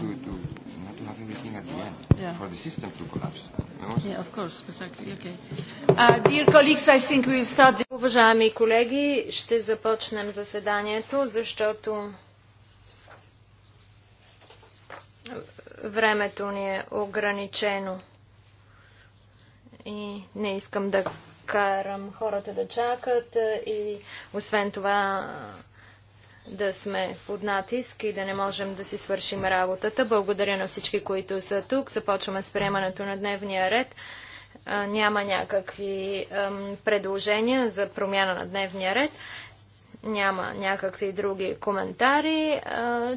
to, to not to have everything at the end yeah. for the system to collapse. Yeah, of course, exactly. Okay. Uh, dear colleagues, I think we we'll start. Уважаеми колеги, ще започнем заседанието, защото времето ни е ограничено и не искам да карам хората да чакат и освен това да сме под натиск и да не можем да си свършим работата. Благодаря на всички, които са тук. Започваме с приемането на дневния ред. няма някакви предложения за промяна на дневния ред. Няма някакви други коментари,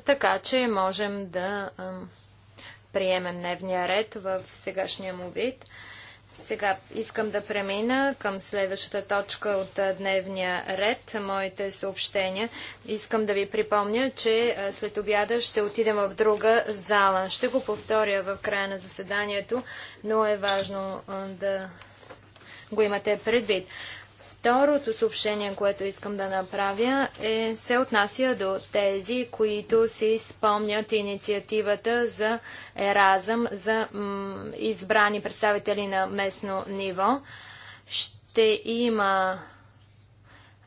така че можем да приемем дневния ред в сегашния му вид. Сега искам да премина към следващата точка от дневния ред, моите съобщения. Искам да ви припомня, че след обяда ще отидем в друга зала. Ще го повторя в края на заседанието, но е важно да го имате предвид. Второто съобщение, което искам да направя, е, се отнася до тези, които си спомнят инициативата за Еразъм за избрани представители на местно ниво. Ще има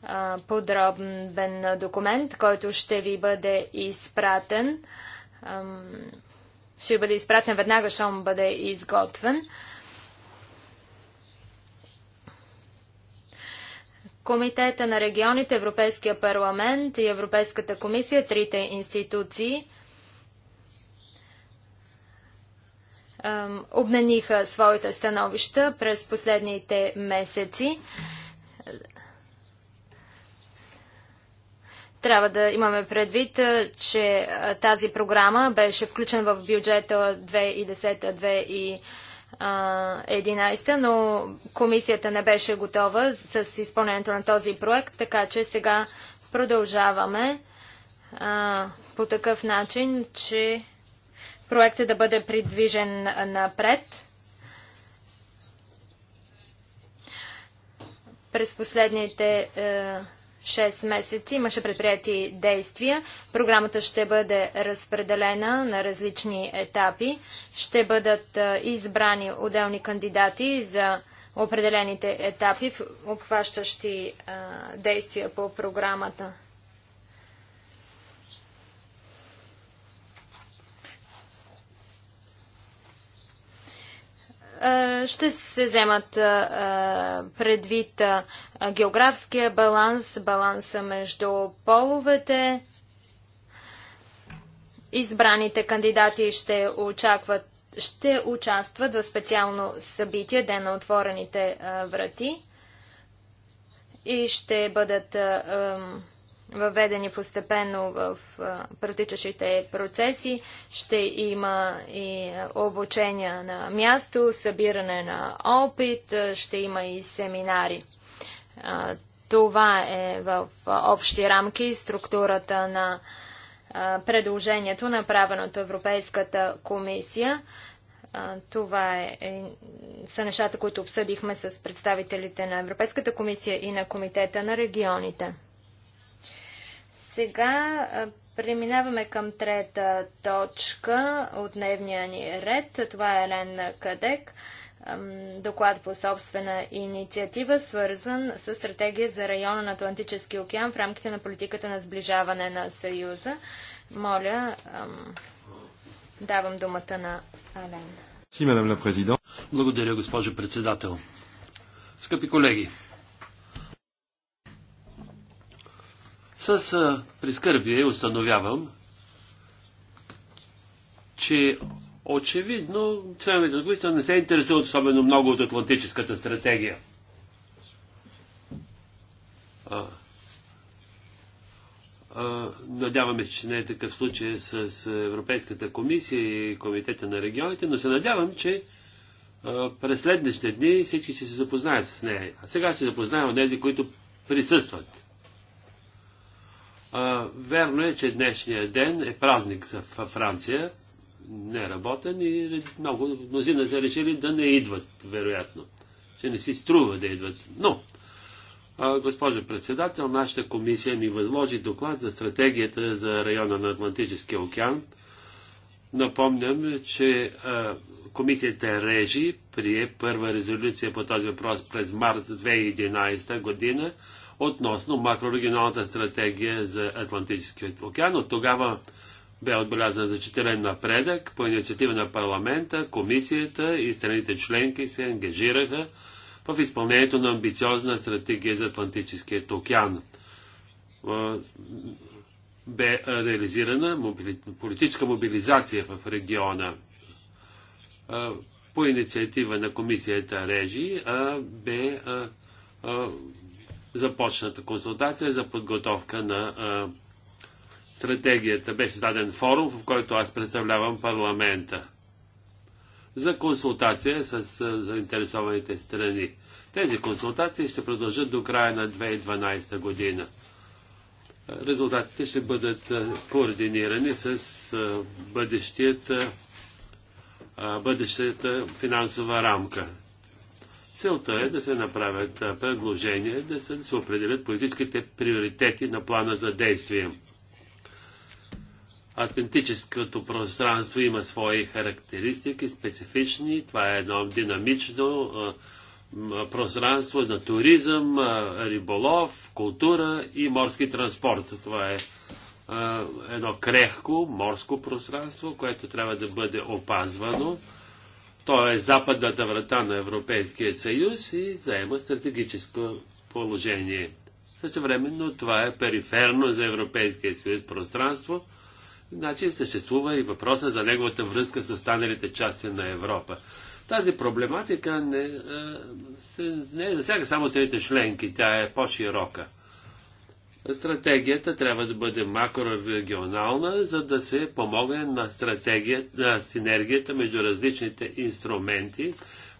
а, подробен документ, който ще ви бъде изпратен. А, ще бъде изпратен веднага, щом бъде изготвен. Комитета на регионите, Европейския парламент и Европейската комисия, трите институции, обмениха своите становища през последните месеци. Трябва да имаме предвид, че тази програма беше включена в бюджета 2010-2011 2011, но комисията не беше готова с изпълнението на този проект, така че сега продължаваме а, по такъв начин, че проектът да бъде придвижен напред. През последните е, 6 месеца имаше предприяти действия. Програмата ще бъде разпределена на различни етапи. Ще бъдат избрани отделни кандидати за определените етапи, обхващащи действия по програмата. Е, ще се вземат е, е, предвид географския баланс, баланса между половете. Избраните кандидати ще очакват ще участват в специално събитие Ден на отворените врати и ще бъдат въведени постепенно в протичащите процеси. Ще има и обучение на място, събиране на опит, ще има и семинари. Това е в общи рамки структурата на предложението, от Европейската комисия. Това е, е, са нещата, които обсъдихме с представителите на Европейската комисия и на Комитета на регионите. Сега преминаваме към трета точка от дневния ни ред. Това е Елен Кадек доклад по собствена инициатива, свързан с стратегия за района на Атлантически океан в рамките на политиката на сближаване на Съюза. Моля, давам думата на Ален. Благодаря, госпожо председател. Скъпи колеги, С прискърбие установявам, че очевидно членовете на комисията не се интересуват особено много от Атлантическата стратегия. А, а, надяваме се, че не е такъв случай с, с Европейската комисия и Комитета на регионите, но се надявам, че а, през следващите дни всички ще се запознаят с нея. А сега ще запознаем от тези, които присъстват. А, верно е, че днешния ден е празник за Франция, не работен и много мнозина са решили да не идват, вероятно. Че не си струва да идват. Но, госпожо председател, нашата комисия ми възложи доклад за стратегията за района на Атлантическия океан. Напомням, че а, комисията Режи прие първа резолюция по този въпрос през март 2011 година относно макрорегионалната стратегия за Атлантическия океан. От тогава бе отбелязан значителен напредък по инициатива на парламента, комисията и страните членки се ангажираха в изпълнението на амбициозна стратегия за Атлантическия океан. Бе реализирана политическа мобилизация в региона. По инициатива на комисията Режи бе започната консултация за подготовка на а, стратегията. Беше даден форум, в който аз представлявам парламента за консултация с заинтересованите страни. Тези консултации ще продължат до края на 2012 година. Резултатите ще бъдат координирани с бъдещата финансова рамка. Целта е да се направят предложения, да се, да се определят политическите приоритети на плана за действие. Атлантическото пространство има свои характеристики, специфични. Това е едно динамично пространство на туризъм, риболов, култура и морски транспорт. Това е едно крехко морско пространство, което трябва да бъде опазвано той е западната врата на Европейския съюз и заема стратегическо положение. Същевременно това е периферно за Европейския съюз пространство, значи съществува и въпроса за неговата връзка с останалите части на Европа. Тази проблематика не, не засяга само трите членки, тя е по-широка. Стратегията трябва да бъде макрорегионална, за да се помогне на, на синергията между различните инструменти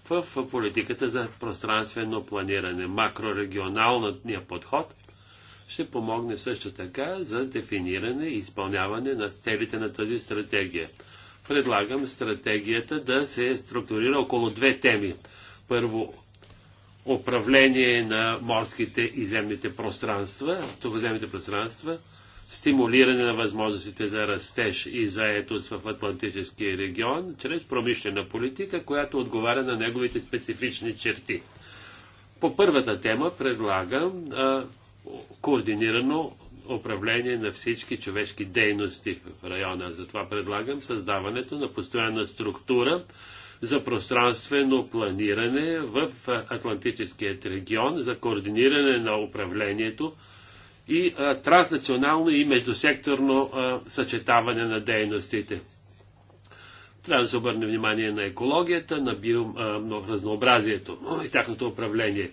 в политиката за пространствено планиране. Макрорегионалният подход ще помогне също така за дефиниране и изпълняване на целите на тази стратегия. Предлагам стратегията да се структурира около две теми. Първо, управление на морските и земните пространства, сухоземните пространства, стимулиране на възможностите за растеж и заетост в Атлантическия регион, чрез промишлена политика, която отговаря на неговите специфични черти. По първата тема предлагам а, координирано управление на всички човешки дейности в района. Затова предлагам създаването на постоянна структура, за пространствено планиране в Атлантическият регион, за координиране на управлението и транснационално и междусекторно съчетаване на дейностите. Трябва да се обърне внимание на екологията, на биоразнообразието и тяхното управление.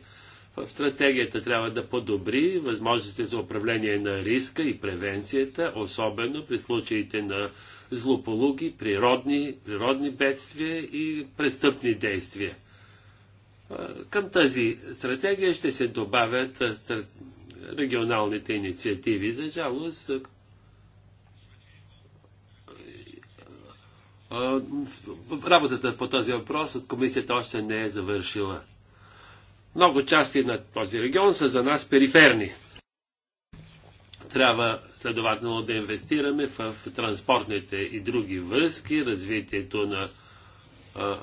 В стратегията трябва да подобри възможностите за управление на риска и превенцията, особено при случаите на злополуги, природни, природни бедствия и престъпни действия. Към тази стратегия ще се добавят регионалните инициативи. За жалост, работата по този въпрос от комисията още не е завършила. Много части на този регион са за нас периферни. Трябва следователно да инвестираме в транспортните и други връзки, развитието на а,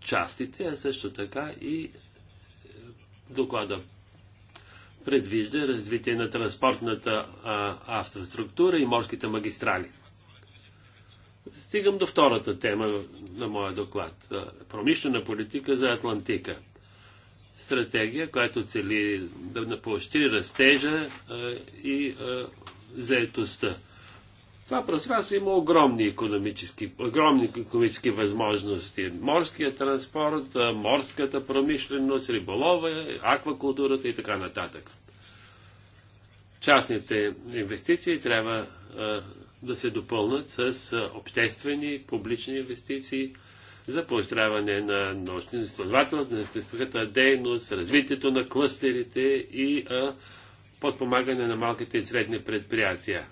частите, а също така и е, доклада предвижда развитие на транспортната автоструктура и морските магистрали. Стигам до втората тема на моя доклад. Промишлена политика за Атлантика стратегия, която цели да поощри растежа и заетостта. Това пространство има огромни економически, огромни економически възможности. Морския транспорт, морската промишленост, риболова, аквакултурата и така нататък. Частните инвестиции трябва а, да се допълнат с обществени, публични инвестиции – за поощряване на научно-изследователската дейност, развитието на клъстерите и а, подпомагане на малките и средни предприятия.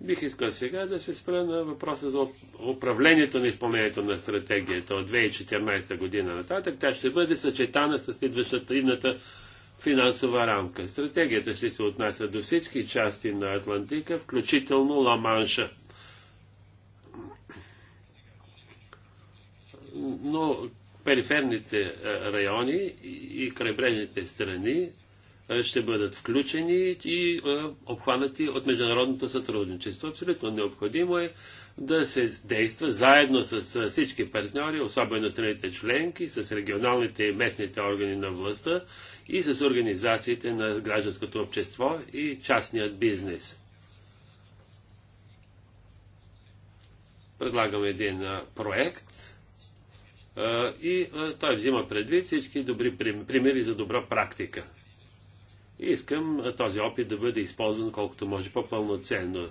Бих искал сега да се спра на въпроса за управлението на изпълнението на стратегията от 2014 година нататък. Тя ще бъде съчетана с следващата идната финансова рамка. Стратегията ще се отнася до всички части на Атлантика, включително Ла-Манша. Но периферните райони и крайбрежните страни ще бъдат включени и обхванати от международното сътрудничество. Абсолютно необходимо е да се действа заедно с всички партньори, особено страните членки, с регионалните и местните органи на властта и с организациите на гражданското общество и частният бизнес. Предлагам един проект и той взима предвид всички добри примери за добра практика. И искам този опит да бъде използван колкото може по-пълноценно.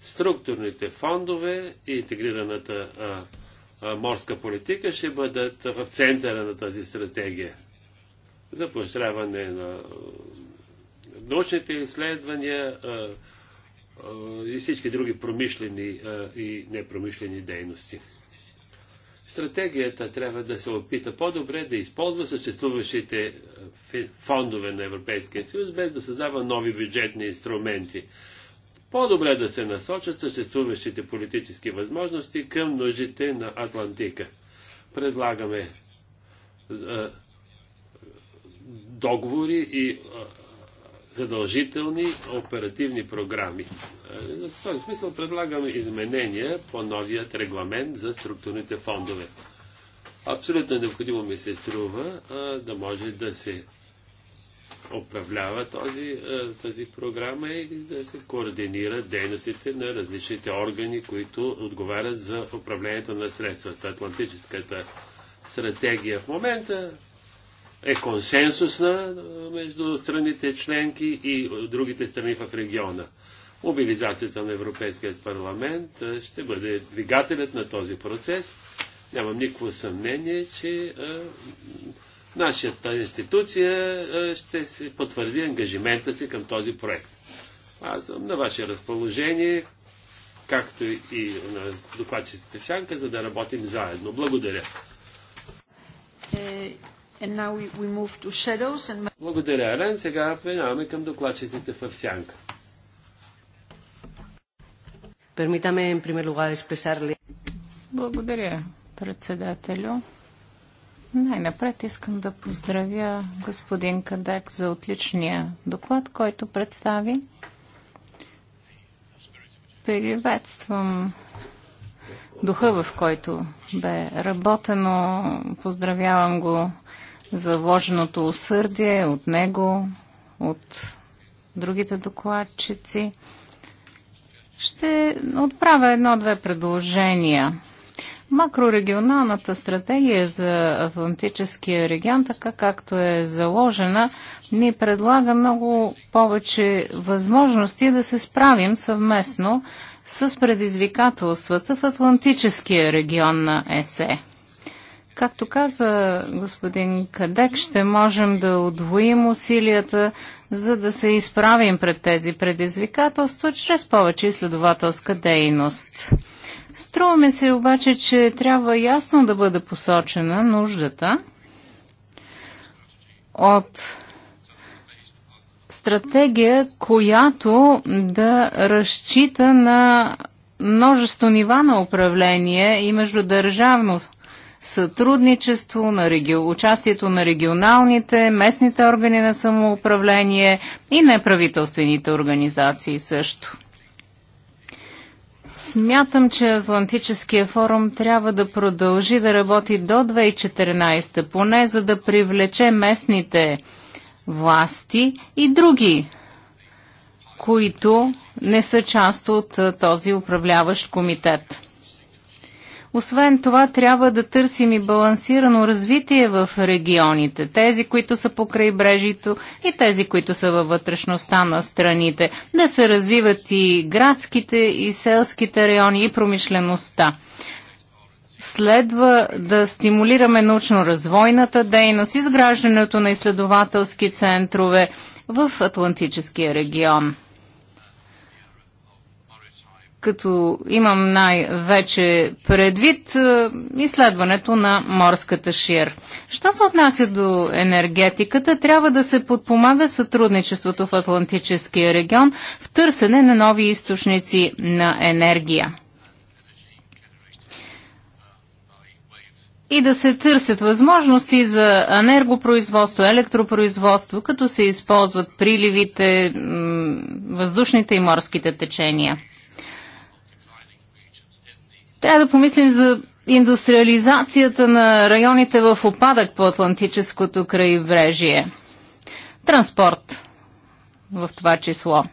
Структурните фондове и интегрираната морска политика ще бъдат в центъра на тази стратегия за поощряване на научните изследвания и всички други промишлени и непромишлени дейности. Стратегията трябва да се опита по-добре да използва съществуващите фондове на Европейския съюз, без да създава нови бюджетни инструменти. По-добре да се насочат съществуващите политически възможности към нуждите на Атлантика. Предлагаме договори и задължителни оперативни програми. В този смисъл предлагаме изменения по новият регламент за структурните фондове. Абсолютно необходимо ми се струва да може да се управлява този, тази програма и да се координира дейностите на различните органи, които отговарят за управлението на средствата. Атлантическата стратегия в момента е консенсусна между страните членки и другите страни в региона. Мобилизацията на Европейския парламент ще бъде двигателят на този процес. Нямам никакво съмнение, че нашата институция ще се потвърди ангажимента си към този проект. Аз съм на ваше разположение, както и на докладчиците Сянка, за да работим заедно. Благодаря. Е, And... Благодаря, Елен. Сега преминаваме към докладчетите в сянка. Permítame en primer lugar expresarle. Благодаря, председателю. Най-напред искам да поздравя господин Кадек за отличния доклад, който представи. Приветствам духа, в който бе работено. Поздравявам го за вложеното усърдие от него, от другите докладчици. Ще отправя едно-две предложения. Макрорегионалната стратегия за Атлантическия регион, така както е заложена, ни предлага много повече възможности да се справим съвместно с предизвикателствата в Атлантическия регион на ЕСЕ. Както каза господин Кадек, ще можем да удвоим усилията, за да се изправим пред тези предизвикателства чрез повече изследователска дейност. Струва ми се обаче, че трябва ясно да бъде посочена нуждата от стратегия, която да разчита на множество нива на управление и междудържавност сътрудничество, на реги... участието на регионалните, местните органи на самоуправление и неправителствените организации също. Смятам, че Атлантическия форум трябва да продължи да работи до 2014, поне за да привлече местните власти и други, които не са част от този управляващ комитет. Освен това, трябва да търсим и балансирано развитие в регионите. Тези, които са по крайбрежието и тези, които са във вътрешността на страните. Да се развиват и градските, и селските райони, и промишлеността следва да стимулираме научно-развойната дейност, изграждането на изследователски центрове в Атлантическия регион като имам най-вече предвид е, изследването на морската шир. Що се отнася до енергетиката, трябва да се подпомага сътрудничеството в Атлантическия регион в търсене на нови източници на енергия. и да се търсят възможности за енергопроизводство, електропроизводство, като се използват приливите, въздушните и морските течения. Трябва да помислим за индустриализацията на районите в опадък по Атлантическото крайбрежие. Транспорт в това число.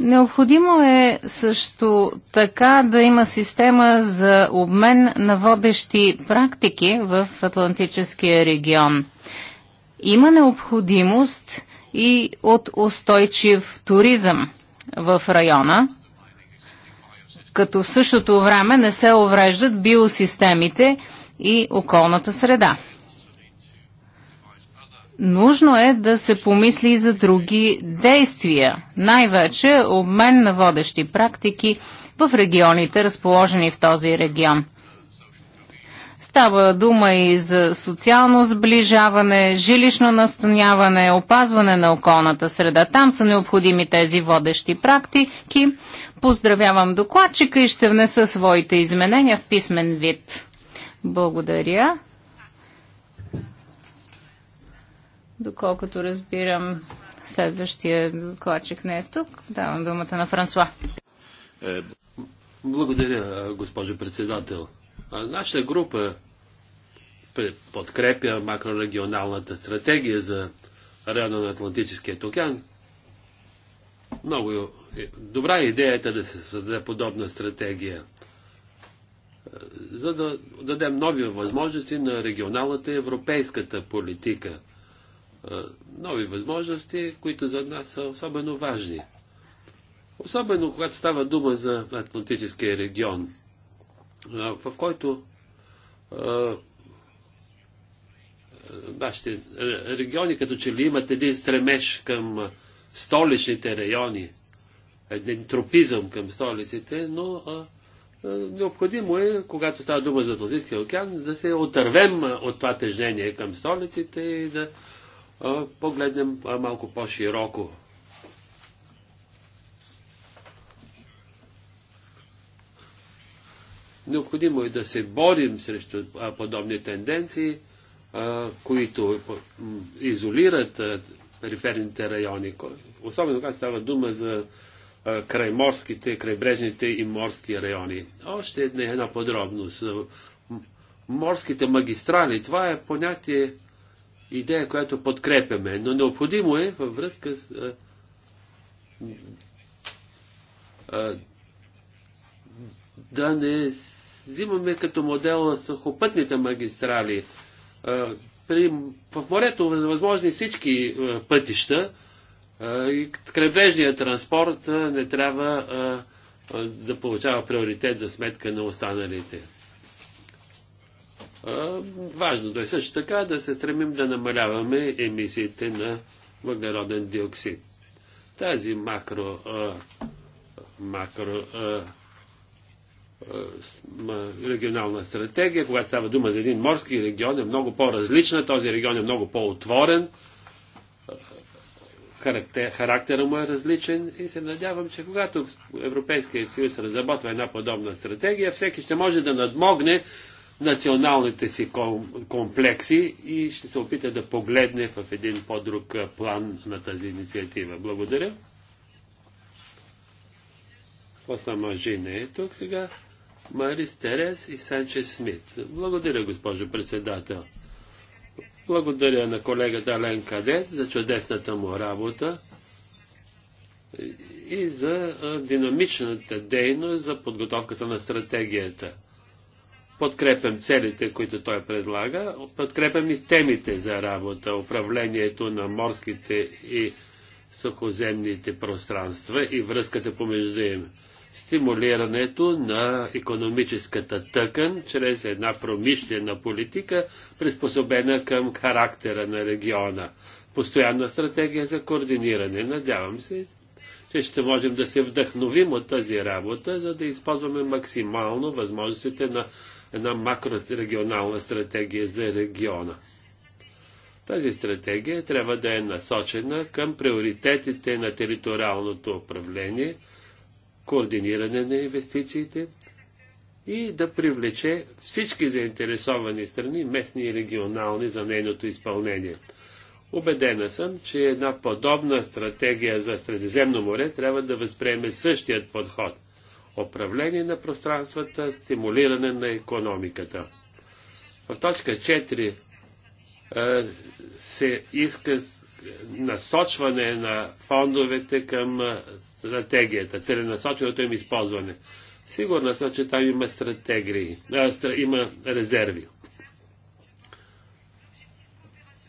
Необходимо е също така да има система за обмен на водещи практики в Атлантическия регион. Има необходимост и от устойчив туризъм в района, като в същото време не се увреждат биосистемите и околната среда. Нужно е да се помисли и за други действия, най-вече обмен на водещи практики в регионите, разположени в този регион. Става дума и за социално сближаване, жилищно настаняване, опазване на околната среда. Там са необходими тези водещи практики. Поздравявам докладчика и ще внеса своите изменения в писмен вид. Благодаря. Доколкото разбирам, следващия докладчик не е тук. Давам думата на Франсуа. Е, Благодаря, госпожо председател. Нашата група подкрепя макрорегионалната стратегия за района на Атлантическия океан. Много е, е, добра е идеята да се създаде подобна стратегия, за да дадем нови възможности на регионалната европейската политика. Нови възможности, които за нас са особено важни. Особено когато става дума за Атлантическия регион, в който нашите региони като че ли имат един стремеж към столичните райони, един тропизъм към столиците, но а, а, необходимо е, когато става дума за Атлантическия океан, да се отървем от това тежнение към столиците и да а, погледнем а, малко по-широко. Необходимо е да се борим срещу а, подобни тенденции които изолират периферните райони, особено когато става дума за крайморските, крайбрежните и морски райони. Още една, една подробност. Морските магистрали, това е понятие, идея, която подкрепяме, но необходимо е във връзка с да не взимаме като модел на сухопътните магистрали, при, в морето е възможни всички а, е, пътища а, е, и крайбрежният транспорт а, не трябва да получава приоритет за сметка на останалите. Важното е също така да се стремим да намаляваме емисиите на въглероден диоксид. Тази макро, макро е, регионална стратегия, когато става дума за един морски регион, е много по-различна. Този регион е много по-отворен. Е, Характер, характера му е различен и се надявам, че когато Европейския съюз разработва една подобна стратегия, всеки ще може да надмогне националните си комплекси и ще се опита да погледне в един по-друг план на тази инициатива. Благодаря. Осама Жина е тук сега. Марис Терес и Санче Смит. Благодаря, госпожо председател. Благодаря на колегата Ален Кадет за чудесната му работа и за динамичната дейност за подготовката на стратегията. Подкрепям целите, които той предлага, подкрепям и темите за работа, управлението на морските и сухоземните пространства и връзката помежду им стимулирането на економическата тъкан чрез една промишлена политика, приспособена към характера на региона. Постоянна стратегия за координиране. Надявам се, че ще можем да се вдъхновим от тази работа, за да използваме максимално възможностите на една макрорегионална стратегия за региона. Тази стратегия трябва да е насочена към приоритетите на териториалното управление – координиране на инвестициите и да привлече всички заинтересовани страни, местни и регионални, за нейното изпълнение. Обедена съм, че една подобна стратегия за Средиземно море трябва да възприеме същият подход – управление на пространствата, стимулиране на економиката. В точка 4 се иска насочване на фондовете към стратегията, целенасоченото им използване. Сигурна съм, че там има стратегии, има резерви.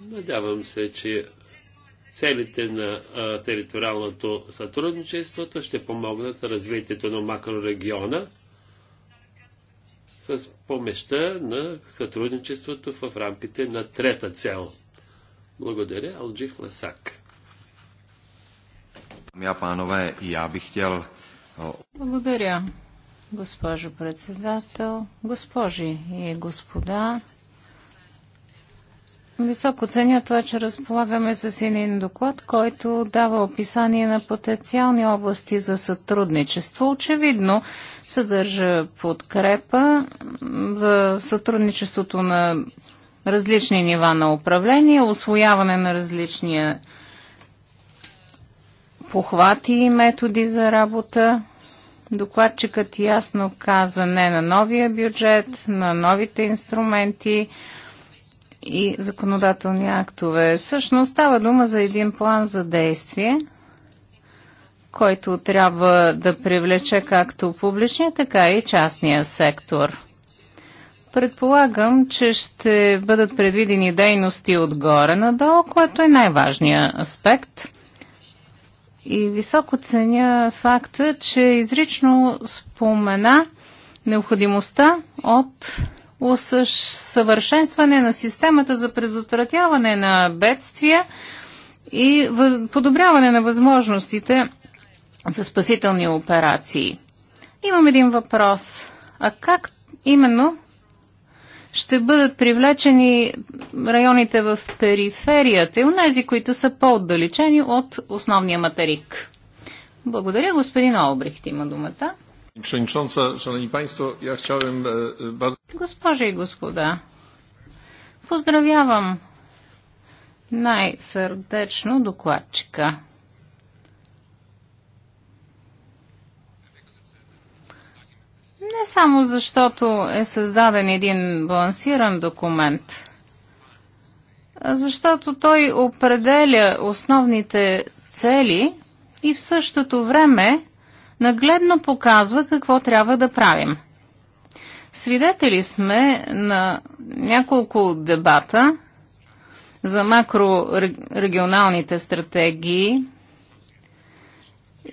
Надявам се, че целите на териториалното сътрудничеството ще помогнат за развитието на макрорегиона с помеща на сътрудничеството в рамките на трета цел. Благодаря, Алджиф Ласак. Благодаря, госпожо председател, госпожи и господа. Високо ценя това, че разполагаме с един доклад, който дава описание на потенциални области за сътрудничество. Очевидно съдържа подкрепа за сътрудничеството на различни нива на управление, освояване на различния похвати и методи за работа. Докладчикът ясно каза не на новия бюджет, на новите инструменти и законодателни актове. Всъщност става дума за един план за действие, който трябва да привлече както публичния, така и частния сектор. Предполагам, че ще бъдат предвидени дейности отгоре надолу, което е най-важният аспект – и високо ценя факта, че изрично спомена необходимостта от усъвършенстване на системата за предотвратяване на бедствия и подобряване на възможностите за спасителни операции. Имам един въпрос. А как именно ще бъдат привлечени районите в периферията и унези, които са по-отдалечени от основния материк. Благодаря, господин Олбрихт има думата. E, e, Госпожи и господа, поздравявам най-сърдечно докладчика. Не само защото е създаден един балансиран документ, а защото той определя основните цели и в същото време нагледно показва какво трябва да правим. Свидетели сме на няколко дебата за макрорегионалните стратегии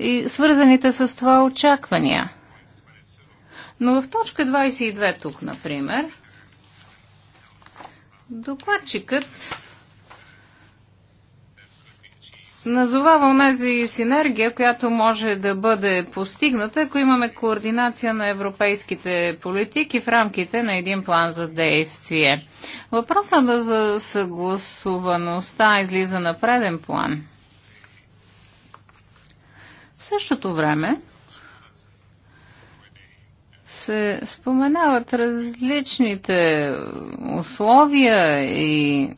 и свързаните с това очаквания – но в точка 22 тук, например, докладчикът назовава онези синергия, която може да бъде постигната, ако имаме координация на европейските политики в рамките на един план за действие. Въпросът да за съгласуваността излиза на преден план. В същото време, се споменават различните условия и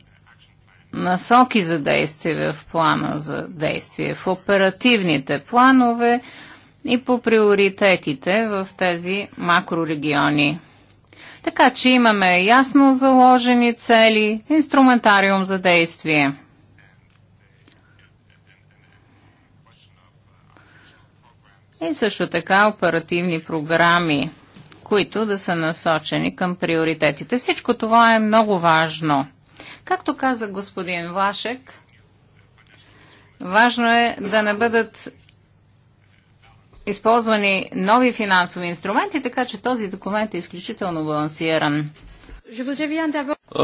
насоки за действие в плана за действие, в оперативните планове и по приоритетите в тези макрорегиони. Така че имаме ясно заложени цели, инструментариум за действие. И също така оперативни програми – които да са насочени към приоритетите. Всичко това е много важно. Както каза господин Вашек, важно е да не бъдат използвани нови финансови инструменти, така че този документ е изключително балансиран.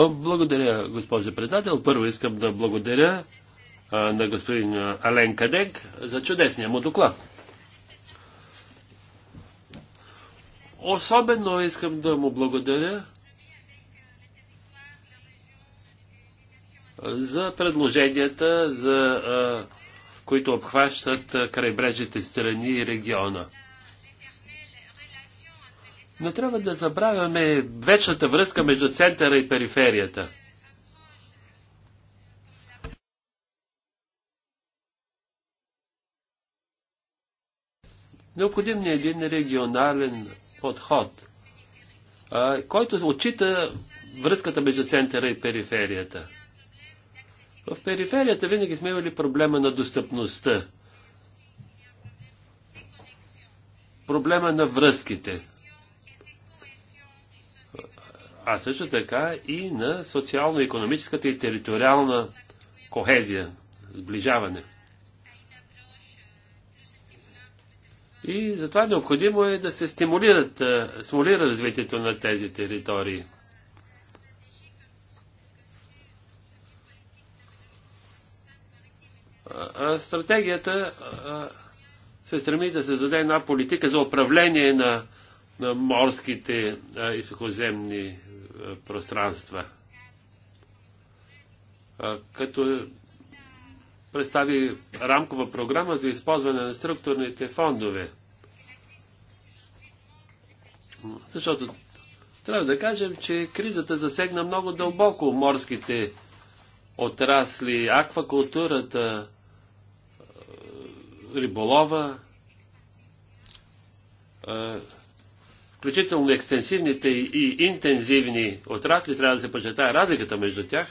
Благодаря, госпожо председател. Първо искам да благодаря на господин Ален Кадек за чудесния му доклад. Особено искам да му благодаря за предложенията, за, а, които обхващат крайбрежните страни и региона. Не трябва да забравяме вечната връзка между центъра и периферията. Необходим ни е един регионален подход, който отчита връзката между центъра и периферията. В периферията винаги сме имали проблема на достъпността, проблема на връзките, а също така и на социално-економическата и териториална кохезия, сближаване – И затова необходимо е да се стимулират, е, стимулира развитието на тези територии. стратегията се стреми да се създаде една политика за управление на, на морските и сухоземни пространства. Като представи рамкова програма за използване на структурните фондове. Защото трябва да кажем, че кризата засегна много дълбоко морските отрасли, аквакултурата, е, риболова, е, включително екстенсивните и интензивни отрасли, трябва да се почетая разликата между тях.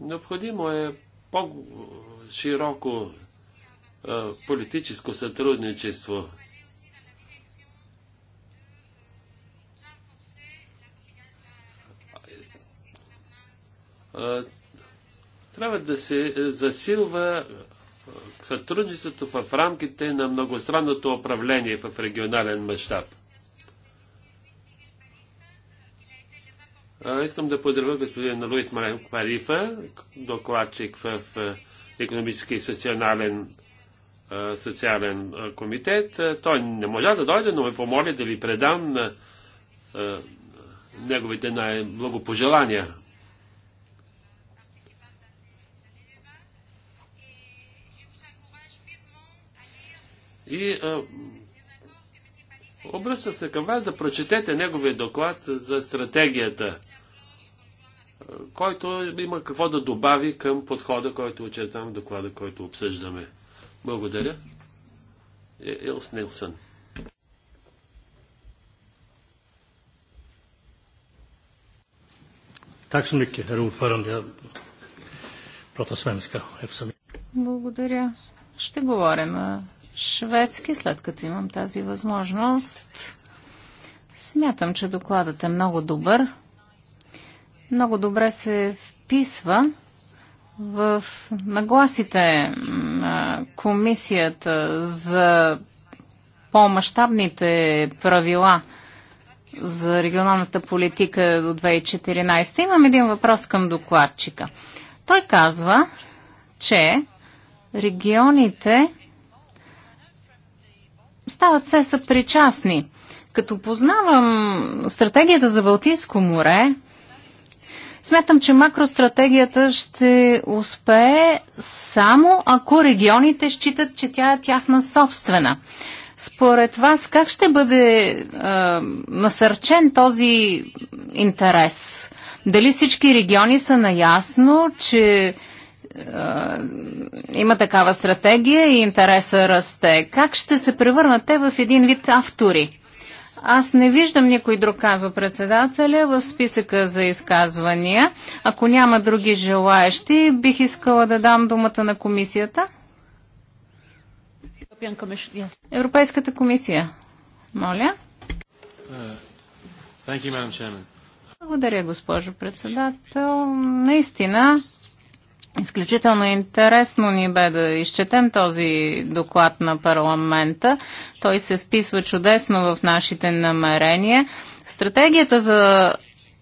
Необходимо е по-широко политическо сътрудничество. Трябва да се засилва сътрудничеството в рамките на многостранното управление в регионален мащаб. Искам да поздравя господин Луис Марен Парифа, докладчик в економически и социален, социален комитет. Той не можа да дойде, но ме помоли да ви предам на неговите най-благопожелания. И Обръща се към вас да прочетете неговия доклад за стратегията, който има какво да добави към подхода, който очертавам в доклада, който обсъждаме. Благодаря. Илс е, Нилсън. Благодаря. Ще говоря на шведски, след като имам тази възможност. Смятам, че докладът е много добър. Много добре се вписва в нагласите на комисията за по-масштабните правила за регионалната политика до 2014. Имам един въпрос към докладчика. Той казва, че регионите стават все съпричастни. Като познавам стратегията за Балтийско море, смятам, че макростратегията ще успее само ако регионите считат, че тя е тяхна собствена. Според вас, как ще бъде е, насърчен този интерес? Дали всички региони са наясно, че е, има такава стратегия и интереса расте. Как ще се превърнат те в един вид автори? Аз не виждам никой друг, казва председателя, в списъка за изказвания. Ако няма други желаящи, бих искала да дам думата на комисията. Европейската комисия. Моля. Благодаря, госпожо председател. Наистина, Изключително интересно ни бе да изчетем този доклад на парламента. Той се вписва чудесно в нашите намерения. Стратегията за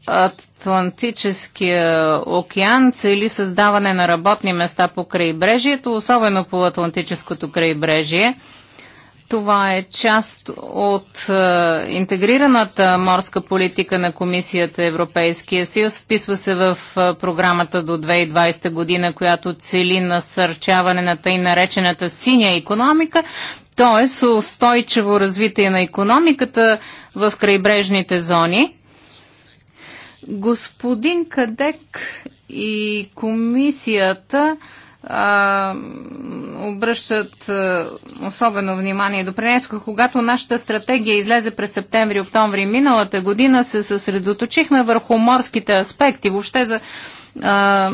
Атлантическия океан цели създаване на работни места по крайбрежието, особено по Атлантическото крайбрежие. Това е част от е, интегрираната морска политика на Комисията Европейския съюз. Вписва се в е, програмата до 2020 година, която цели насърчаване на тъй наречената синя економика, т.е. устойчиво развитие на економиката в крайбрежните зони. Господин Кадек и комисията а, обръщат а, особено внимание. Допринесоха, когато нашата стратегия излезе през септември-октомври миналата година, се съсредоточихме върху морските аспекти, въобще за а,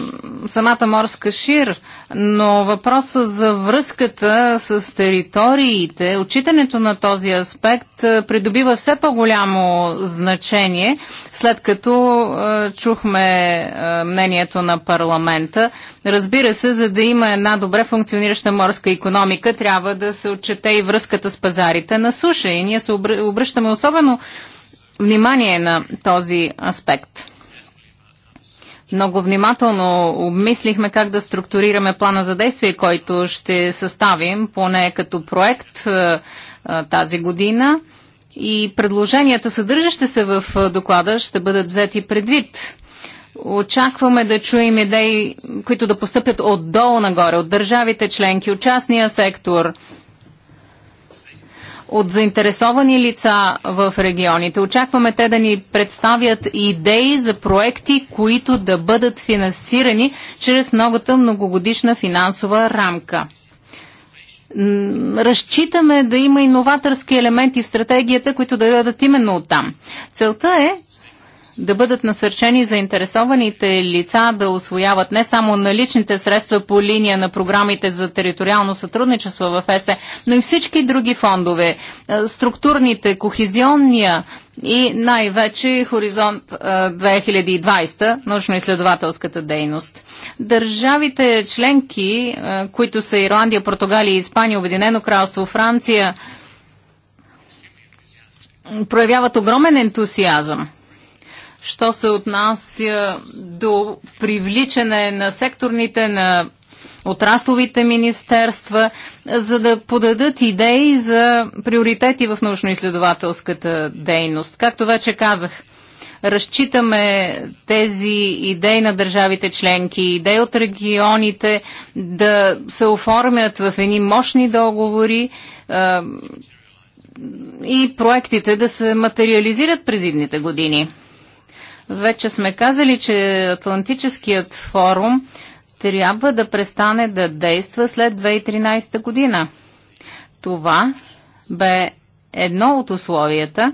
самата морска шир, но въпроса за връзката с териториите, отчитането на този аспект а, придобива все по-голямо значение, след като а, чухме а, мнението на парламента. Разбира се, за да има една добре функционираща морска економика, трябва да се отчете и връзката с пазарите на суша. И ние се обръщаме особено внимание на този аспект. Много внимателно обмислихме как да структурираме плана за действие, който ще съставим поне като проект е, е, тази година и предложенията, съдържащи се в е, доклада, ще бъдат взети предвид. Очакваме да чуем идеи, които да постъпят отдолу нагоре, от държавите членки, от частния сектор – от заинтересовани лица в регионите. Очакваме те да ни представят идеи за проекти, които да бъдат финансирани чрез многата многогодишна финансова рамка. Разчитаме да има иноваторски елементи в стратегията, които да дадат именно оттам. Целта е да бъдат насърчени заинтересованите лица да освояват не само наличните средства по линия на програмите за териториално сътрудничество в ЕСЕ, но и всички други фондове, е, структурните, кохезионния и най-вече Хоризонт 2020, е, научно-изследователската дейност. Държавите членки, е, които са Ирландия, Португалия, Испания, Обединено кралство, Франция, проявяват огромен ентусиазъм що се отнася до привличане на секторните, на отрасловите министерства, за да подадат идеи за приоритети в научно-изследователската дейност. Както вече казах, разчитаме тези идеи на държавите членки, идеи от регионите да се оформят в едни мощни договори а, и проектите да се материализират през идните години. Вече сме казали, че Атлантическият форум трябва да престане да действа след 2013 година. Това бе едно от условията,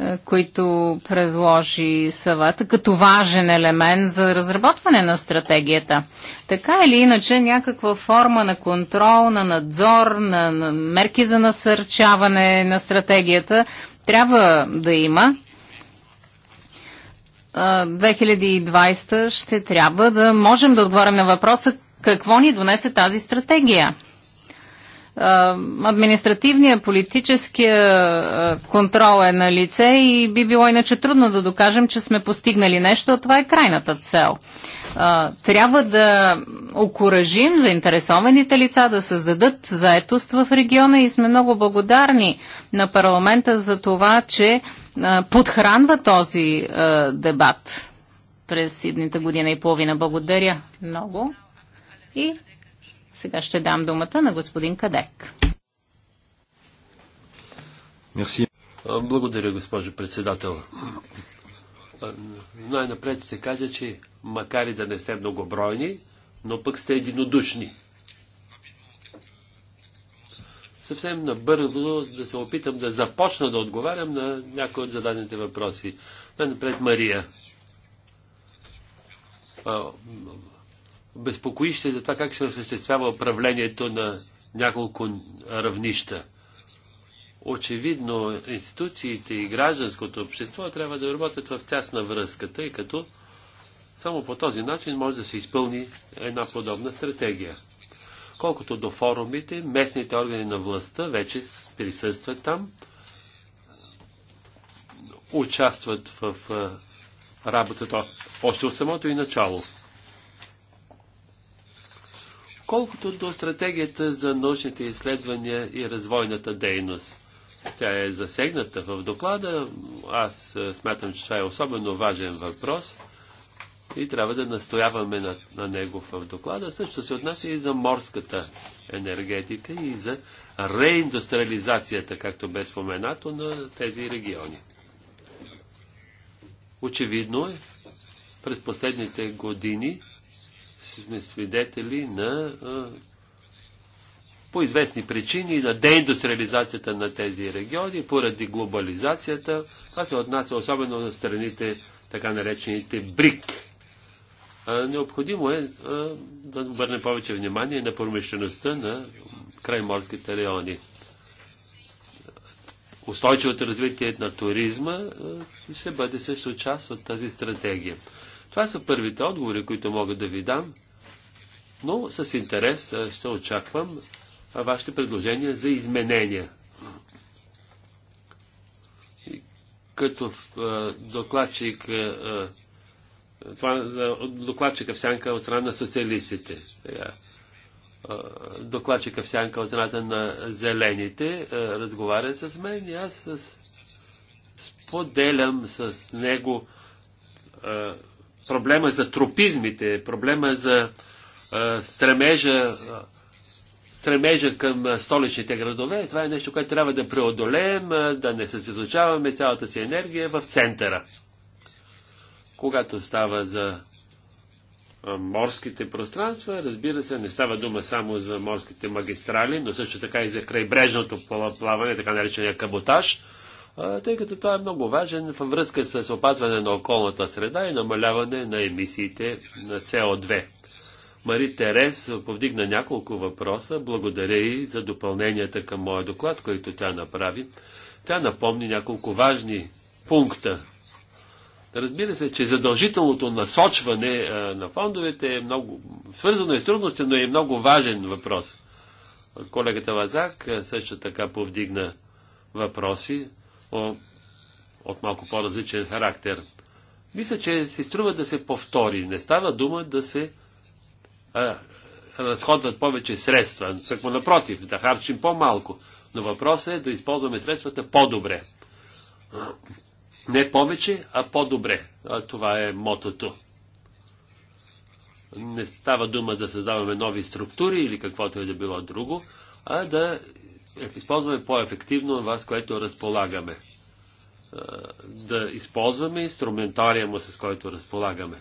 е, които предложи съвета като важен елемент за разработване на стратегията. Така или иначе, някаква форма на контрол, на надзор, на, на мерки за насърчаване на стратегията трябва да има. 2020 ще трябва да можем да отговорим на въпроса какво ни донесе тази стратегия административния, политическия контрол е на лице и би било иначе трудно да докажем, че сме постигнали нещо, а това е крайната цел. Трябва да окоръжим заинтересованите лица да създадат заетост в региона и сме много благодарни на парламента за това, че подхранва този дебат през идните година и половина. Благодаря много. И сега ще дам думата на господин Кадек. Мерси. Благодаря, госпожо председател. Най-напред се каже, че макар и да не сте многобройни, но пък сте единодушни. Съвсем набързо да се опитам да започна да отговарям на някои от зададените въпроси. Най-напред Мария. Безпокоиш се за това как се осъществява управлението на няколко равнища. Очевидно, институциите и гражданското общество трябва да работят в тясна връзка, тъй като само по този начин може да се изпълни една подобна стратегия. Колкото до форумите, местните органи на властта вече присъстват там, участват в работата още от самото и начало. Колкото до стратегията за научните изследвания и развойната дейност, тя е засегната в доклада. Аз е, смятам, че това е особено важен въпрос и трябва да настояваме на, на него в доклада. Също се отнася и за морската енергетика и за реиндустриализацията, както бе споменато, на тези региони. Очевидно е, през последните години сме свидетели на по известни причини на деиндустриализацията на тези региони, поради глобализацията. Това се отнася особено на страните, така наречените БРИК. Необходимо е да обърнем повече внимание на промишлеността на крайморските райони. Устойчивото развитие на туризма ще бъде също част от тази стратегия. Това са първите отговори, които мога да ви дам, но с интерес ще очаквам вашите предложения за изменения. Като докладчик, това за докладчика в сянка от страна на социалистите докладчика в сянка от страната на зелените, разговаря с мен и аз с... споделям с него проблема за тропизмите, проблема за стремежа, стремежа към столичните градове. Това е нещо, което трябва да преодолеем, да не съсредоточаваме цялата си енергия в центъра. Когато става за морските пространства. Разбира се, не става дума само за морските магистрали, но също така и за крайбрежното плаване, така наречения каботаж тъй като това е много важен във връзка с опазване на околната среда и намаляване на емисиите на СО2. Мари Терес повдигна няколко въпроса. Благодаря и за допълненията към моя доклад, който тя направи. Тя напомни няколко важни пункта. Разбира се, че задължителното насочване на фондовете е много свързано и с трудности, но е много важен въпрос. Колегата Лазак също така повдигна въпроси от малко по-различен характер. Мисля, че си струва да се повтори. Не става дума да се а, разходват повече средства. Какво напротив, да харчим по-малко. Но въпросът е да използваме средствата по-добре. Не повече, а по-добре. това е мотото. Не става дума да създаваме нови структури или каквото е да било друго, а да е, използваме по-ефективно това, с което разполагаме. Е, да използваме инструментариума, с който разполагаме.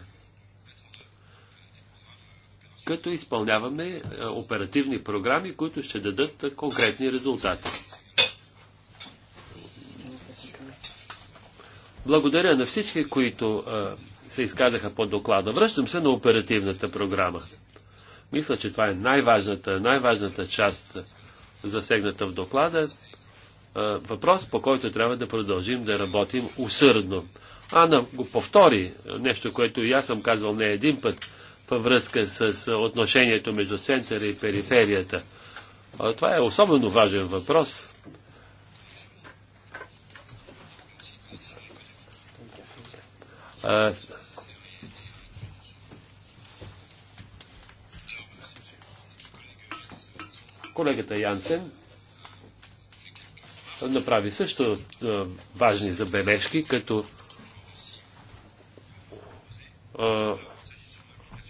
Като изпълняваме е, оперативни програми, които ще дадат конкретни резултати. Благодаря на всички, които се изказаха по доклада. Връщам се на оперативната програма. Мисля, че това е най-важната, най-важната част засегната в доклада, е, въпрос, по който трябва да продължим да работим усърдно. Ана го повтори нещо, което и аз съм казвал не един път във връзка с е, отношението между центъра и периферията. Това е особено важен въпрос. Е, Колегата Янсен направи също е, важни забележки, като е,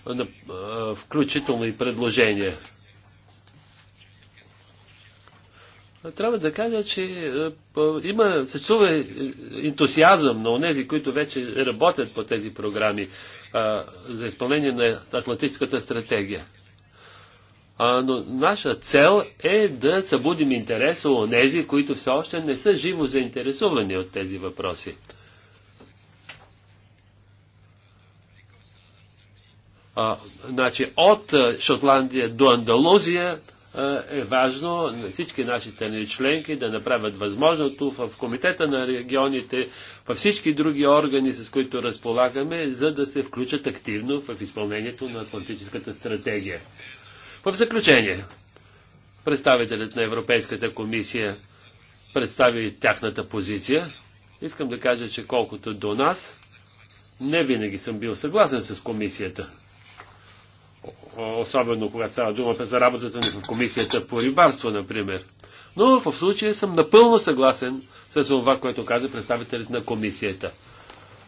е, включително и предложения. Трябва да кажа, че има, се чува ентусиазъм на онези, които вече работят по тези програми а, за изпълнение на Атлантическата стратегия. А, но наша цел е да събудим интереса у нези, които все още не са живо заинтересувани от тези въпроси. А, значи, от Шотландия до Андалузия а, е важно на всички наши страни членки да направят възможното в Комитета на регионите, във всички други органи, с които разполагаме, за да се включат активно в изпълнението на Атлантическата стратегия. В заключение, представителят на Европейската комисия представи тяхната позиция. Искам да кажа, че колкото до нас, не винаги съм бил съгласен с комисията. Особено когато става дума за работата ни в комисията по рибарство, например. Но в случая съм напълно съгласен с това, което каза представителят на комисията.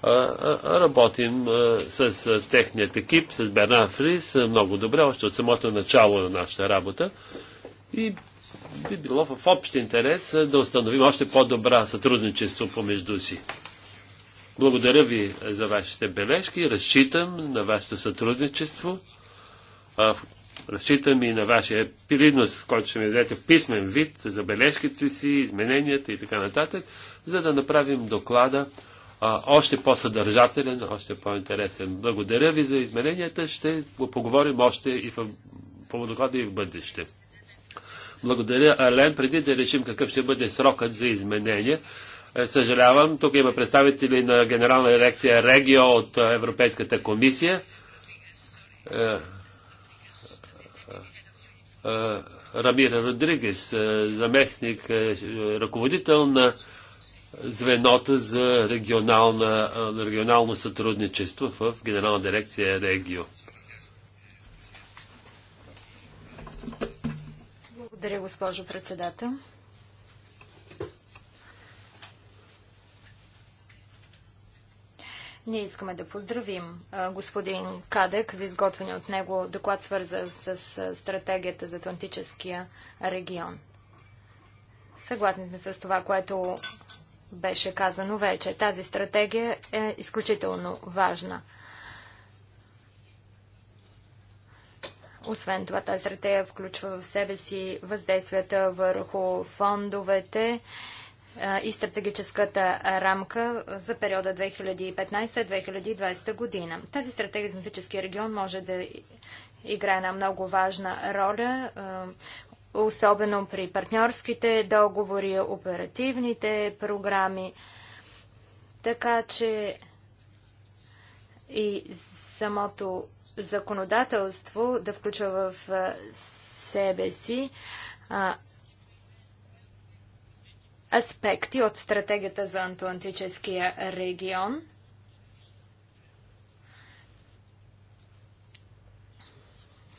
Работим с техният екип, с Бернан Фрис, много добре, още от самото начало на нашата работа. И би било в общ интерес да установим още по-добра сътрудничество помежду си. Благодаря ви за вашите бележки, разчитам на вашето сътрудничество, разчитам и на вашия пилидност, който ще ми дадете в писмен вид за бележките си, измененията и така нататък, за да направим доклада още по-съдържателен, още по-интересен. Благодаря ви за измененията. Ще поговорим още и в полудоклада и в бъдеще. Благодаря, Ален. Преди да решим какъв ще бъде срокът за изменение, съжалявам, тук има представители на Генерална дирекция Регио от Европейската комисия. Е, е, е, Рамира Родригес, заместник, ръководител на звеното за регионално сътрудничество в Генерална дирекция Регио. Благодаря, госпожо председател. Ние искаме да поздравим господин Кадек за изготвяне от него доклад свързан с стратегията за Атлантическия регион. Съгласни сме с това, което беше казано вече. Тази стратегия е изключително важна. Освен това, тази стратегия включва в себе си въздействията върху фондовете и стратегическата рамка за периода 2015-2020 година. Тази стратегия за регион може да играе една много важна роля, особено при партньорските договори, оперативните програми. Така че и самото законодателство да включва в себе си а, аспекти от стратегията за Антуантическия регион –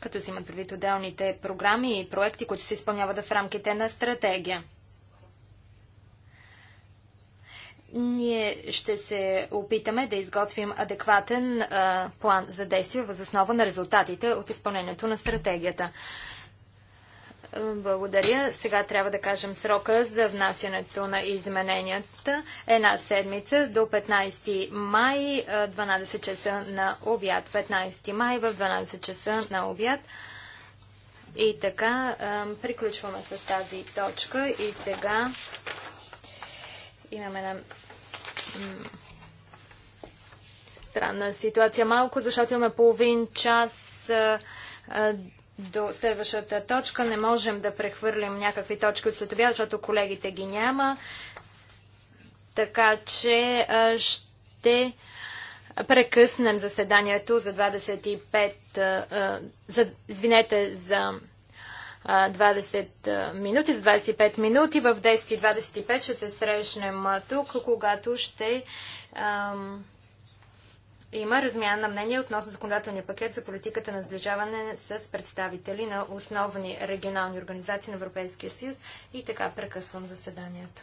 като се имат предвид отделните програми и проекти, които се изпълняват в рамките на стратегия. Ние ще се опитаме да изготвим адекватен а, план за действие въз основа на резултатите от изпълнението на стратегията. Благодаря. Сега трябва да кажем срока за внасянето на измененията. Една седмица до 15 май, 12 часа на обяд. 15 май в 12 часа на обяд. И така, приключваме с тази точка и сега имаме на странна ситуация малко, защото имаме половин час до следващата точка. Не можем да прехвърлим някакви точки от следобя, защото колегите ги няма. Така че ще прекъснем заседанието за 25, за, извинете, за 20 минути, за 25 минути. В 10.25 ще се срещнем тук, когато ще ам, има размяна на мнение относно законодателния пакет за политиката на сближаване с представители на основни регионални организации на Европейския съюз. И така прекъсвам заседанието.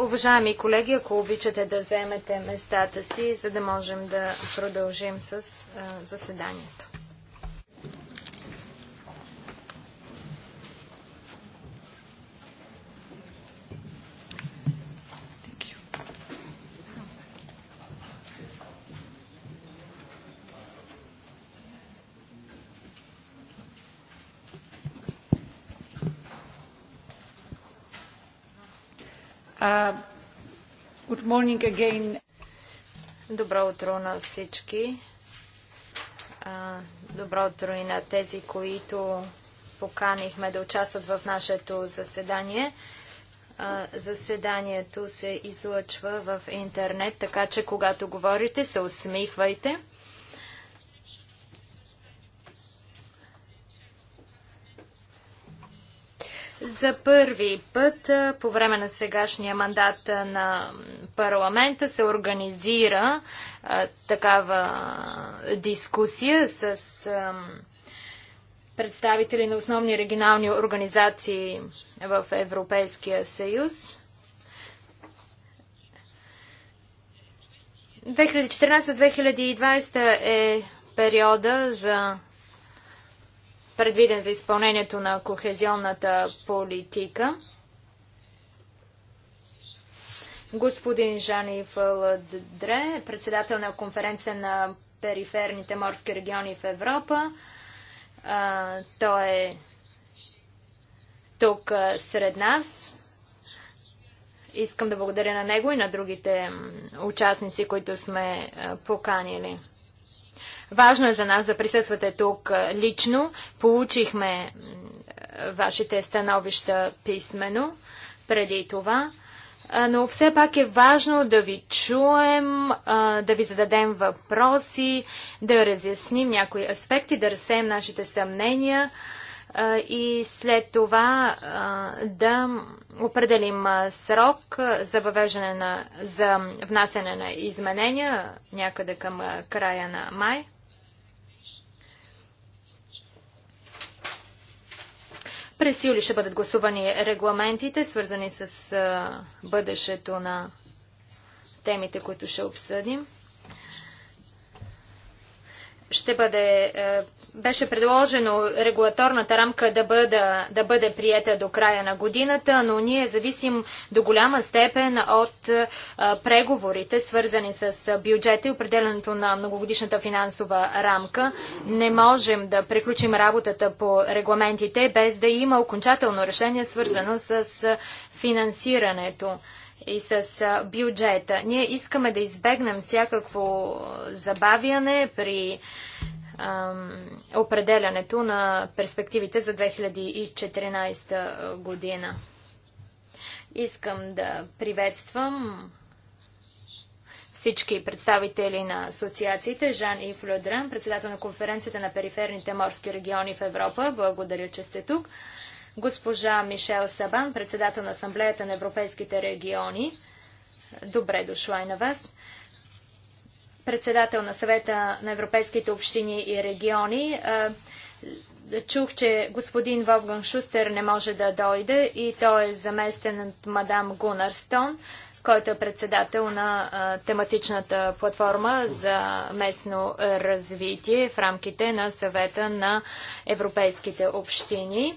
Уважаеми колеги, ако обичате да вземете местата си, за да можем да продължим с заседанието. Добро утро на всички. Добро утро и на тези, които поканихме да участват в нашето заседание. Заседанието се излъчва в интернет, така че когато говорите, се усмихвайте. За първи път по време на сегашния мандат на парламента се организира а, такава дискусия с а, представители на основни регионални организации в Европейския съюз. 2014-2020 е периода за предвиден за изпълнението на кохезионната политика господин Жан-Ив Ладре, председател на конференция на периферните морски региони в Европа. А, той е тук а, сред нас. Искам да благодаря на него и на другите участници, които сме поканили. Важно е за нас да присъствате тук лично. Получихме вашите становища писмено преди това но все пак е важно да ви чуем, да ви зададем въпроси, да разясним някои аспекти, да разсеем нашите съмнения и след това да определим срок за въвеждане на, за внасяне на изменения някъде към края на май. През юли ще бъдат гласувани регламентите, свързани с бъдещето на темите, които ще обсъдим. Ще бъде беше предложено регулаторната рамка да бъде, да бъде приета до края на годината, но ние зависим до голяма степен от преговорите, свързани с бюджета и определенето на многогодишната финансова рамка. Не можем да приключим работата по регламентите без да има окончателно решение, свързано с финансирането и с бюджета. Ние искаме да избегнем всякакво забавяне при определянето на перспективите за 2014 година. Искам да приветствам всички представители на асоциациите. Жан Ив Людран, председател на конференцията на периферните морски региони в Европа. Благодаря, че сте тук. Госпожа Мишел Сабан, председател на Асамблеята на европейските региони. Добре дошла и на вас председател на съвета на европейските общини и региони. Чух, че господин Вовган Шустер не може да дойде и той е заместен от мадам Гунарстон, който е председател на тематичната платформа за местно развитие в рамките на съвета на европейските общини.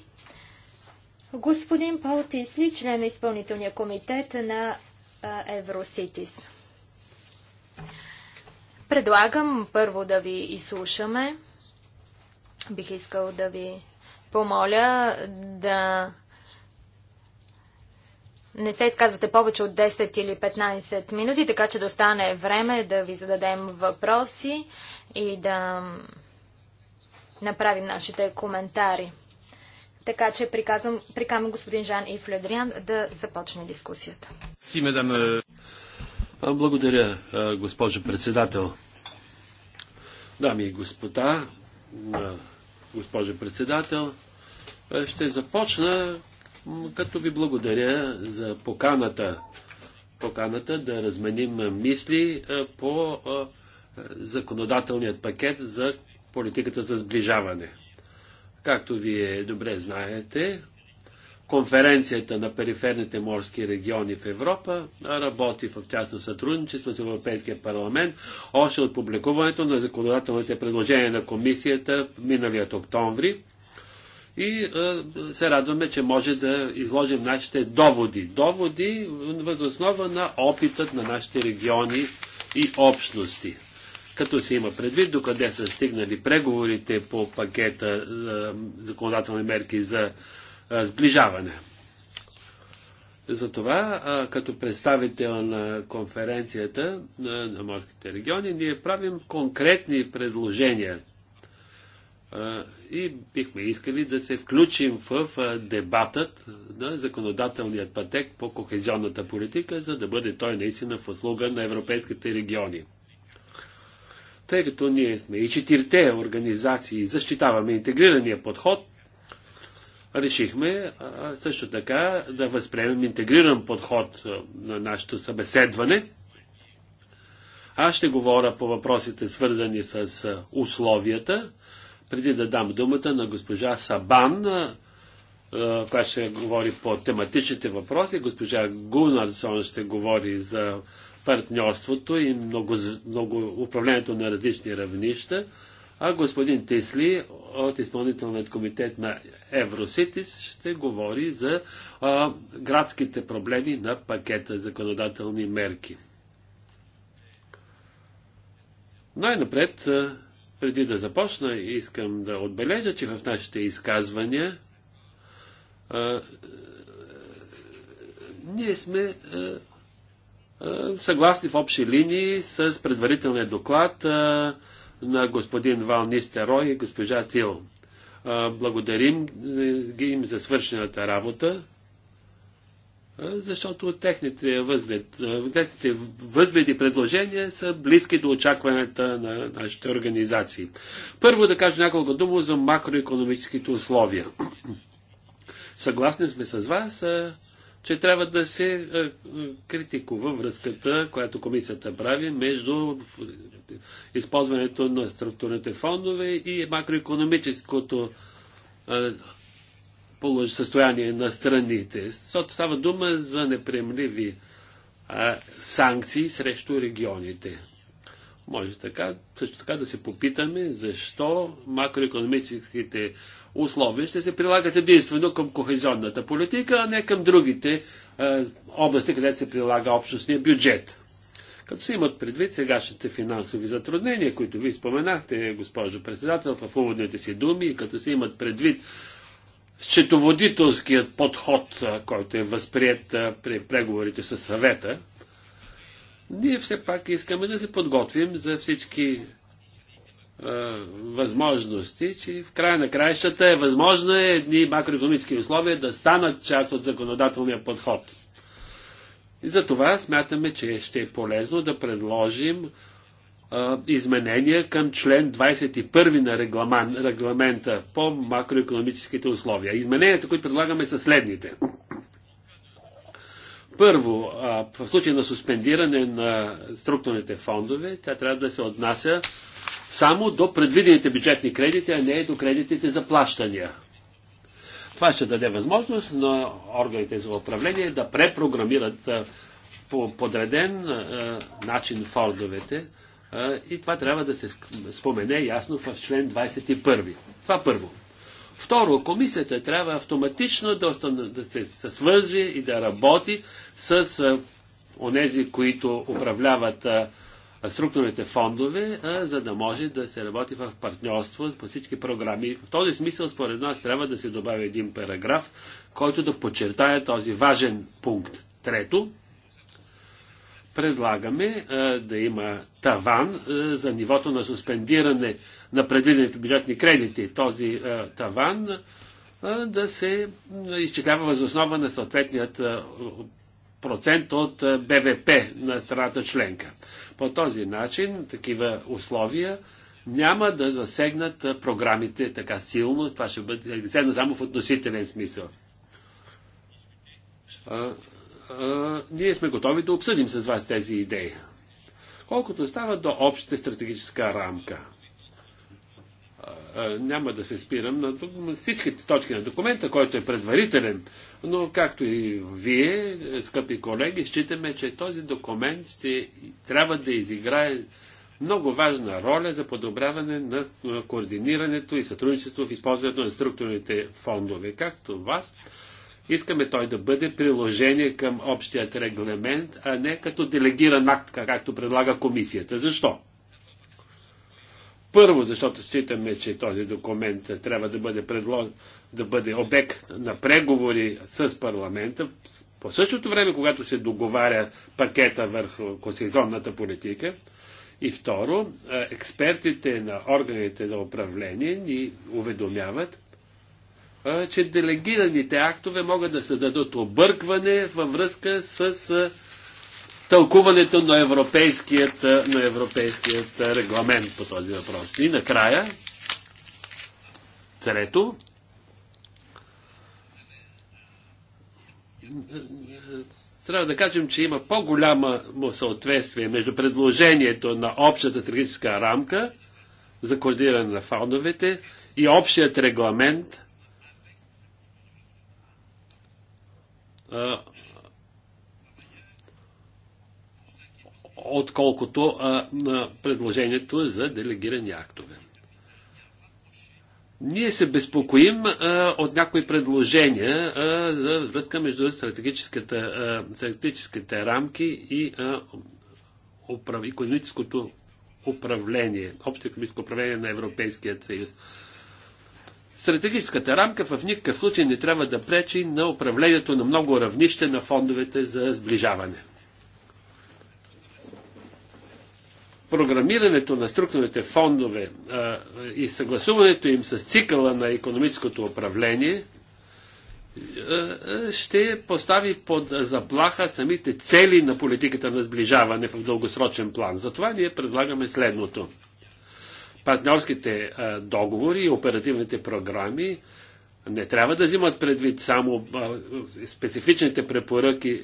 Господин Тисли, член на изпълнителния комитет на Евроситис. Предлагам първо да ви изслушаме. Бих искал да ви помоля да не се изказвате повече от 10 или 15 минути, така че да остане време да ви зададем въпроси и да направим нашите коментари. Така че приказвам, прикам господин Жан Ив Ледриан да започне дискусията. Си, е, благодаря, госпожо председател. Дами и господа, госпожо председател, ще започна като ви благодаря за поканата, поканата да разменим мисли по законодателният пакет за политиката за сближаване. Както вие добре знаете, конференцията на периферните морски региони в Европа, работи в частно сътрудничество с Европейския парламент. Още от публикуването на законодателните предложения на комисията миналият октомври. И а, се радваме, че може да изложим нашите доводи. Доводи възоснова на опитът на нашите региони и общности. Като се има предвид докъде са стигнали преговорите по пакета а, законодателни мерки за сближаване. Затова, като представител на конференцията на, морските региони, ние правим конкретни предложения. И бихме искали да се включим в дебатът на законодателният пътек по кохезионната политика, за да бъде той наистина в услуга на европейските региони. Тъй като ние сме и четирите организации, защитаваме интегрирания подход – решихме също така да възприемем интегриран подход на нашето събеседване. Аз ще говоря по въпросите свързани с условията, преди да дам думата на госпожа Сабан, която ще говори по тематичните въпроси. Госпожа Гунарсон ще говори за партньорството и много, много управлението на различни равнища. А господин Тисли от изпълнителният комитет на Евроситис ще говори за а, градските проблеми на пакета законодателни мерки. Най-напред, преди да започна, искам да отбележа, че в нашите изказвания а, ние сме а, а, съгласни в общи линии с предварителния доклад. А, на господин Вал Нистерой и госпожа Тил. Благодарим ги им за свършената работа, защото техните възглед, техните възгледи предложения са близки до очакванията на нашите организации. Първо да кажа няколко дума за макроекономическите условия. Съгласни сме с вас, че трябва да се е, е, критикува връзката, която комисията прави между използването на структурните фондове и макроекономическото е, състояние на страните. Защото става дума за неприемливи санкции срещу регионите. Може така, също така да се попитаме защо макроекономическите условия ще се прилагат единствено към кохезионната политика, а не към другите е, области, където се прилага общностния бюджет. Като се имат предвид сегашните финансови затруднения, които ви споменахте, госпожо председател, в уводните си думи, и като се имат предвид счетоводителският подход, е, който е възприят е, при преговорите с съвета, ние все пак искаме да се подготвим за всички възможности, че в края на краищата е възможно е едни макроекономически условия да станат част от законодателния подход. И за това смятаме, че ще е полезно да предложим изменения към член 21 на регламент, регламента по макроекономическите условия. Измененията, които предлагаме, са следните. Първо, в случай на суспендиране на структурните фондове, тя трябва да се отнася само до предвидените бюджетни кредити, а не до кредитите за плащания. Това ще даде възможност на органите за управление да препрограмират по подреден начин фордовете и това трябва да се спомене ясно в член 21. Това първо. Второ, комисията трябва автоматично да, остана, да се, свържи и да работи с онези, които управляват а, структурните фондове, а, за да може да се работи в партньорство по всички програми. в този смисъл, според нас, трябва да се добави един параграф, който да подчертае този важен пункт. Трето, предлагаме а, да има таван а, за нивото на суспендиране на предвидените бюджетни кредити. Този а, таван да се изчислява възоснова на съответният процент от БВП на страната членка. По този начин такива условия няма да засегнат програмите така силно. Това ще бъде засегнат само в относителен смисъл. А, а, ние сме готови да обсъдим с вас тези идеи. Колкото става до общата стратегическа рамка. А, няма да се спирам на всичките точки на документа, който е предварителен но както и вие, скъпи колеги, считаме, че този документ ще трябва да изиграе много важна роля за подобряване на координирането и сътрудничество в използването на структурните фондове. Както вас, искаме той да бъде приложение към общият регламент, а не като делегиран акт, както предлага комисията. Защо? Първо, защото считаме, че този документ трябва да бъде, предлог, да бъде обект на преговори с парламента. По същото време, когато се договаря пакета върху конституционната политика. И второ, е, експертите на органите на управление ни уведомяват, е, че делегираните актове могат да се дадат объркване във връзка с е, тълкуването на европейският, на европейският регламент по този въпрос. И накрая, трето, трябва да кажем, че има по-голямо съответствие между предложението на общата стратегическа рамка за координиране на фауновете и общият регламент отколкото а, на предложението за делегирани актове. Ние се безпокоим а, от някои предложения а, за връзка между стратегическата, а, стратегическите рамки и а, управ... економическото управление, общо економическо управление на Европейския съюз. Стратегическата рамка в никакъв случай не трябва да пречи на управлението на много равнище на фондовете за сближаване. програмирането на структурните фондове а, и съгласуването им с цикъла на економическото управление а, ще постави под заплаха самите цели на политиката на сближаване в дългосрочен план. Затова ние предлагаме следното. Партньорските а, договори и оперативните програми не трябва да взимат предвид само специфичните препоръки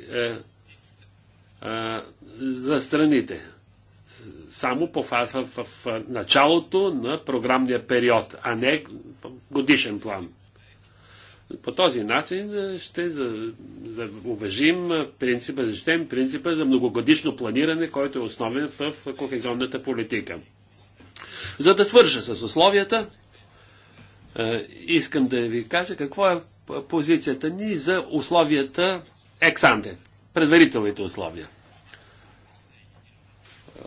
за страните само по фаза в началото на програмния период, а не годишен план. По този начин е, ще за, за уважим принципа, защитим принципа за многогодишно планиране, който е основен в кохезионната политика. За да свърша с условията, е, искам да ви кажа какво е позицията ни за условията ексанте, предварителните условия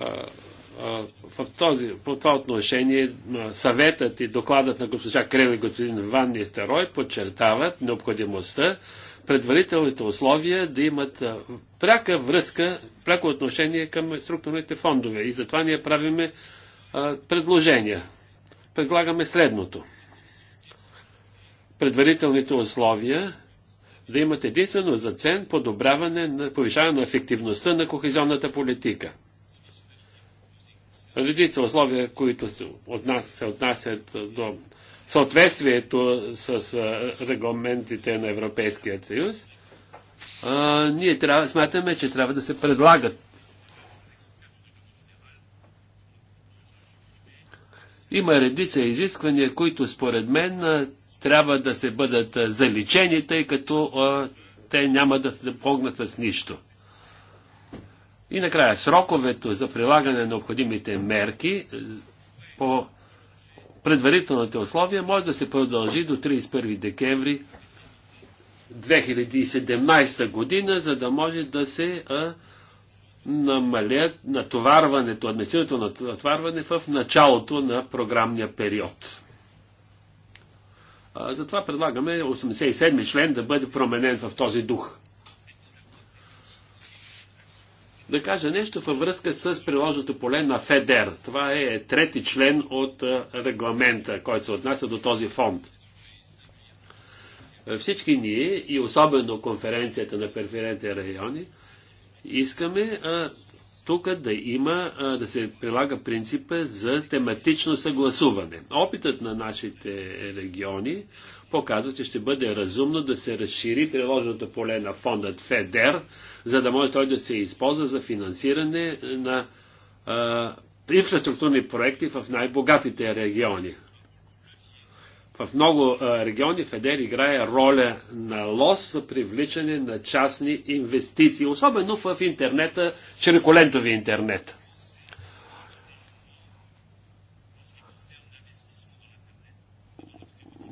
е, в този, по това отношение съветът и докладът на госпожа Крел и господин Ван Нистерой подчертават необходимостта предварителните условия да имат пряка връзка, пряко отношение към структурните фондове. И затова ние правиме предложения. Предлагаме следното. Предварителните условия да имат единствено за цен подобряване на повишаване на ефективността на кохезионната политика – редица условия, които от нас се отнасят до съответствието с регламентите на Европейския съюз, а, ние трябва, смятаме, че трябва да се предлагат. Има редица изисквания, които според мен трябва да се бъдат заличени, тъй като а, те няма да се помогнат с нищо. И накрая сроковето за прилагане на необходимите мерки е, по предварителните условия може да се продължи до 31 декември 2017 година, за да може да се намалят натоварването, административното натоварване в началото на програмния период. А, затова предлагаме 87 член да бъде променен в този дух да кажа нещо във връзка с приложното поле на ФЕДЕР. Това е трети член от регламента, който се отнася до този фонд. Всички ние, и особено конференцията на перферентни райони, искаме а, тук да има, да се прилага принципа за тематично съгласуване. Опитът на нашите региони показва, че ще бъде разумно да се разшири приложеното поле на фондът ФЕДЕР, за да може той да се използва за финансиране на инфраструктурни проекти в най-богатите региони в много региони Федер играе роля на лос за привличане на частни инвестиции, особено в интернета, широколентови интернет.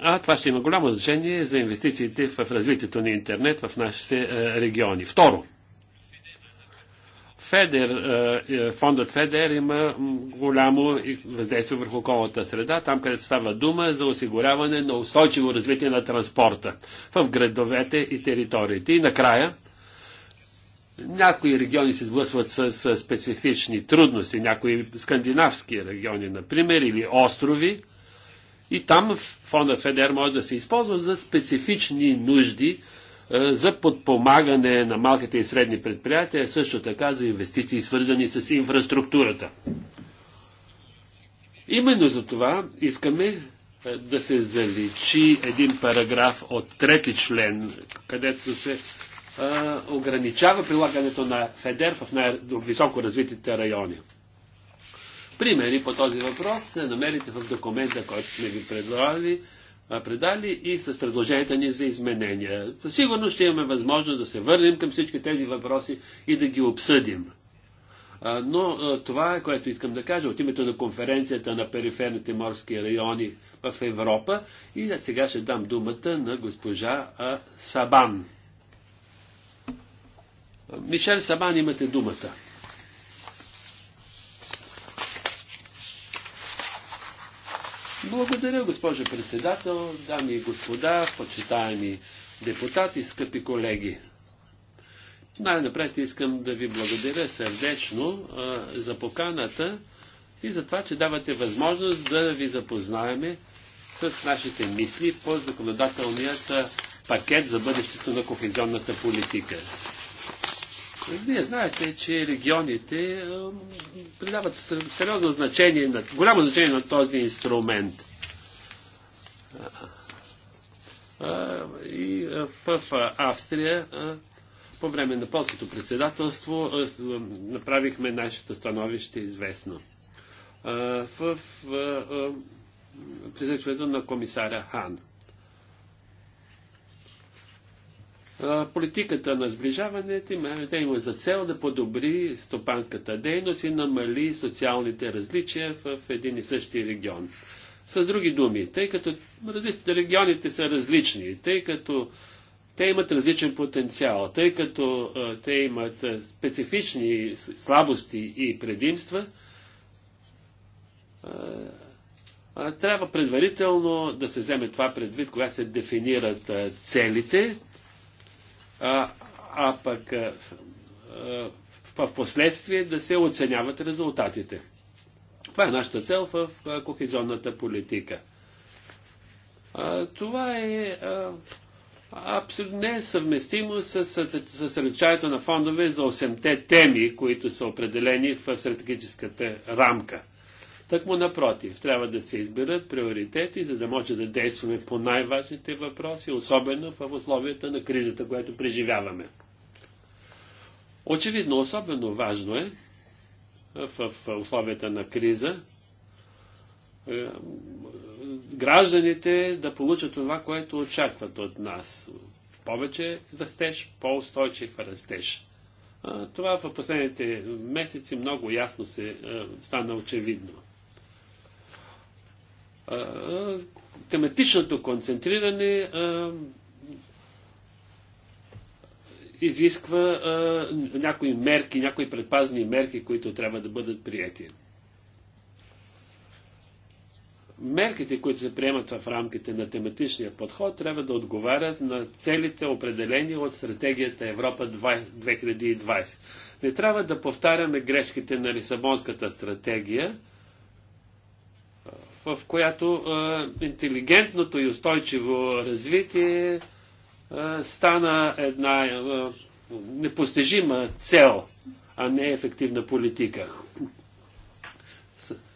А това ще има голямо значение за инвестициите в развитието на интернет в нашите региони. Второ, Федер, е, е, фондът Федер има голямо въздействие върху околната среда, там където става дума за осигуряване на устойчиво развитие на транспорта в градовете и териториите. И накрая, някои региони се сблъсват с, с специфични трудности, някои скандинавски региони, например, или острови. И там фонда Федер може да се използва за специфични нужди, е, за подпомагане на малките и средни предприятия, също така за инвестиции, свързани с инфраструктурата. Именно за това искаме е, да се заличи един параграф от трети член, където се а, е, ограничава прилагането на ФЕДЕР в най-високо развитите райони. Примери по този въпрос се намерите в документа, който сме ви предлагали предали и с предложенията ни за изменения. Сигурно ще имаме възможност да се върнем към всички тези въпроси и да ги обсъдим. Но това е което искам да кажа от името на конференцията на периферните морски райони в Европа. И сега ще дам думата на госпожа Сабан. Мишел Сабан, имате думата. Благодаря, госпожо председател, дами и господа, почитаеми депутати, скъпи колеги. Най-напред искам да ви благодаря сърдечно а, за поканата и за това, че давате възможност да ви запознаеме с нашите мисли по законодателният пакет за бъдещето на кохезионната политика. Вие знаете, че регионите придават сериозно значение, голямо значение на този инструмент. И в Австрия по време на полското председателство направихме нашето становище известно. В присъствието на комисаря Хан. Политиката на сближаването има за цел да подобри стопанската дейност и намали социалните различия в един и същи регион. С други думи, тъй като регионите са различни, тъй като те имат различен потенциал, тъй като те имат специфични слабости и предимства, трябва предварително да се вземе това предвид, когато се дефинират целите а, а пък а, в последствие да се оценяват резултатите. Това е нашата цел в кохезионната политика. А, това е абсолютно несъвместимо с съсредоточаването на фондове за 8-те теми, които са определени в стратегическата рамка – Так му напротив, трябва да се изберат приоритети, за да може да действаме по най-важните въпроси, особено в условията на кризата, която преживяваме. Очевидно, особено важно е в условията на криза е, гражданите да получат това, което очакват от нас. Повече растеж, по-устойчив растеж. Това в последните месеци много ясно се е, стана очевидно тематичното концентриране изисква а, някои мерки, някои предпазни мерки, които трябва да бъдат прияти. Мерките, които се приемат в рамките на тематичния подход, трябва да отговарят на целите определени от стратегията Европа 2020. Не трябва да повтаряме грешките на Лисабонската стратегия, в която интелигентното и устойчиво развитие стана една непостижима цел, а не ефективна политика.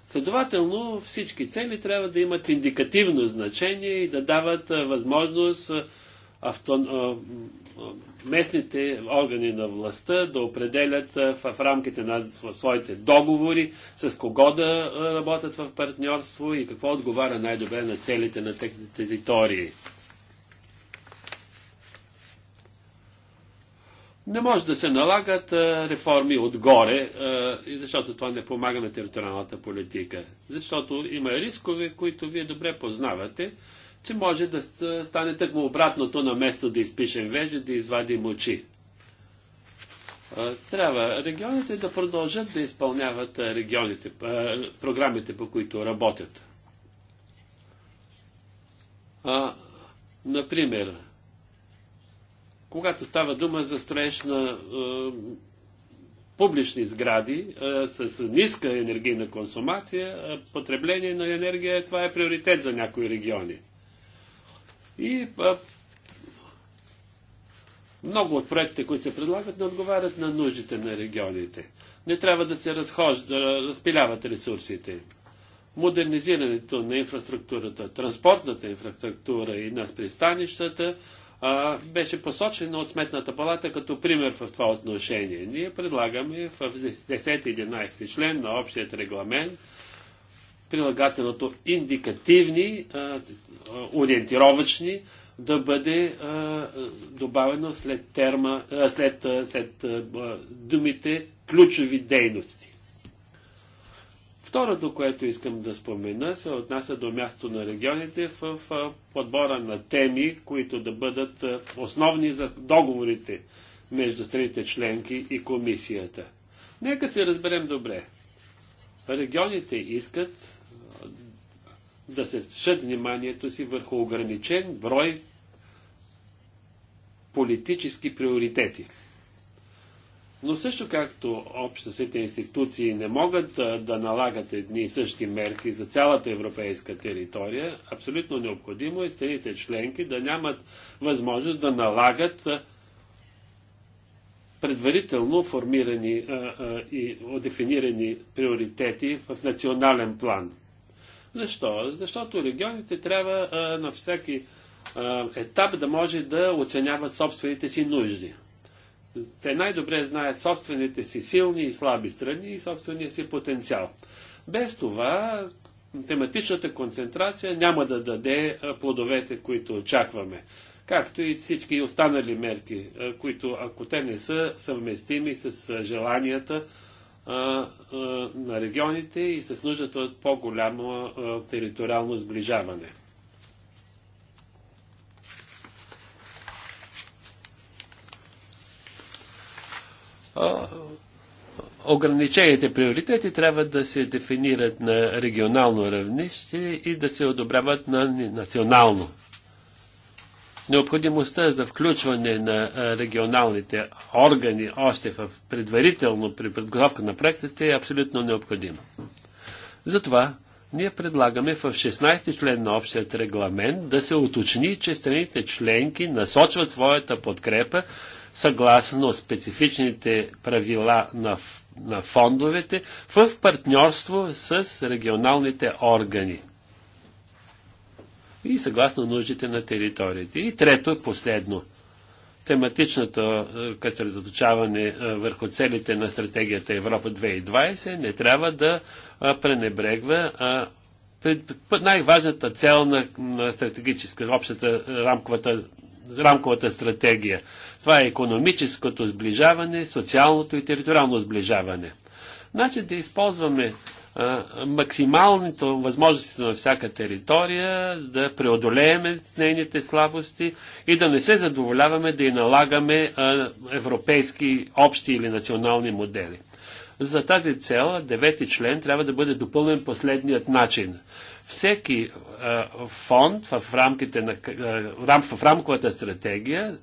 Следователно, всички цели трябва да имат индикативно значение и да дават възможност авто местните органи на властта да определят в рамките на своите договори с кого да работят в партньорство и какво отговаря най-добре на целите на техните територии. Не може да се налагат реформи отгоре, защото това не помага на териториалната политика. Защото има рискове, които вие добре познавате че може да стане тъкмо обратното на место да изпишем вежи, да извадим очи. Трябва регионите да продължат да изпълняват регионите, програмите, по които работят. А, например, когато става дума за строеж на а, публични сгради а, с ниска енергийна консумация, а, потребление на енергия, това е приоритет за някои региони. И а, много от проектите, които се предлагат, не отговарят на нуждите на регионите. Не трябва да се разхожда, разпиляват ресурсите. Модернизирането на инфраструктурата, транспортната инфраструктура и на пристанищата а, беше посочено от Сметната палата като пример в това отношение. Ние предлагаме в 10-11 член на общият регламент прилагателното индикативни а, ориентировъчни, да бъде а, добавено след, терма, а, след, а, след а, думите ключови дейности. Второто, което искам да спомена, се отнася до място на регионите в, в подбора на теми, които да бъдат основни за договорите между страните членки и комисията. Нека се разберем добре. Регионите искат да се счат вниманието си върху ограничен брой политически приоритети. Но също както обществените институции не могат да, да налагат едни и същи мерки за цялата европейска територия, абсолютно необходимо е страните членки да нямат възможност да налагат предварително формирани а, а, и дефинирани приоритети в национален план. Защо? Защото регионите трябва а, на всеки а, етап да може да оценяват собствените си нужди. Те най-добре знаят собствените си силни и слаби страни и собствения си потенциал. Без това тематичната концентрация няма да даде плодовете, които очакваме. Както и всички останали мерки, които ако те не са съвместими с желанията, на регионите и с нуждата от по-голямо териториално сближаване. Ограничените приоритети трябва да се дефинират на регионално равнище и да се одобряват на национално необходимостта е за включване на регионалните органи още в предварително при подготовка на проектите е абсолютно необходима. Затова ние предлагаме в 16 член на общият регламент да се уточни, че страните членки насочват своята подкрепа съгласно специфичните правила на, на фондовете в партньорство с регионалните органи и съгласно нуждите на териториите. И трето, последно, тематичното съсредоточаване е, е, върху целите на стратегията Европа 2020 не трябва да е, пренебрегва най-важната цел на, на стратегическа, общата рамковата, рамковата стратегия. Това е економическото сближаване, социалното и териториално сближаване. Значи да използваме максималното възможности на всяка територия, да преодолееме нейните слабости и да не се задоволяваме да и налагаме европейски общи или национални модели. За тази цел, девети член трябва да бъде допълнен последният начин. Всеки фонд в рамките на, в рамковата стратегия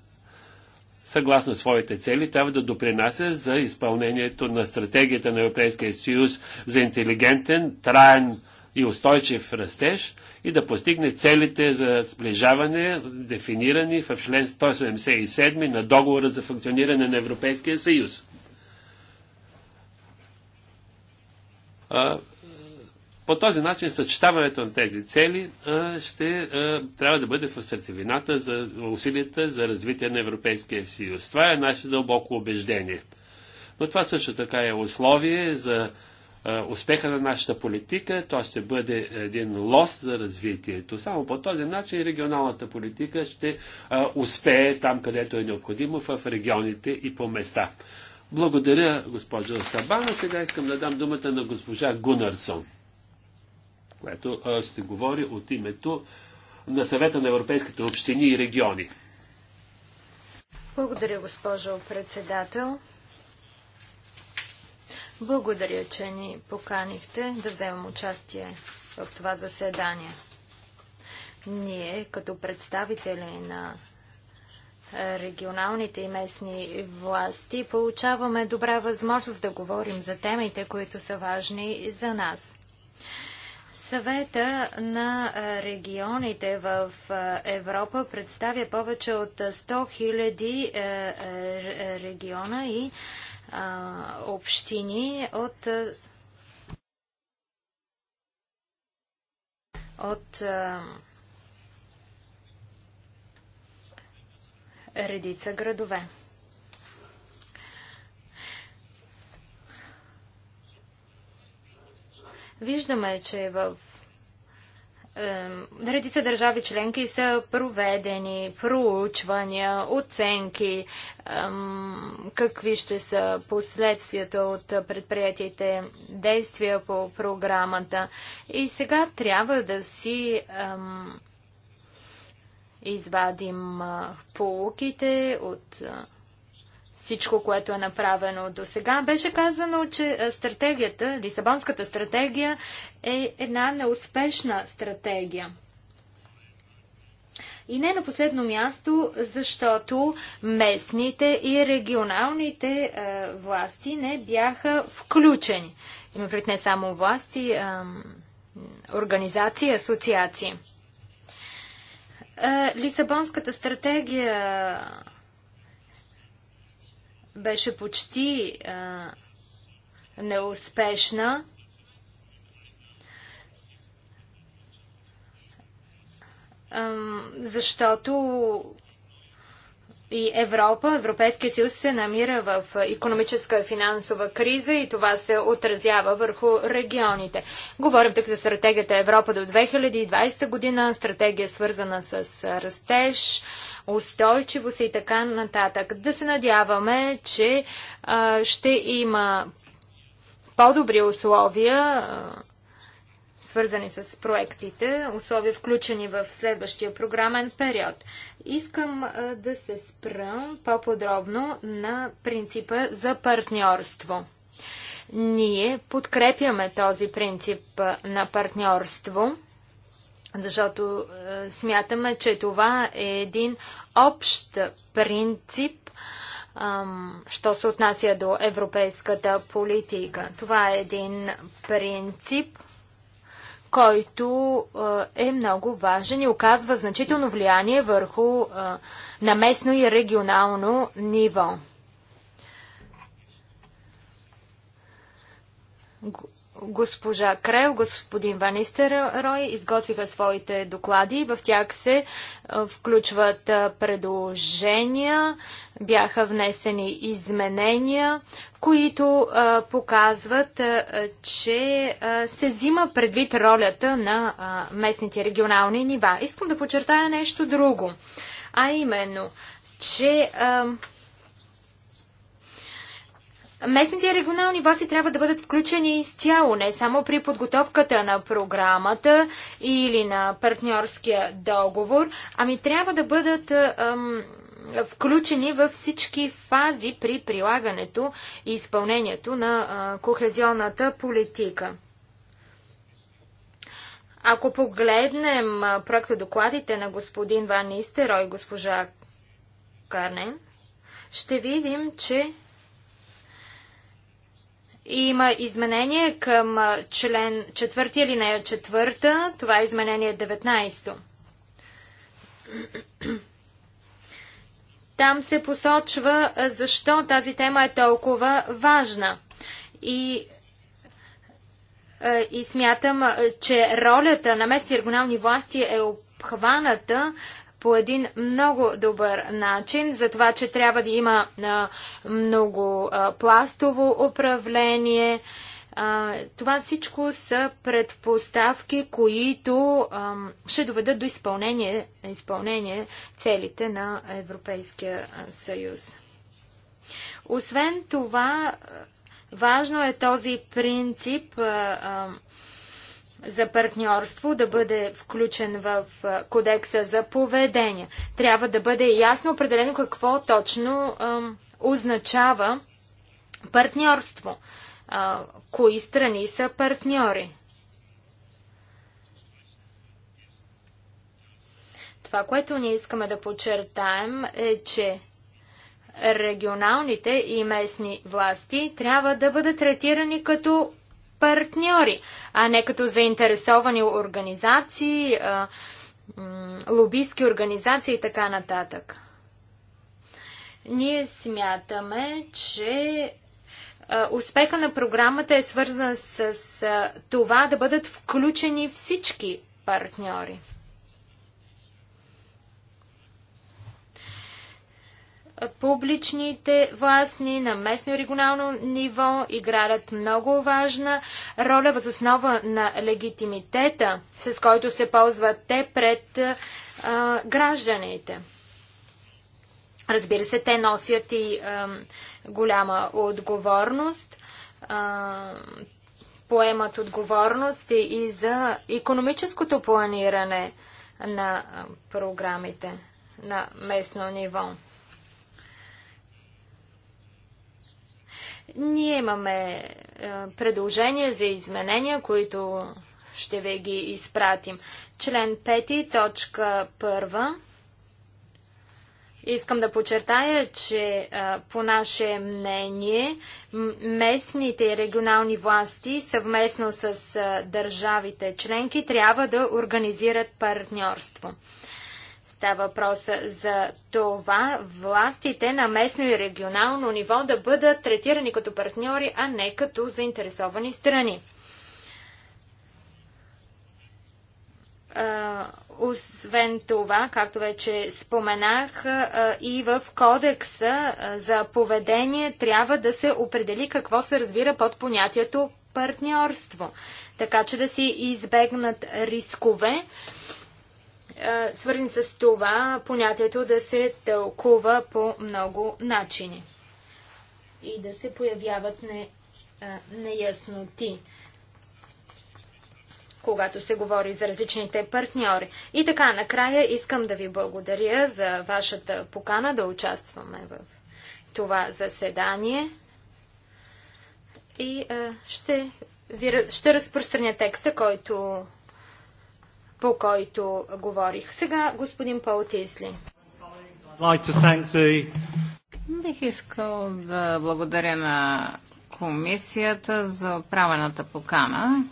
съгласно своите цели, трябва да допринася за изпълнението на стратегията на Европейския съюз за интелигентен, траен и устойчив растеж и да постигне целите за сближаване, дефинирани в член 177 на договора за функциониране на Европейския съюз. По този начин съчетаването на тези цели ще трябва да бъде в сърцевината за усилията за развитие на Европейския съюз. Това е наше дълбоко убеждение. Но това също така е условие за успеха на нашата политика. То ще бъде един лос за развитието. Само по този начин регионалната политика ще успее там, където е необходимо, в регионите и по места. Благодаря, госпожо Сабана. Сега искам да дам думата на госпожа Гунарсон. Което ще говори от името на съвета на европейските общини и региони. Благодаря, госпожо председател. Благодаря, че ни поканихте да вземем участие в това заседание. Ние, като представители на регионалните и местни власти, получаваме добра възможност да говорим за темите, които са важни за нас. Съвета на регионите в Европа представя повече от 100 000 е, е, региона и общини от от редица градове. Виждаме, че в редица държави членки са проведени проучвания, оценки, какви ще са последствията от предприятите действия по програмата. И сега трябва да си извадим полуките от всичко, което е направено до сега. Беше казано, че е, стратегията, Лисабонската стратегия е една неуспешна стратегия. И не на последно място, защото местните и регионалните е, власти не бяха включени. Има пред не само власти, е, организации, асоциации. Е, Лисабонската стратегия беше почти а, неуспешна. А, защото и Европа, Европейския съюз се намира в економическа и финансова криза и това се отразява върху регионите. Говорим тук за стратегията Европа до 2020 година, стратегия свързана с растеж, устойчивост и така нататък. Да се надяваме, че а, ще има по-добри условия а, свързани с проектите, условия включени в следващия програмен период. Искам да се спра по-подробно на принципа за партньорство. Ние подкрепяме този принцип на партньорство, защото смятаме, че това е един общ принцип, що се отнася до европейската политика. Това е един принцип, който е много важен и оказва значително влияние върху на местно и регионално ниво госпожа Крел, господин Ванистер Рой изготвиха своите доклади. В тях се е, включват е, предложения, бяха внесени изменения, които е, показват, че се взима предвид ролята на местните регионални нива. Искам да подчертая нещо друго, а именно, че Местните и регионални власти трябва да бъдат включени изцяло, не само при подготовката на програмата или на партньорския договор, ами трябва да бъдат ам, включени във всички фази при прилагането и изпълнението на а, кохезионната политика. Ако погледнем докладите на господин Ван Истеро и госпожа Карнен, ще видим, че има изменение към член 4 или нея 4. Това е изменение 19. Там се посочва защо тази тема е толкова важна. И, и смятам, че ролята на местни регионални власти е обхваната по един много добър начин за това, че трябва да има много пластово управление. Това всичко са предпоставки, които ще доведат до изпълнение, изпълнение целите на Европейския съюз. Освен това, важно е този принцип за партньорство да бъде включен в кодекса за поведение. Трябва да бъде ясно определено какво точно ам, означава партньорство. А, кои страни са партньори? Това, което ние искаме да подчертаем е, че регионалните и местни власти трябва да бъдат третирани като партньори, а не като заинтересовани организации, лобистки организации и така нататък. Ние смятаме, че успеха на програмата е свързан с това да бъдат включени всички партньори. публичните властни на местно и регионално ниво играят много важна роля възоснова на легитимитета, с който се ползват те пред а, гражданите. Разбира се, те носят и а, голяма отговорност. А, поемат отговорности и за економическото планиране на програмите на местно ниво. Ние имаме е, предложения за изменения, които ще ви ги изпратим. Член 5, точка 1. Искам да подчертая, че а, е, по наше мнение местните и регионални власти съвместно с а, е, държавите членки трябва да организират партньорство. Става въпрос за това властите на местно и регионално ниво да бъдат третирани като партньори, а не като заинтересовани страни. освен това, както вече споменах, и в кодекса за поведение трябва да се определи какво се разбира под понятието партньорство, така че да си избегнат рискове свързани с това понятието да се тълкува по много начини и да се появяват не, а, неясноти, когато се говори за различните партньори. И така, накрая искам да ви благодаря за вашата покана да участваме в това заседание и а, ще, ви, ще разпространя текста, който по който говорих. Сега господин Пол Тисли. Бих искал да благодаря на комисията за отправената покана.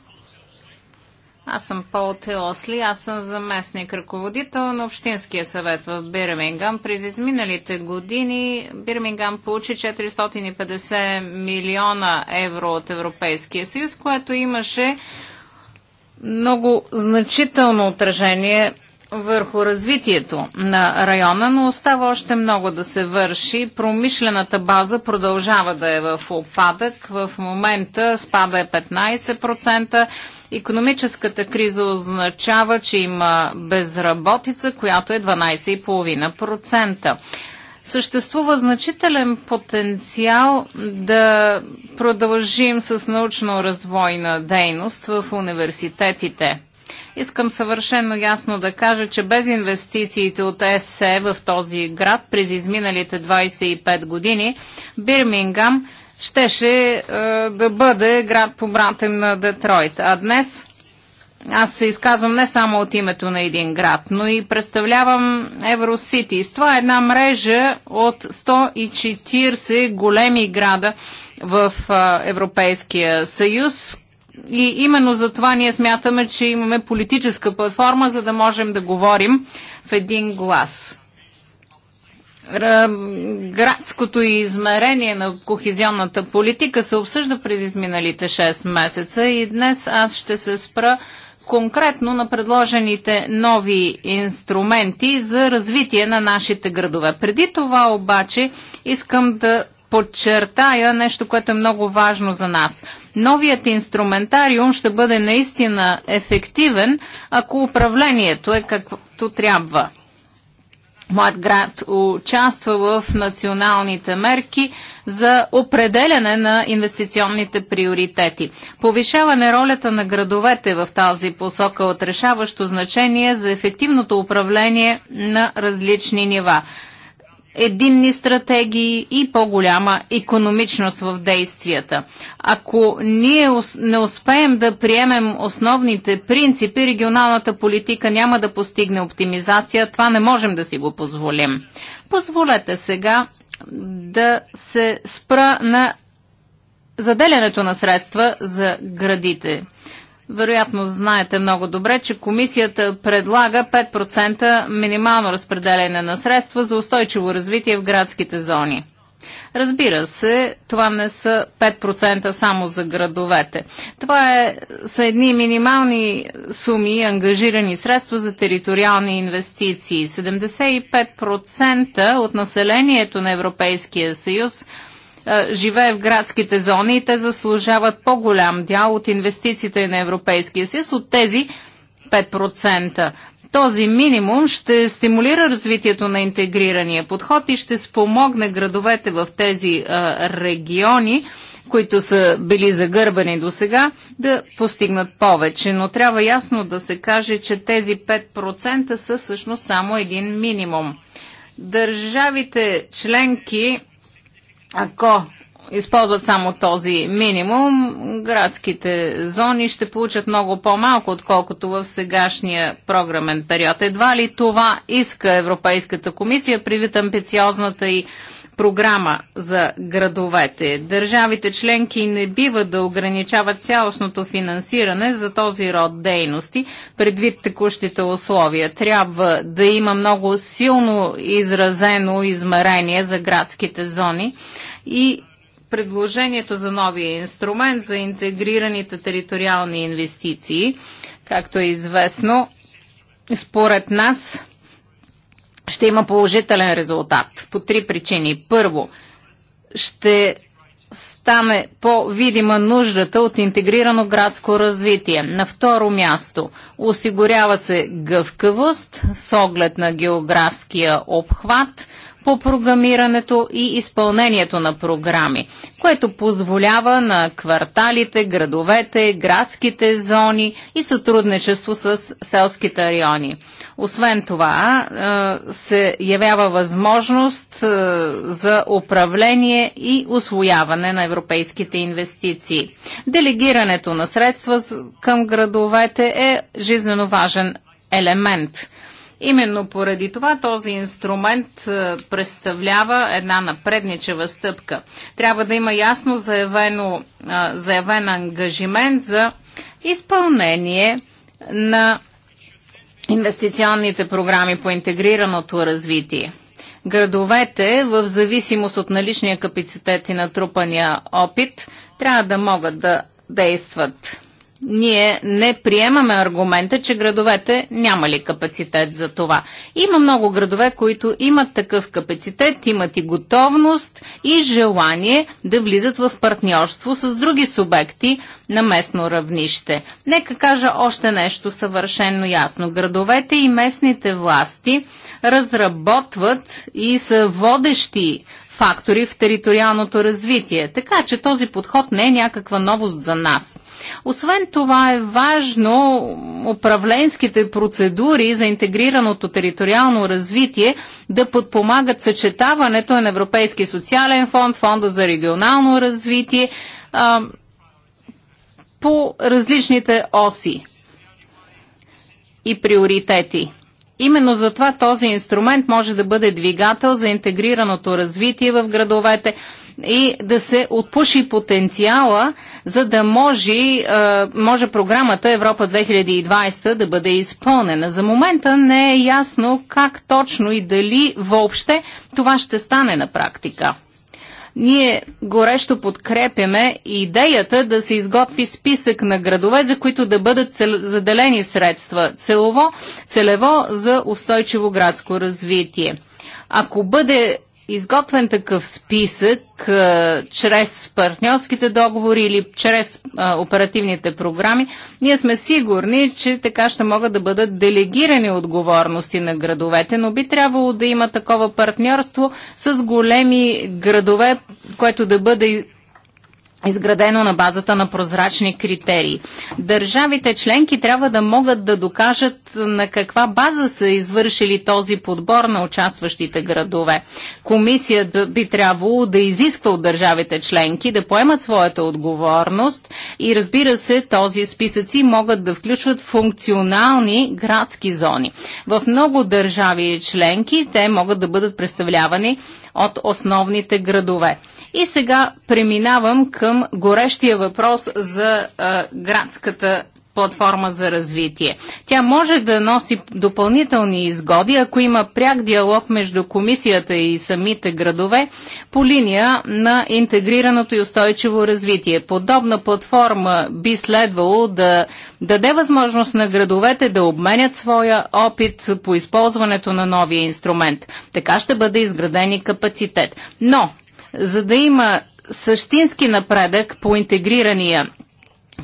Аз съм Пол Теосли, аз съм заместник ръководител на Общинския съвет в Бирмингам. През изминалите години Бирмингам получи 450 милиона евро от Европейския съюз, което имаше много значително отражение върху развитието на района, но остава още много да се върши. Промишлената база продължава да е в опадък. В момента спада е 15%. Економическата криза означава, че има безработица, която е 12,5% съществува значителен потенциал да продължим с научно-развойна дейност в университетите. Искам съвършено ясно да кажа, че без инвестициите от ЕСЕ в този град през изминалите 25 години, Бирмингам щеше е, да бъде град по братен на Детройт. А днес аз се изказвам не само от името на един град, но и представлявам Евросити. Това е една мрежа от 140 големи града в Европейския съюз. И именно за това ние смятаме, че имаме политическа платформа, за да можем да говорим в един глас градското измерение на кохезионната политика се обсъжда през изминалите 6 месеца и днес аз ще се спра конкретно на предложените нови инструменти за развитие на нашите градове. Преди това обаче искам да подчертая нещо, което е много важно за нас. Новият инструментариум ще бъде наистина ефективен, ако управлението е каквото трябва. Млад град участва в националните мерки за определяне на инвестиционните приоритети. Повишаване ролята на градовете в тази посока от решаващо значение за ефективното управление на различни нива единни стратегии и по-голяма економичност в действията. Ако ние не успеем да приемем основните принципи, регионалната политика няма да постигне оптимизация. Това не можем да си го позволим. Позволете сега да се спра на заделянето на средства за градите. Вероятно знаете много добре, че комисията предлага 5% минимално разпределение на средства за устойчиво развитие в градските зони. Разбира се, това не са 5% само за градовете. Това е, са едни минимални суми ангажирани средства за териториални инвестиции. 75% от населението на Европейския съюз – е, живее в градските зони и те заслужават по-голям дял от инвестициите на Европейския съюз от тези 5%. Този минимум ще стимулира развитието на интегрирания подход и ще спомогне градовете в тези а, е, региони, които са били загърбани до сега, да постигнат повече. Но трябва ясно да се каже, че тези 5% са всъщност само един минимум. Държавите членки ако използват само този минимум, градските зони ще получат много по-малко, отколкото в сегашния програмен период. Едва ли това иска Европейската комисия, привид амбициозната и програма за градовете. Държавите членки не бива да ограничават цялостното финансиране за този род дейности, предвид текущите условия. Трябва да има много силно изразено измерение за градските зони и предложението за новия инструмент за интегрираните териториални инвестиции, както е известно, според нас ще има положителен резултат по три причини. Първо, ще стане по-видима нуждата от интегрирано градско развитие. На второ място осигурява се гъвкавост с оглед на географския обхват по програмирането и изпълнението на програми, което позволява на кварталите, градовете, градските зони и сътрудничество с селските райони. Освен това, се явява възможност за управление и освояване на европейските инвестиции. Делегирането на средства към градовете е жизненно важен елемент. Именно поради това този инструмент представлява една напредничева стъпка. Трябва да има ясно заявено, заявен ангажимент за изпълнение на инвестиционните програми по интегрираното развитие. Градовете, в зависимост от наличния капацитет и натрупания опит, трябва да могат да действат ние не приемаме аргумента, че градовете нямали капацитет за това. Има много градове, които имат такъв капацитет, имат и готовност и желание да влизат в партньорство с други субекти на местно равнище. Нека кажа още нещо съвършенно ясно. Градовете и местните власти разработват и са водещи фактори в териториалното развитие. Така че този подход не е някаква новост за нас. Освен това е важно управленските процедури за интегрираното териториално развитие да подпомагат съчетаването на Европейски социален фонд, фонда за регионално развитие а, по различните оси и приоритети. Именно затова този инструмент може да бъде двигател за интегрираното развитие в градовете и да се отпуши потенциала, за да може, може програмата Европа 2020 да бъде изпълнена. За момента не е ясно как точно и дали въобще това ще стане на практика. Ние горещо подкрепяме идеята да се изготви списък на градове, за които да бъдат цел... заделени средства целово, целево за устойчиво градско развитие. Ако бъде изготвен такъв списък а, чрез партньорските договори или чрез а, оперативните програми, ние сме сигурни, че така ще могат да бъдат делегирани отговорности на градовете, но би трябвало да има такова партньорство с големи градове, което да бъде изградено на базата на прозрачни критерии. Държавите членки трябва да могат да докажат на каква база са извършили този подбор на участващите градове. Комисията би трябвало да изисква от държавите членки да поемат своята отговорност и разбира се, този списъци могат да включват функционални градски зони. В много държави членки те могат да бъдат представлявани от основните градове. И сега преминавам към горещия въпрос за а, градската платформа за развитие. Тя може да носи допълнителни изгоди, ако има пряк диалог между комисията и самите градове по линия на интегрираното и устойчиво развитие. Подобна платформа би следвало да даде възможност на градовете да обменят своя опит по използването на новия инструмент. Така ще бъде изграден и капацитет. Но, за да има същински напредък по интегрирания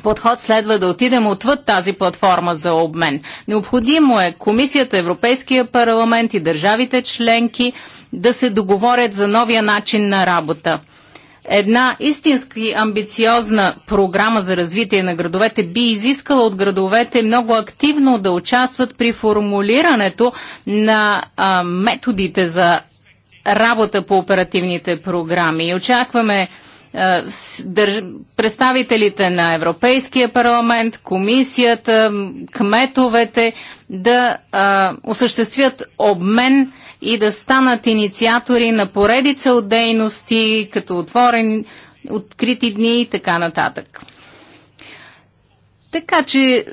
подход следва да отидем отвъд тази платформа за обмен. Необходимо е Комисията, Европейския парламент и държавите членки да се договорят за новия начин на работа. Една истински амбициозна програма за развитие на градовете би изискала от градовете много активно да участват при формулирането на а, методите за работа по оперативните програми. И очакваме е, представителите на Европейския парламент, комисията, кметовете да а, е, осъществят обмен и да станат инициатори на поредица от дейности, като отворен, открити дни и така нататък. Така че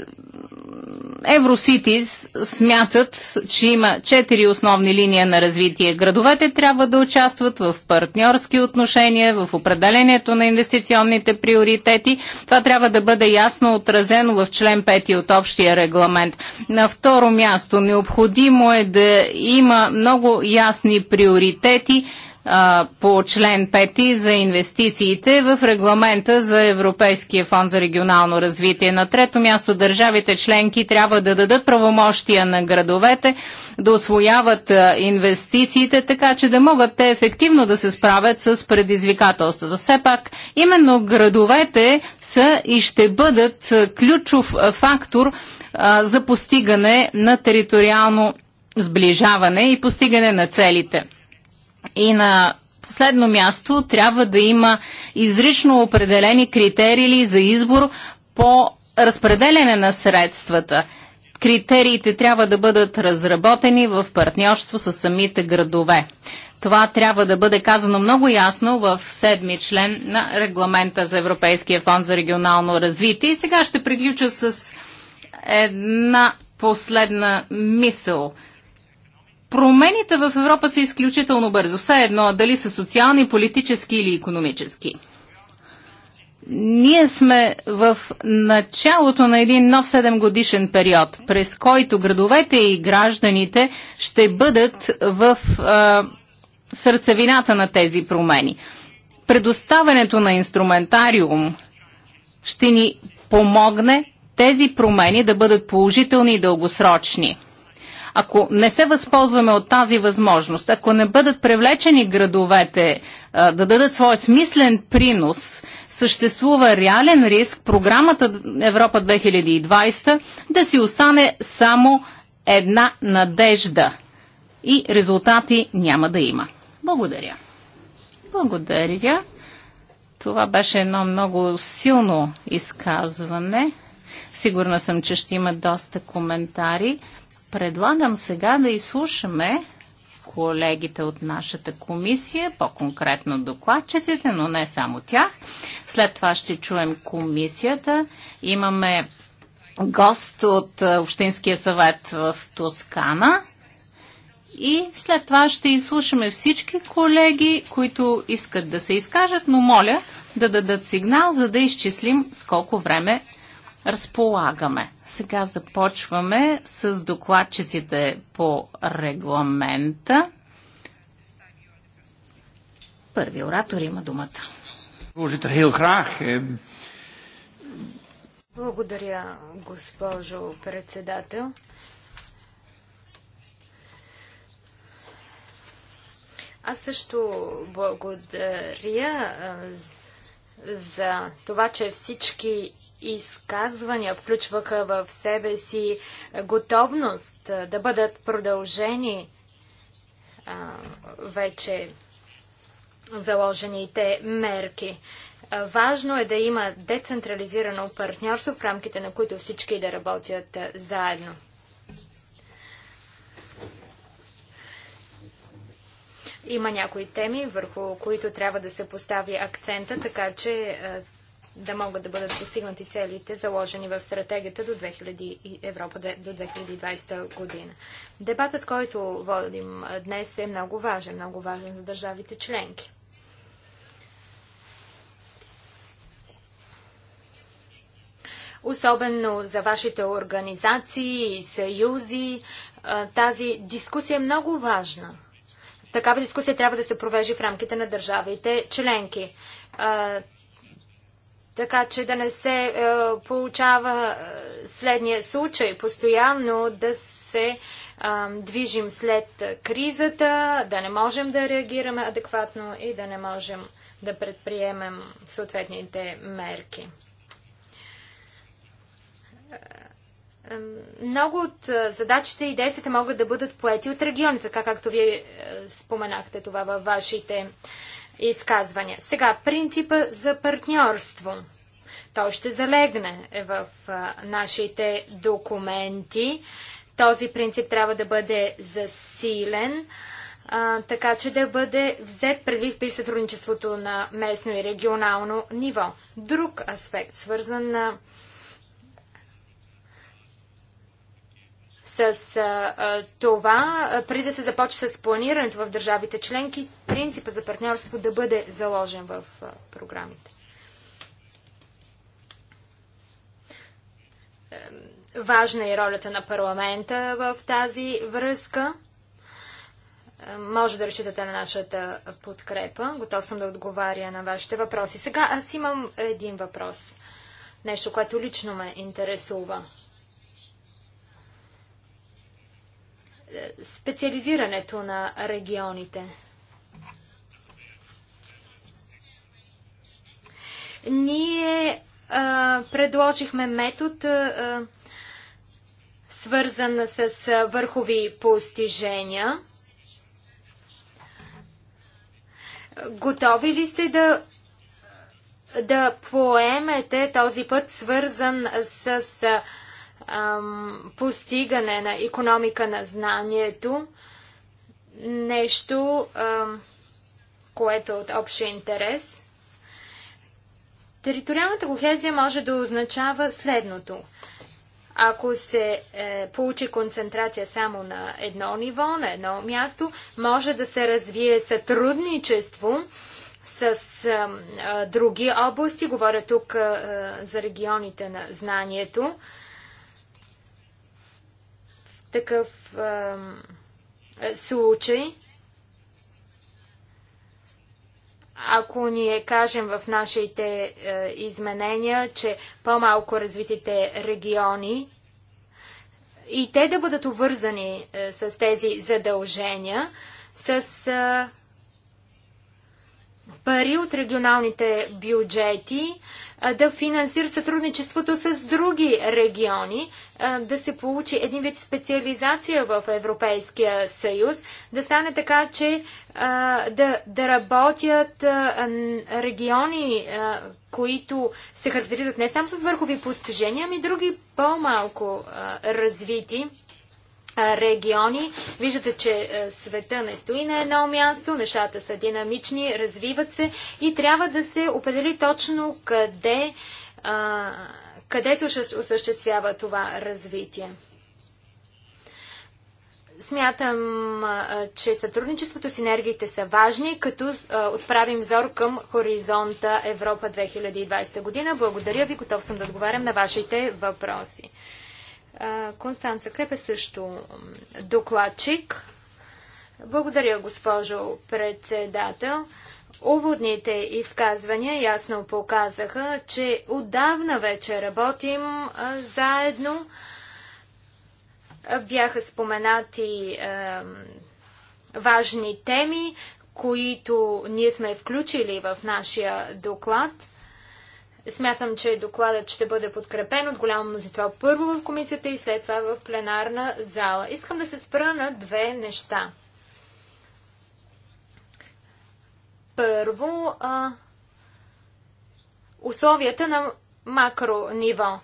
Евроситис смятат, че има четири основни линии на развитие. Градовете трябва да участват в партньорски отношения, в определението на инвестиционните приоритети. Това трябва да бъде ясно отразено в член 5 от общия регламент. На второ място, необходимо е да има много ясни приоритети а, по член 5 за инвестициите в регламента за Европейския фонд за регионално развитие. На трето място държавите членки трябва да дадат правомощия на градовете да освояват инвестициите, така че да могат те ефективно да се справят с предизвикателствата. Все пак, именно градовете са и ще бъдат ключов фактор а, за постигане на териториално сближаване и постигане на целите. И на последно място трябва да има изрично определени критерии за избор по разпределене на средствата. Критериите трябва да бъдат разработени в партньорство с самите градове. Това трябва да бъде казано много ясно в седми член на регламента за Европейския фонд за регионално развитие. И сега ще приключа с една последна мисъл промените в Европа са изключително бързо. Все едно, дали са социални, политически или економически. Ние сме в началото на един нов 7 годишен период, през който градовете и гражданите ще бъдат в а, сърцевината на тези промени. Предоставянето на инструментариум ще ни помогне тези промени да бъдат положителни и дългосрочни. Ако не се възползваме от тази възможност, ако не бъдат привлечени градовете а, да дадат своя смислен принос, съществува реален риск програмата Европа 2020 да си остане само една надежда и резултати няма да има. Благодаря. Благодаря. Това беше едно много силно изказване. Сигурна съм, че ще има доста коментари. Предлагам сега да изслушаме колегите от нашата комисия, по-конкретно докладчиците, но не само тях. След това ще чуем комисията. Имаме гост от е, Общинския съвет в Тоскана. И след това ще изслушаме всички колеги, които искат да се изкажат, но моля да дадат сигнал, за да изчислим с колко време разполагаме. Сега започваме с докладчиците по регламента. Първи оратор има думата. Ehm, благодаря, госпожо председател. Аз също благодаря за това, че всички изказвания включваха в себе си готовност да бъдат продължени вече заложените мерки. Важно е да има децентрализирано партньорство, в рамките на които всички да работят заедно. Има някои теми, върху които трябва да се постави акцента, така че да могат да бъдат постигнати целите, заложени в стратегията до 2000, Европа до 2020 година. Дебатът, който водим днес е много важен, много важен за държавите членки. Особено за вашите организации и съюзи, тази дискусия е много важна. Такава дискусия трябва да се провежи в рамките на държавите членки така че да не се е, получава е, следния случай. Постоянно да се е, движим след кризата, да не можем да реагираме адекватно и да не можем да предприемем съответните мерки. Е, много от е, задачите и действията могат да бъдат поети от региони, така както вие споменахте това във вашите изказвания. Сега, принципа за партньорство. Той ще залегне в нашите документи. Този принцип трябва да бъде засилен, а, така че да бъде взет предвид при сътрудничеството на местно и регионално ниво. Друг аспект, свързан на с това, преди да се започне с планирането в държавите членки, принципа за партньорство да бъде заложен в програмите. Важна е ролята на парламента в тази връзка. Може да решите на нашата подкрепа. Готов съм да отговаря на вашите въпроси. Сега аз имам един въпрос. Нещо, което лично ме интересува. специализирането на регионите. Ние а, предложихме метод, а, свързан с а, върхови постижения. Готови ли сте да, да поемете този път, свързан с. А, ам, постигане на економика на знанието, нещо, ам, което е от общ интерес. Териториалната кохезия може да означава следното. Ако се е, получи концентрация само на едно ниво, на едно място, може да се развие сътрудничество с е, други области. Говоря тук е, за регионите на знанието такъв е, случай, ако ние кажем в нашите е, изменения, че по-малко развитите региони и те да бъдат увързани е, с тези задължения, с е, пари от регионалните бюджети да финансират сътрудничеството с други региони, да се получи един вид специализация в Европейския съюз, да стане така, че да, да работят региони, които се характеризат не само с върхови постижения, ами други по-малко развити региони. Виждате, че света не стои на едно място, нещата са динамични, развиват се и трябва да се определи точно къде, къде се осъществява това развитие. Смятам, че сътрудничеството, синергиите са важни, като отправим взор към хоризонта Европа 2020 година. Благодаря ви, готов съм да отговарям на вашите въпроси. Констанца Крепе също докладчик. Благодаря, госпожо председател. Уводните изказвания ясно показаха, че отдавна вече работим заедно. Бяха споменати важни теми, които ние сме включили в нашия доклад. Смятам, че докладът ще бъде подкрепен от голямо мнозинство първо в комисията и след това в пленарна зала. Искам да се спра на две неща. Първо, а, условията на макро ниво.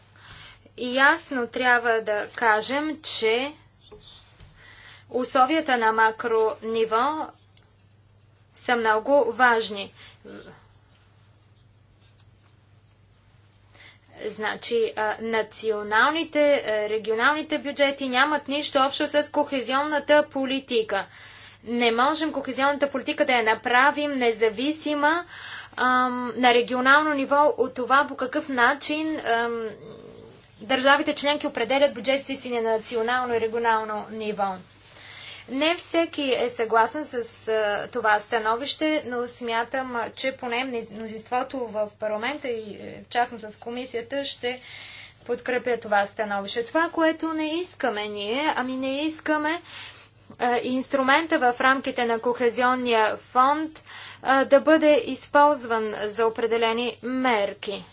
И ясно трябва да кажем, че условията на макро ниво са много важни. Значи, националните, регионалните бюджети нямат нищо общо с кохезионната политика. Не можем кохезионната политика да я направим независима ам, на регионално ниво от това по какъв начин ам, държавите членки определят бюджетите си на национално и регионално ниво. Не всеки е съгласен с а, това становище, но смятам, че поне мнозинството в парламента и е, в частност в комисията ще подкрепя това становище. Това, което не искаме ние, ами не искаме инструмента в рамките на Кохезионния фонд да бъде използван за определени мерки.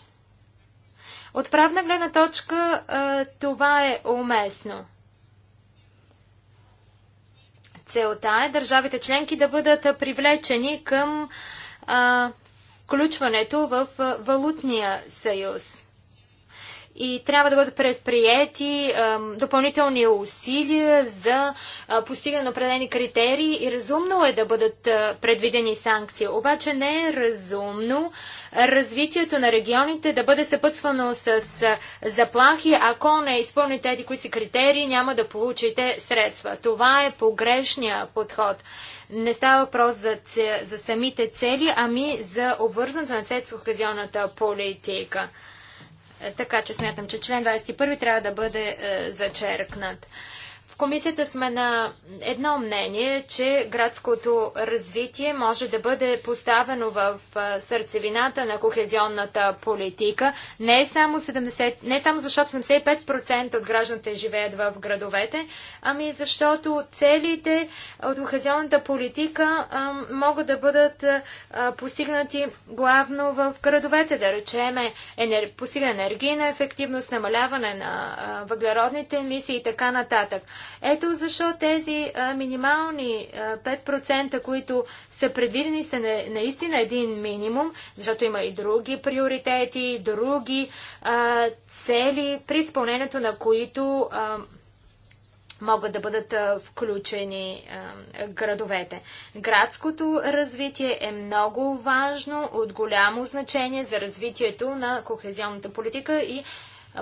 От правна гледна точка това е уместно. Целта е държавите членки да бъдат привлечени към а, включването в валутния съюз и трябва да бъдат предприяти допълнителни усилия за постигане на определени критерии и разумно е да бъдат предвидени санкции. Обаче не е разумно развитието на регионите да бъде съпътствано с заплахи. Ако не изпълните тези, кои си критерии, няма да получите средства. Това е погрешния подход. Не става въпрос за, за самите цели, ами за обвързането на цецко-казионната политика. Е, така че смятам, че член 21 трябва да бъде е, зачеркнат. В комисията сме на едно мнение, че градското развитие може да бъде поставено в сърцевината на кохезионната политика. Не е само, 70, не е само защото 75% от гражданите живеят в градовете, ами защото целите от кохезионната политика а, могат да бъдат а, постигнати главно в градовете, да речеме енер... постигане енергийна ефективност, намаляване на а, въглеродните емисии и така нататък. Ето защо тези минимални 5%, които са предвидени, са наистина един минимум, защото има и други приоритети, и други цели, при изпълнението на които могат да бъдат включени градовете. Градското развитие е много важно, от голямо значение за развитието на кохезионната политика и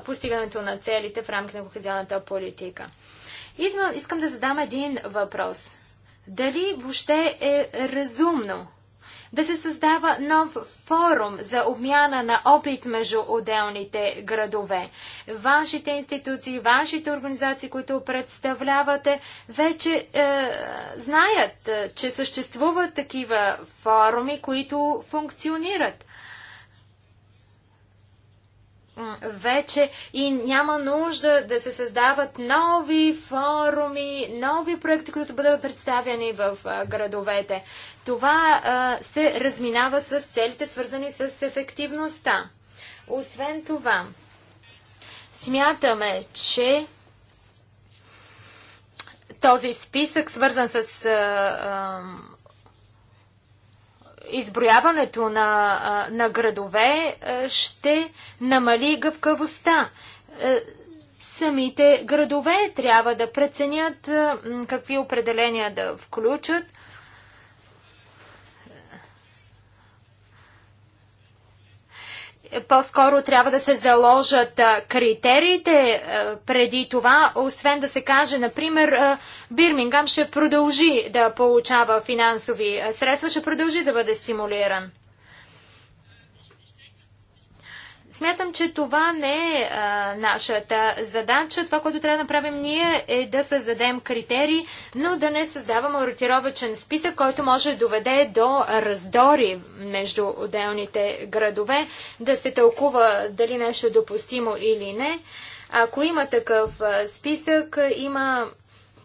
постигането на целите в рамките на кохезионната политика. Изма, искам да задам един въпрос. Дали въобще е разумно да се създава нов форум за обмяна на опит между отделните градове. Вашите институции, вашите организации, които представлявате, вече е, знаят, е, че съществуват такива форуми, които функционират вече и няма нужда да се създават нови форуми, нови проекти, които бъдат представени в градовете. Това се разминава с целите, свързани с ефективността. Освен това, смятаме, че този списък, свързан с а, а, изброяването на, на градове ще намали гъвкавостта. Самите градове трябва да преценят какви определения да включат – по-скоро трябва да се заложат критериите преди това, освен да се каже, например, Бирмингам ще продължи да получава финансови средства, ще продължи да бъде стимулиран. Смятам, че това не е а, нашата задача. Това, което трябва да направим ние е да създадем критерии, но да не създаваме ориентировачен списък, който може да доведе до раздори между отделните градове, да се тълкува дали нещо е допустимо или не. Ако има такъв списък, има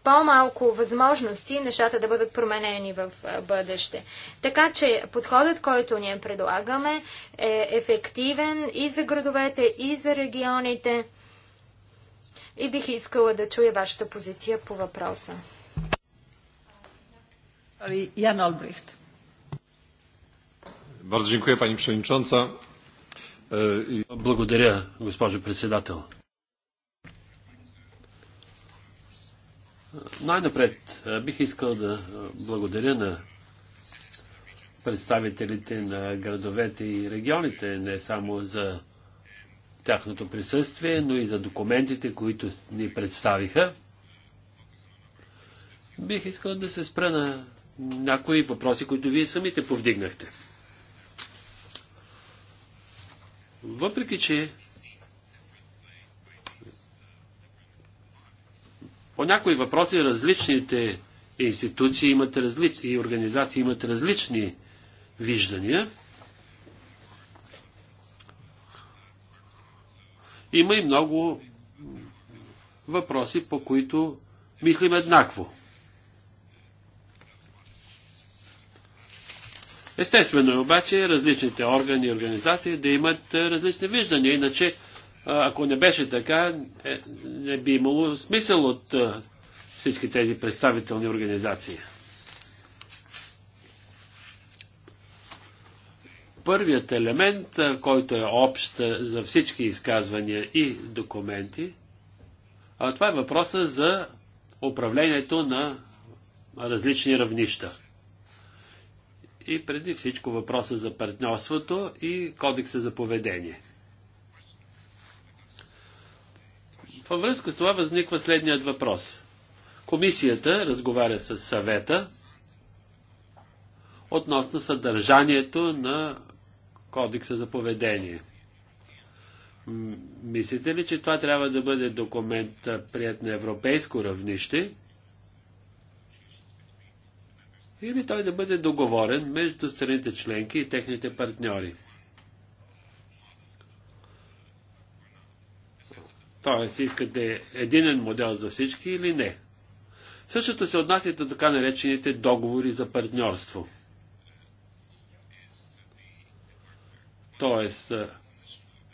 по-малко възможности нещата да бъдат променени в бъдеще. Така че подходът, който ние предлагаме, е ефективен и за градовете, и за регионите. И бих искала да чуя вашата позиция по въпроса. Ян Олбрихт. Bardzo dziękuję Pani Przewodnicząca. Благодаря, госпожо председател. Най-напред бих искал да благодаря на представителите на градовете и регионите, не само за тяхното присъствие, но и за документите, които ни представиха. Бих искал да се спра на някои въпроси, които вие самите повдигнахте. Въпреки, че По някои въпроси различните институции имат различни и организации имат различни виждания. Има и много въпроси, по които мислим еднакво. Естествено е обаче различните органи и организации да имат различни виждания, иначе ако не беше така, е, не би имало смисъл от всички тези представителни организации. Първият елемент, който е общ за всички изказвания и документи, това е въпроса за управлението на различни равнища. И преди всичко въпроса за партньорството и кодекса за поведение – Във връзка с това възниква следният въпрос. Комисията разговаря с съвета относно съдържанието на кодекса за поведение. Мислите ли, че това трябва да бъде документ прият на европейско равнище? Или той да бъде договорен между страните членки и техните партньори? Тоест, искате единен модел за всички или не? Същото се отнася до така наречените договори за партньорство. Тоест,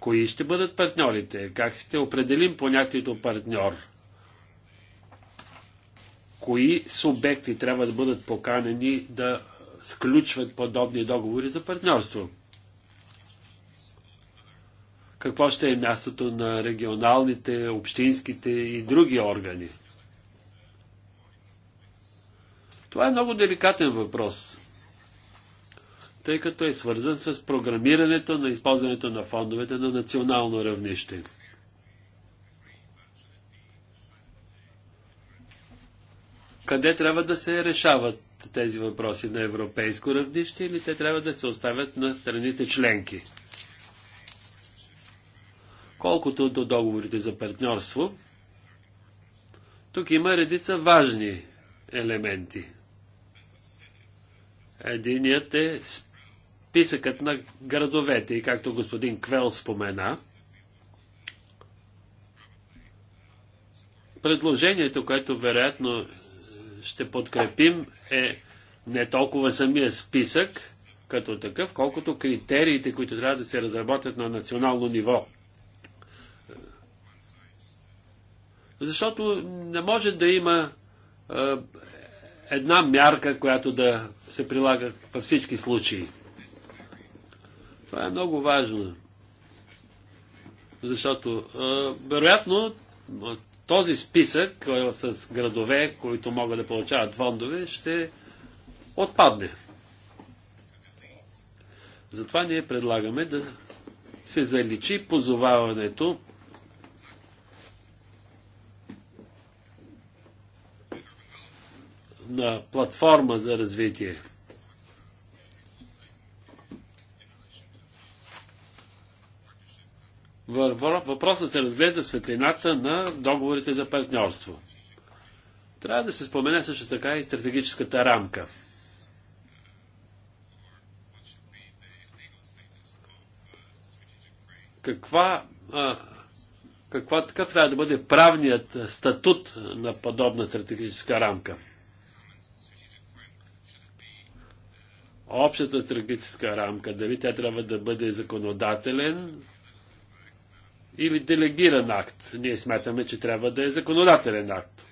кои ще бъдат партньорите? Как ще определим понятието партньор? Кои субекти трябва да бъдат поканени да сключват подобни договори за партньорство? какво ще е мястото на регионалните, общинските и други органи. Това е много деликатен въпрос, тъй като е свързан с програмирането на използването на фондовете на национално равнище. Къде трябва да се решават тези въпроси на европейско равнище или те трябва да се оставят на страните членки? Колкото до договорите за партньорство, тук има редица важни елементи. Единият е списъкът на градовете и както господин Квел спомена, предложението, което вероятно ще подкрепим е не толкова самия списък като такъв, колкото критериите, които трябва да се разработят на национално ниво. Защото не може да има една мярка, която да се прилага във всички случаи. Това е много важно. Защото, вероятно, този списък с градове, които могат да получават фондове, ще отпадне. Затова ние предлагаме да се заличи позоваването на платформа за развитие. Въпросът се разглежда светлината на договорите за партньорство. Трябва да се спомене също така и стратегическата рамка. Каква, а, каква, какъв трябва да бъде правният статут на подобна стратегическа рамка? общата стратегическа рамка, дали тя трябва да бъде законодателен или делегиран акт. Ние смятаме, че трябва да е законодателен акт.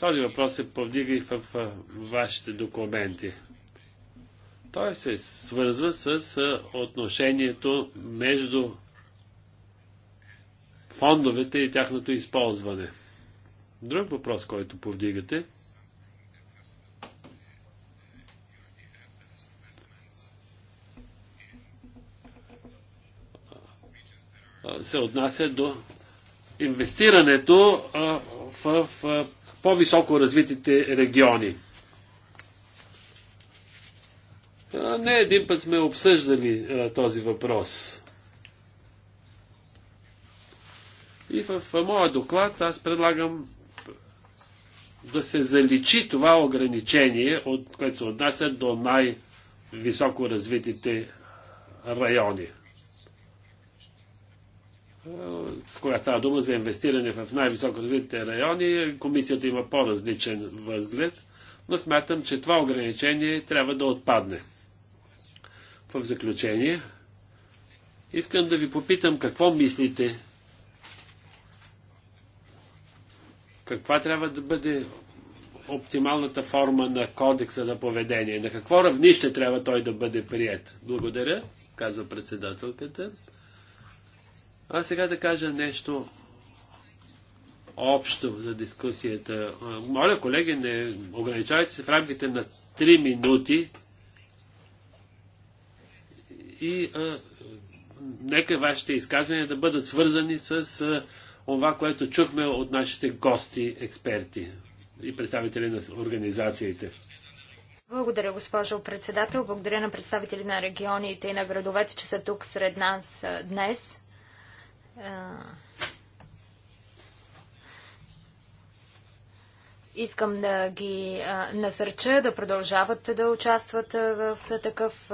Този въпрос се повдига и в вашите документи. Той се свързва с отношението между фондовете и тяхното използване. Друг въпрос, който повдигате – се отнася до инвестирането в по-високо развитите региони. Не един път сме обсъждали този въпрос. И в моя доклад аз предлагам да се заличи това ограничение, от което се отнася до най-високо развитите райони когато става дума за инвестиране в най-високите райони, комисията има по-различен възглед, но смятам, че това ограничение трябва да отпадне. В заключение, искам да ви попитам какво мислите, каква трябва да бъде оптималната форма на кодекса на поведение, на какво равнище трябва той да бъде прият. Благодаря, казва председателката. А сега да кажа нещо общо за дискусията. Моля, колеги, не ограничавайте се в рамките на 3 минути и а, нека вашите изказвания да бъдат свързани с а, това, което чухме от нашите гости, експерти и представители на организациите. Благодаря, госпожо председател. Благодаря на представители на регионите и на градовете, че са тук сред нас днес. Искам да ги насърча да продължават да участват в такъв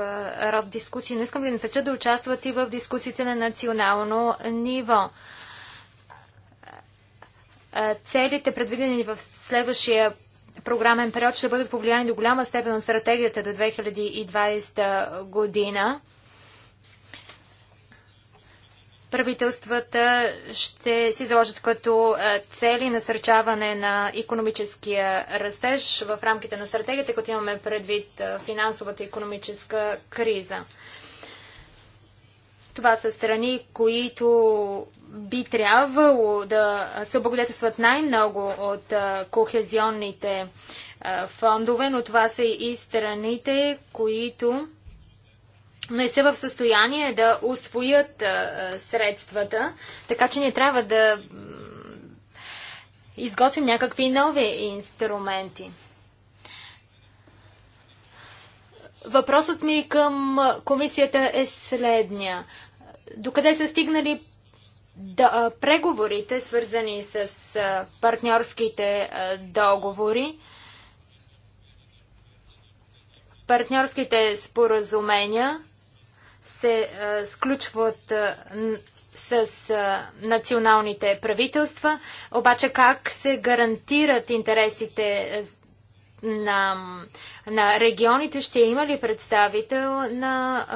род дискусии, но искам да ги насърча да участват и в дискусиите на национално ниво целите, предвидени в следващия програмен период, ще бъдат повлияни до голяма степен от стратегията до 2020 година. Правителствата ще си заложат като цели насърчаване на економическия растеж в рамките на стратегията, като имаме предвид финансовата и економическа криза. Това са страни, които би трябвало да се облагодетелстват най-много от кохезионните фондове, но това са и страните, които не са в състояние да освоят средствата, така че не трябва да изготвим някакви нови инструменти. Въпросът ми към комисията е следния. Докъде са стигнали да, преговорите, свързани с партньорските договори, партньорските споразумения? се е, сключват е, с е, националните правителства, обаче как се гарантират интересите на, на регионите? Ще има ли представител на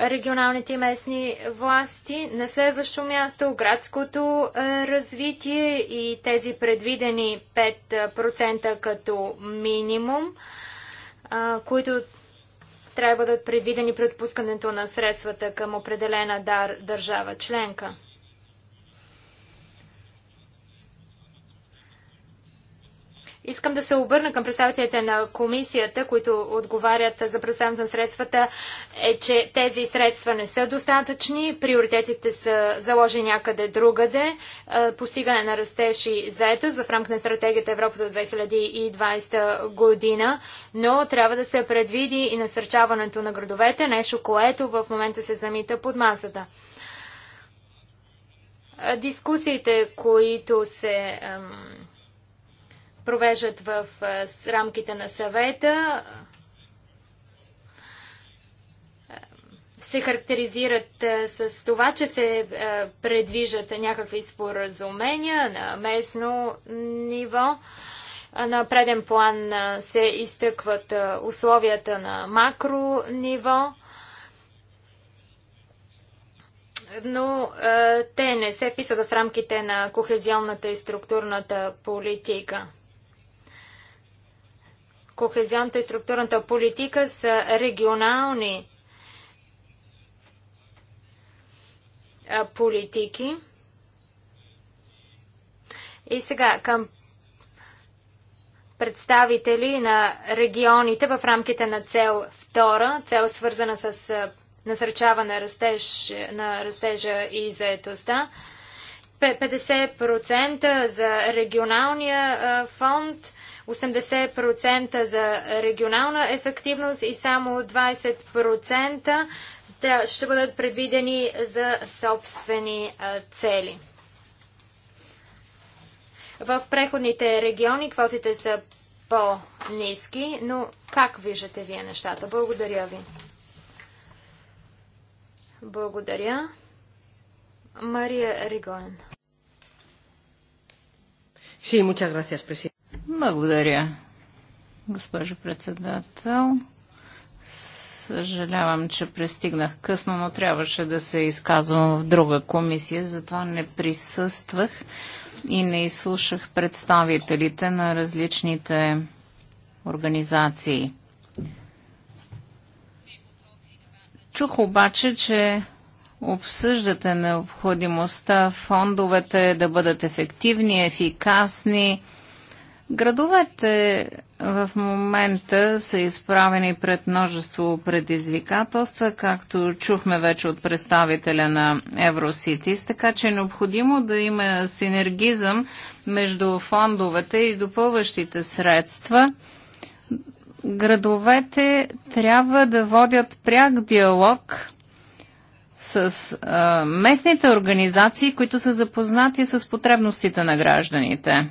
регионалните и местни власти. На следващо място градското развитие и тези предвидени 5% като минимум, които трябва да бъдат е предвидени при отпускането на средствата към определена дар, държава членка. Искам да се обърна към представителите на комисията, които отговарят за предоставянето на средствата, е, че тези средства не са достатъчни, приоритетите са заложени някъде другаде, е, постигане на растеж и заетост в рамките на стратегията Европа до 2020 година, но трябва да се предвиди и насърчаването на градовете, нещо, което в момента се замита под масата. Е, дискусиите, които се провеждат в рамките на съвета, се характеризират с това, че се предвижат някакви споразумения на местно ниво. На преден план се изтъкват условията на макро ниво, но те не се писат в рамките на кохезионната и структурната политика кохезионната и структурната политика са регионални политики. И сега към представители на регионите в рамките на цел 2, цел свързана с насърчаване растеж, на растежа и заетостта. 50% за регионалния фонд, 80% за регионална ефективност и само 20% ще бъдат предвидени за собствени цели. В преходните региони квотите са по-низки, но как виждате вие нещата? Благодаря ви. Благодаря. Мария Ригоен. Sí, muchas gracias, presidente. Благодаря, госпожо председател. Съжалявам, че пристигнах късно, но трябваше да се изказвам в друга комисия, затова не присъствах и не изслушах представителите на различните организации. Чух обаче, че обсъждате необходимостта фондовете да бъдат ефективни, ефикасни, Градовете в момента са изправени пред множество предизвикателства, както чухме вече от представителя на Евроситис, така че е необходимо да има синергизъм между фондовете и допълващите средства. Градовете трябва да водят пряк диалог с а, местните организации, които са запознати с потребностите на гражданите.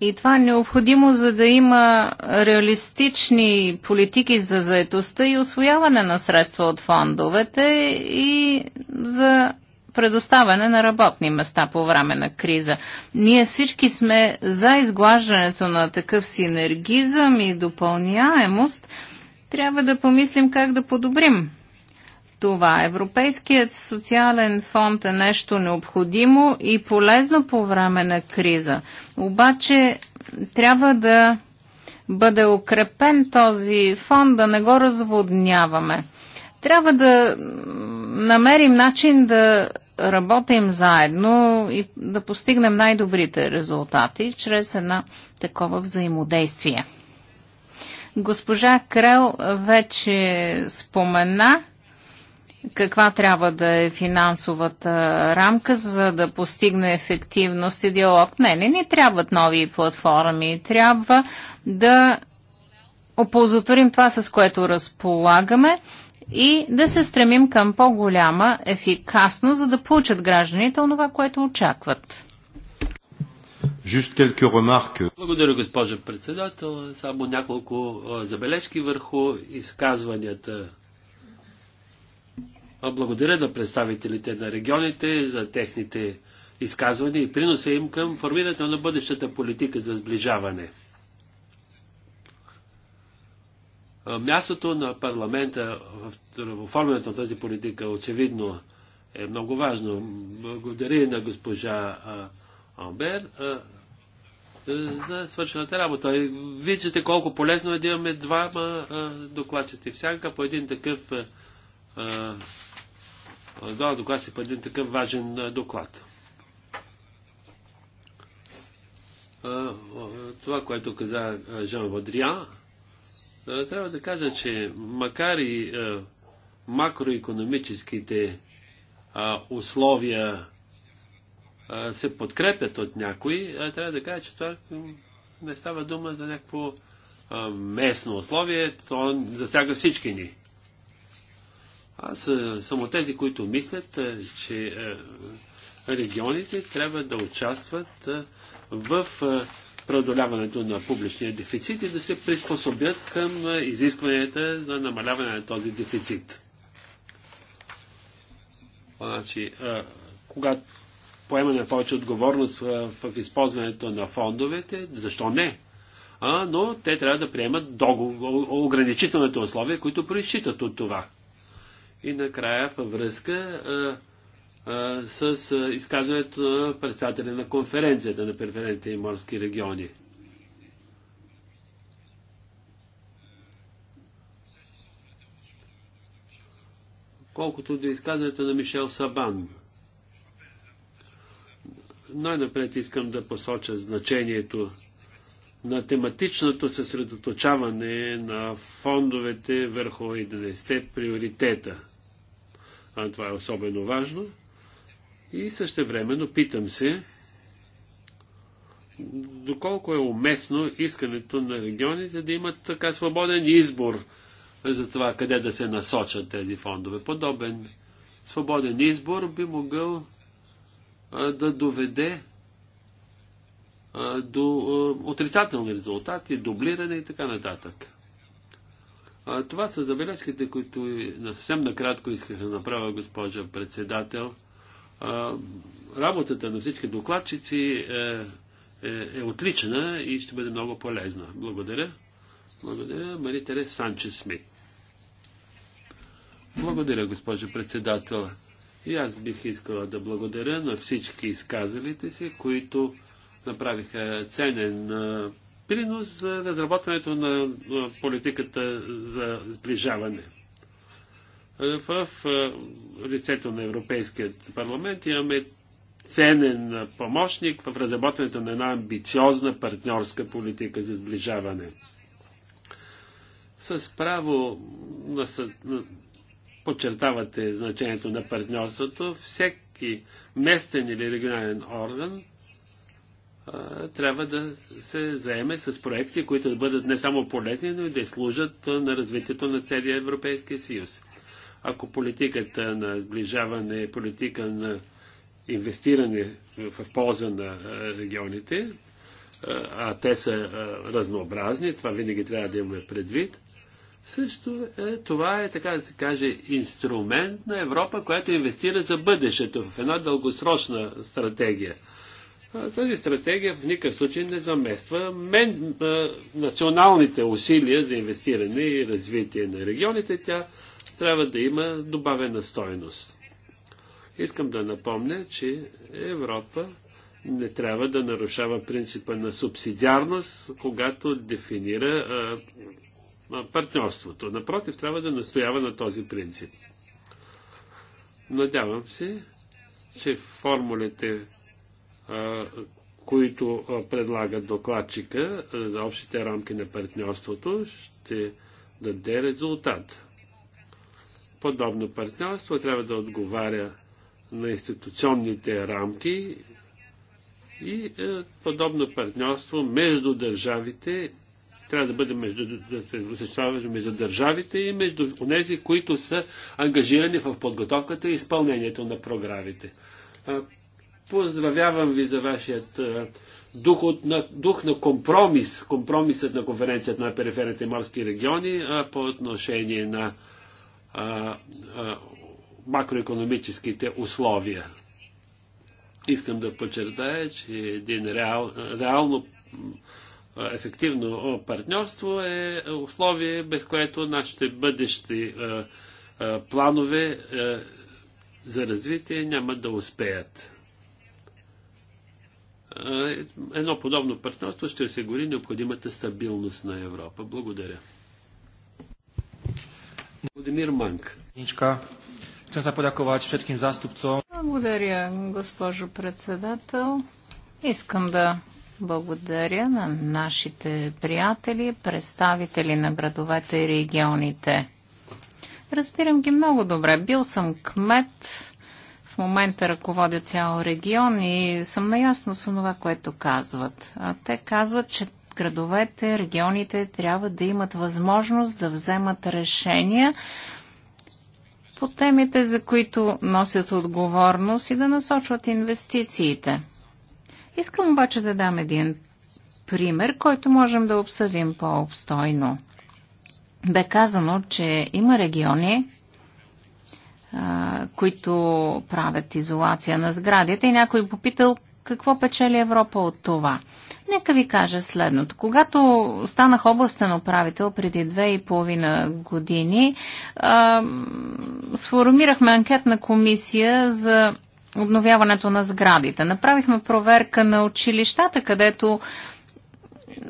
И това е необходимо, за да има реалистични политики за заетостта и освояване на средства от фондовете и за предоставяне на работни места по време на криза. Ние всички сме за изглаждането на такъв синергизъм и допълняемост. Трябва да помислим как да подобрим това. Европейският социален фонд е нещо необходимо и полезно по време на криза. Обаче трябва да бъде укрепен този фонд, да не го разводняваме. Трябва да намерим начин да работим заедно и да постигнем най-добрите резултати чрез една такова взаимодействие. Госпожа Крел вече спомена каква трябва да е финансовата рамка, за да постигне ефективност и диалог. Не, не ни трябват нови платформи. Трябва да оползотворим това, с което разполагаме и да се стремим към по-голяма ефикасност, за да получат гражданите това, което очакват. Благодаря, госпожо председател. Само няколко забележки върху изказванията благодаря на представителите на регионите за техните изказвания и приноса им към формирането на бъдещата политика за сближаване. Мястото на парламента в оформянето на тази политика очевидно е много важно. Благодаря и на госпожа Амбер за свършената работа. виждате колко полезно е да имаме двама докладчици в сянка по един такъв а, да, си по е един такъв важен доклад. Това, което каза Жан Водриан, трябва да кажа, че макар и макроекономическите условия се подкрепят от някои, трябва да кажа, че това не става дума за някакво местно условие, то засяга всички ни. Аз само тези, които мислят, е, че е, регионите трябва да участват е, в преодоляването на публичния дефицит и да се приспособят към изискванията за намаляване на този дефицит. Значи, когато поемаме повече отговорност в използването на фондовете, защо не? А, но те трябва да приемат договор, ограничителните условия, които произчитат от това. И накрая във връзка а, а, с изказването на председателя на конференцията на преферентите и морски региони. Колкото до изказването на Мишел Сабан. Най-напред искам да посоча значението на тематичното съсредоточаване на фондовете върху 11 приоритета – а това е особено важно. И също времено питам се, доколко е уместно искането на регионите да имат така свободен избор за това къде да се насочат тези фондове. Подобен свободен избор би могъл а, да доведе а, до а, отрицателни резултати, дублиране и така нататък. А, това са забележките, които съвсем накратко исках да направя, госпожа председател. А, работата на всички докладчици е, е, е отлична и ще бъде много полезна. Благодаря. Благодаря. Мари Терес Санчес Смит. Благодаря, госпожо председател. И аз бих искала да благодаря на всички изказалите си, които направиха ценен принос за разработването на политиката за сближаване. Е, в е, лицето на Европейският парламент имаме ценен помощник в разработването на една амбициозна партньорска политика за сближаване. С право на, подчертавате значението на партньорството, всеки местен или регионален орган трябва да се заеме с проекти, които да бъдат не само полезни, но и да служат на развитието на целия Европейския съюз. Ако политиката на сближаване е политика на инвестиране в полза на регионите, а те са разнообразни, това винаги трябва да имаме предвид, също е, това е, така да се каже, инструмент на Европа, която инвестира за бъдещето в една дългосрочна стратегия тази стратегия в никакъв случай не замества мен, националните усилия за инвестиране и развитие на регионите. Тя трябва да има добавена стойност. Искам да напомня, че Европа не трябва да нарушава принципа на субсидиарност, когато дефинира партньорството. Напротив, трябва да настоява на този принцип. Надявам се, че формулите които предлагат докладчика за общите рамки на партньорството, ще даде резултат. Подобно партньорство трябва да отговаря на институционните рамки и подобно партньорство между държавите трябва да бъде между, да се осъществява между държавите и между тези, които са ангажирани в подготовката и изпълнението на програмите. Поздравявам ви за вашият дух, от, на, дух на компромис, компромисът на конференцията на периферните морски региони а, по отношение на а, а, макроекономическите условия. Искам да подчертая, че един реал, реално ефективно партньорство е условие, без което нашите бъдещи а, а, планове а, за развитие няма да успеят. Е, едно подобно партньорство ще осигури необходимата стабилност на Европа. Благодаря. Владимир Манк. Благодаря, госпожо председател. Искам да благодаря на нашите приятели, представители на градовете и регионите. Разбирам ги много добре. Бил съм кмет момента ръководят цял регион и съм наясно с това, което казват. А те казват, че градовете, регионите трябва да имат възможност да вземат решения по темите, за които носят отговорност и да насочват инвестициите. Искам обаче да дам един пример, който можем да обсъдим по-обстойно. Бе казано, че има региони, които правят изолация на сградите и някой попитал какво печели Европа от това. Нека ви кажа следното. Когато станах областен управител преди две и половина години, а, сформирахме анкетна комисия за обновяването на сградите. Направихме проверка на училищата, където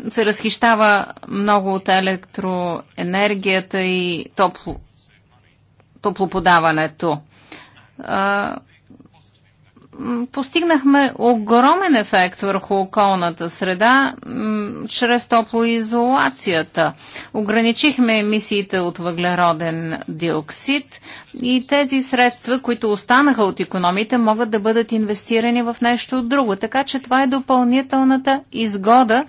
се разхищава много от електроенергията и топло топлоподаването. Постигнахме огромен ефект върху околната среда чрез топлоизолацията. Ограничихме емисиите от въглероден диоксид и тези средства, които останаха от економите, могат да бъдат инвестирани в нещо друго. Така че това е допълнителната изгода,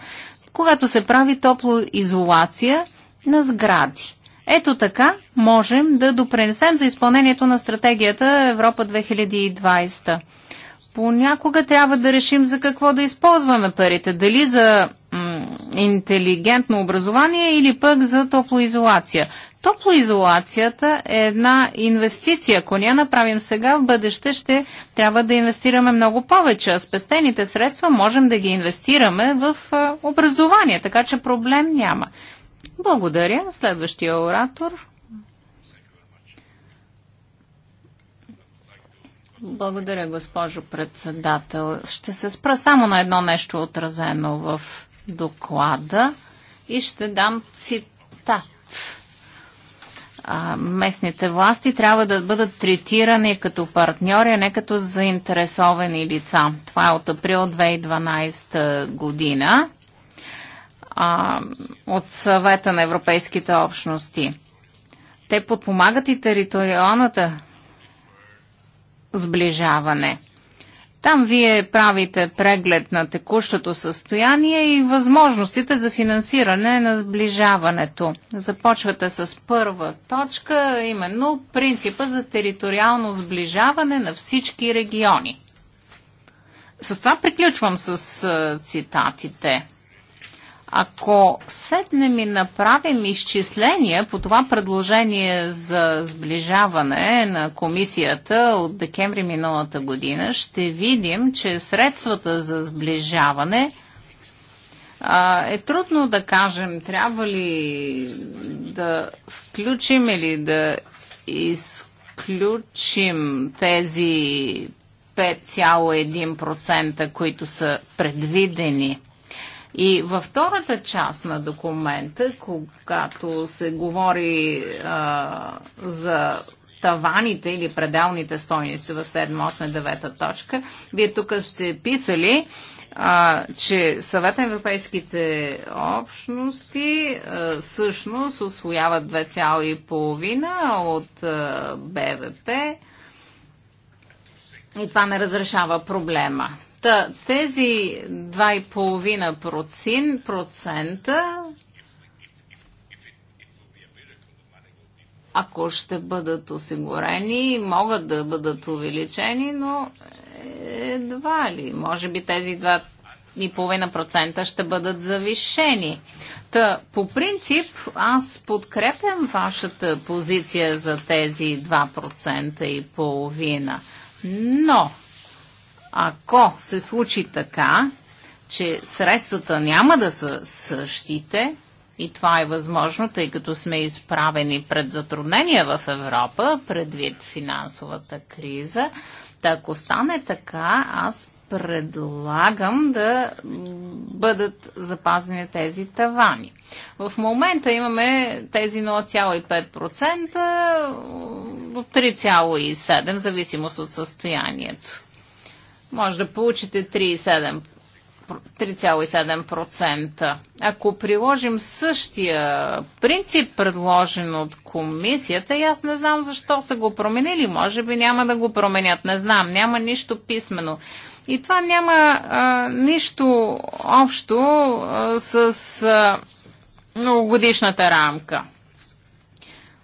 когато се прави топлоизолация на сгради. Ето така можем да допренесем за изпълнението на стратегията Европа 2020. Понякога трябва да решим за какво да използваме парите. Дали за интелигентно образование или пък за топлоизолация. Топлоизолацията е една инвестиция. Ако ня направим сега, в бъдеще ще трябва да инвестираме много повече. А спестените средства можем да ги инвестираме в образование, така че проблем няма. Благодаря. Следващия оратор. Благодаря, госпожо председател. Ще се спра само на едно нещо отразено в доклада и ще дам цитат. А, местните власти трябва да бъдат третирани като партньори, а не като заинтересовани лица. Това е от април 2012 година а, от съвета на европейските общности. Те подпомагат и териториалната сближаване. Там вие правите преглед на текущото състояние и възможностите за финансиране на сближаването. Започвате с първа точка, именно принципа за териториално сближаване на всички региони. С това приключвам с цитатите. Ако седнем и направим изчисления по това предложение за сближаване на комисията от декември миналата година, ще видим, че средствата за сближаване а, е трудно да кажем, трябва ли да включим или да изключим тези 5,1%, които са предвидени и във втората част на документа, когато се говори а, за таваните или пределните стойности в 7, 8, 9 точка, вие тук сте писали, а, че съвета на европейските общности а, всъщност освояват 2,5 от а, БВП и това не разрешава проблема. Та, тези 2,5% ако ще бъдат осигурени, могат да бъдат увеличени, но едва ли. Може би тези 2,5% ще бъдат завишени. Та, по принцип, аз подкрепям вашата позиция за тези 2% и половина. Но, ако се случи така, че средствата няма да са същите, и това е възможно, тъй като сме изправени пред затруднения в Европа, предвид финансовата криза, Та ако стане така, аз предлагам да бъдат запазени тези тавани. В момента имаме тези 0,5% 3,7% в зависимост от състоянието може да получите 3,7%. Ако приложим същия принцип, предложен от комисията, и аз не знам защо са го променили, може би няма да го променят, не знам, няма нищо писмено. И това няма а, нищо общо а, с а, многогодишната рамка.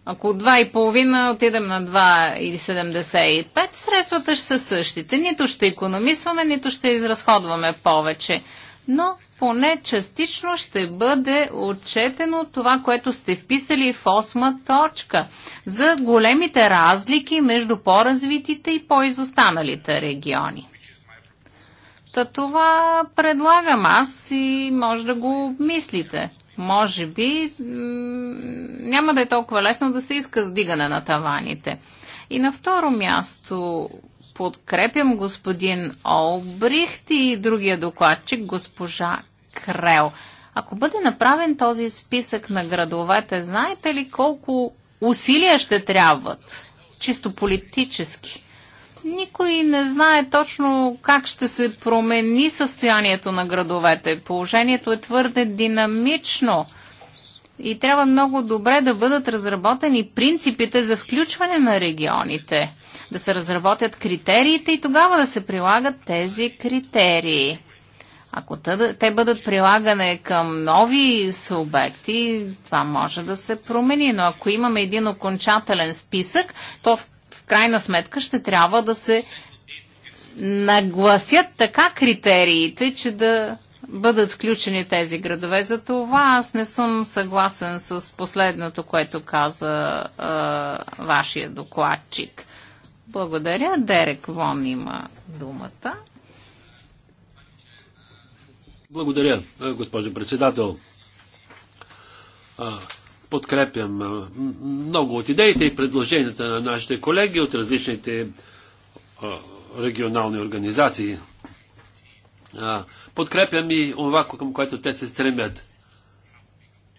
Ако 2,5 отидем на 2,75, средствата ще са същите. Нито ще економисваме, нито ще изразходваме повече. Но поне частично ще бъде отчетено това, което сте вписали в осма точка за големите разлики между по-развитите и по-изостаналите региони. Та това предлагам аз и може да го мислите може би няма да е толкова лесно да се иска вдигане на таваните. И на второ място подкрепям господин Олбрихт и другия докладчик, госпожа Крел. Ако бъде направен този списък на градовете, знаете ли колко усилия ще трябват? Чисто политически никой не знае точно как ще се промени състоянието на градовете. Положението е твърде динамично и трябва много добре да бъдат разработени принципите за включване на регионите, да се разработят критериите и тогава да се прилагат тези критерии. Ако те бъдат прилагане към нови субекти, това може да се промени, но ако имаме един окончателен списък, то в крайна сметка ще трябва да се нагласят така критериите, че да бъдат включени тези градове. За това аз не съм съгласен с последното, което каза а, вашия докладчик. Благодаря. Дерек Вон има думата. Благодаря, госпожо председател подкрепям много от идеите и предложенията на нашите колеги от различните регионални организации. Подкрепям и това, към което те се стремят.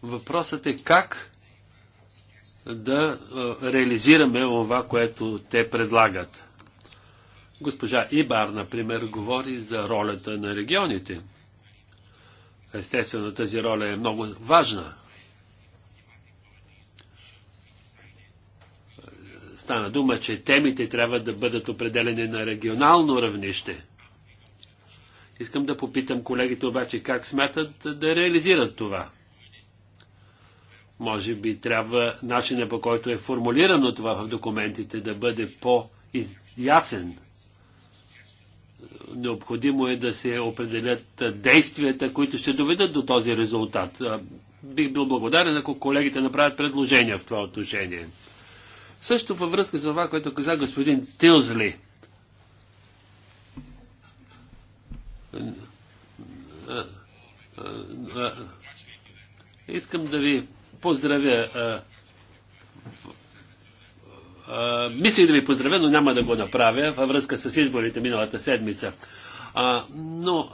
Въпросът е как да реализираме това, което те предлагат. Госпожа Ибар, например, говори за ролята на регионите. Естествено, тази роля е много важна, стана дума, че темите трябва да бъдат определени на регионално равнище. Искам да попитам колегите обаче как смятат да реализират това. Може би трябва начинът по който е формулирано това в документите да бъде по-ясен. Необходимо е да се определят действията, които ще доведат до този резултат. Бих бил благодарен, ако колегите направят предложения в това отношение. Също във връзка с това, което каза господин Тилзли. Искам да ви поздравя. Мислих да ви поздравя, но няма да го направя във връзка с изборите миналата седмица. А, но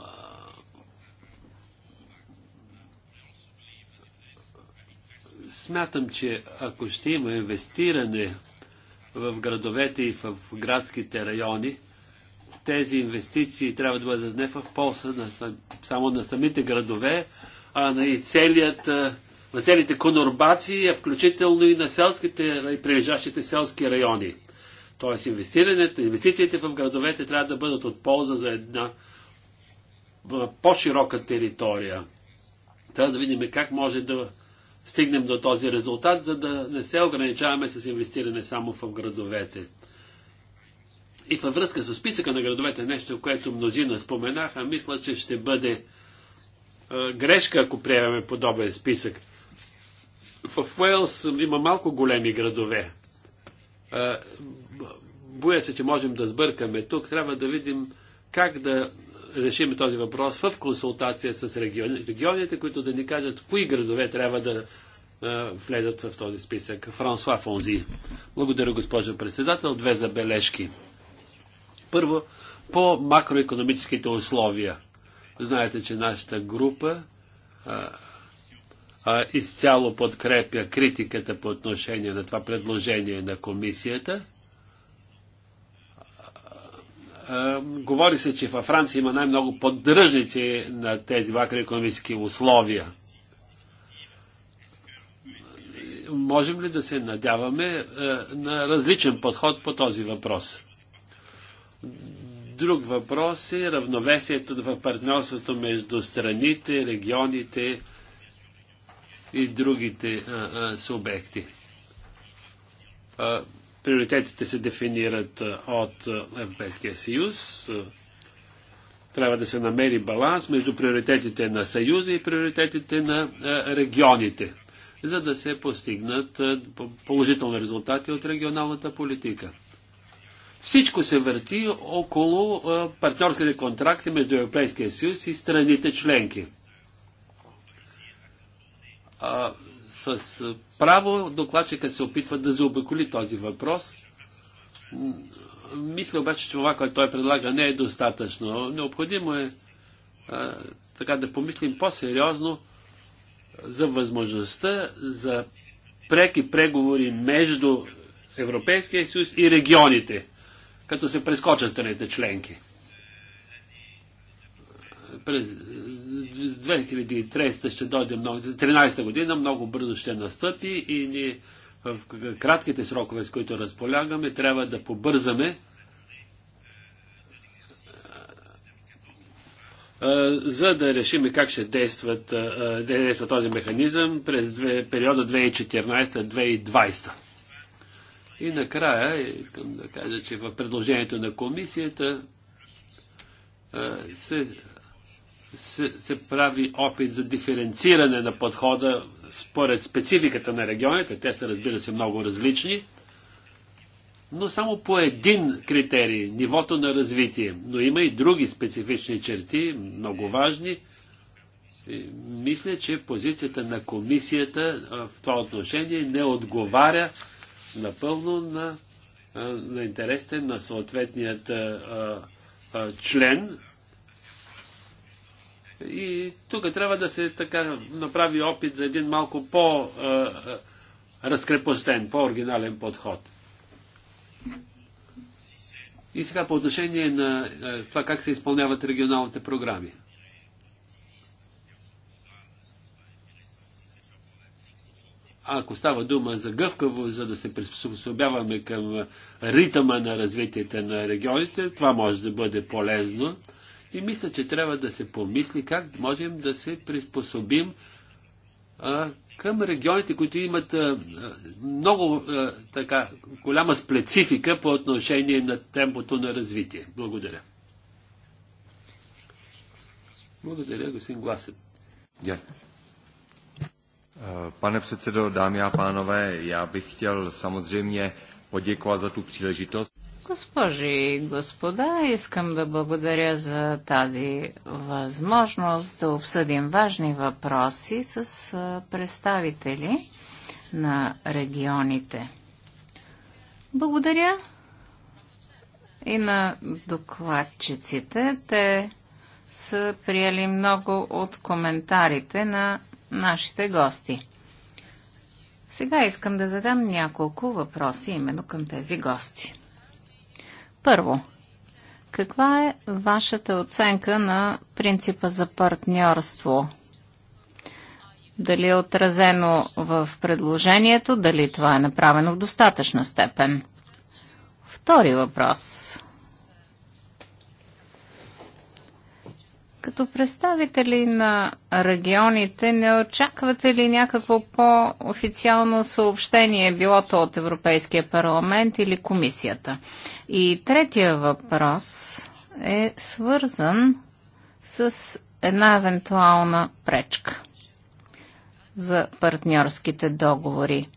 Смятам, че ако ще има инвестиране в градовете и в градските райони, тези инвестиции трябва да бъдат не в полза на, само на самите градове, а на и целият, на целите конурбации, а включително и на селските и прилежащите селски райони. Тоест инвестирането, инвестициите в градовете трябва да бъдат от полза за една по-широка територия. Трябва да видим как може да стигнем до този резултат, за да не се ограничаваме с инвестиране само в градовете. И във връзка с списъка на градовете, нещо, което мнозина споменаха, мисля, че ще бъде грешка, ако приемеме подобен списък. В Уелс има малко големи градове. боя се, че можем да сбъркаме. Тук трябва да видим как да решим този въпрос в консултация с региони, регионите, които да ни кажат кои градове трябва да вледат в този списък. Франсуа Фонзи. Благодаря, госпожо председател. Две забележки. Първо, по макроекономическите условия. Знаете, че нашата група а, а, изцяло подкрепя критиката по отношение на това предложение на комисията. Е, говори се, че във Франция има най-много поддръжници на тези макроекономически условия. Можем ли да се надяваме а, е, на различен подход по този въпрос? Друг въпрос е равновесието в партньорството между страните, регионите и другите а, е, а, субекти. А, Приоритетите се дефинират от Европейския съюз. Трябва да се намери баланс между приоритетите на съюза и приоритетите на регионите, за да се постигнат положителни резултати от регионалната политика. Всичко се върти около партньорските контракти между Европейския съюз и страните членки. А, с право докладчика се опитва да заобиколи този въпрос. Мисля обаче, че това, което той предлага, не е достатъчно. Необходимо е а, така да помислим по-сериозно за възможността за преки преговори между Европейския съюз и регионите, като се прескочат страните членки. През през ще дойде много, 13 година много бързо ще настъпи и ни в кратките срокове, с които разполягаме, трябва да побързаме за да решим как ще действат, действа този механизъм през периода 2014-2020. И накрая искам да кажа, че в предложението на комисията се се, се прави опит за диференциране на подхода според спецификата на регионите. Те са, разбира се, много различни, но само по един критерий нивото на развитие. Но има и други специфични черти, много важни. И мисля, че позицията на комисията в това отношение не отговаря напълно на, на интересите на съответният член и тук трябва да се така направи опит за един малко по-разкрепостен, по-оригинален подход. И сега по отношение на това как се изпълняват регионалните програми. ако става дума за гъвкаво, за да се приспособяваме към ритъма на развитието на регионите, това може да бъде полезно. И мисля, че трябва да се помисли как можем да се приспособим а, към регионите, които имат а, много а, така голяма специфика по отношение на темпото на развитие. Благодаря. Благодаря, господин Гласен. Yeah. Pane předsedo, dámy a pánové, já bych chtěl samozřejmě poděkovat za tu příležitost. Госпожи и господа, искам да благодаря за тази възможност да обсъдим важни въпроси с представители на регионите. Благодаря и на докладчиците. Те са приели много от коментарите на нашите гости. Сега искам да задам няколко въпроси именно към тези гости. Първо, каква е вашата оценка на принципа за партньорство? Дали е отразено в предложението, дали това е направено в достатъчна степен? Втори въпрос – Като представители на регионите, не очаквате ли някакво по-официално съобщение, било то от Европейския парламент или комисията? И третия въпрос е свързан с една евентуална пречка за партньорските договори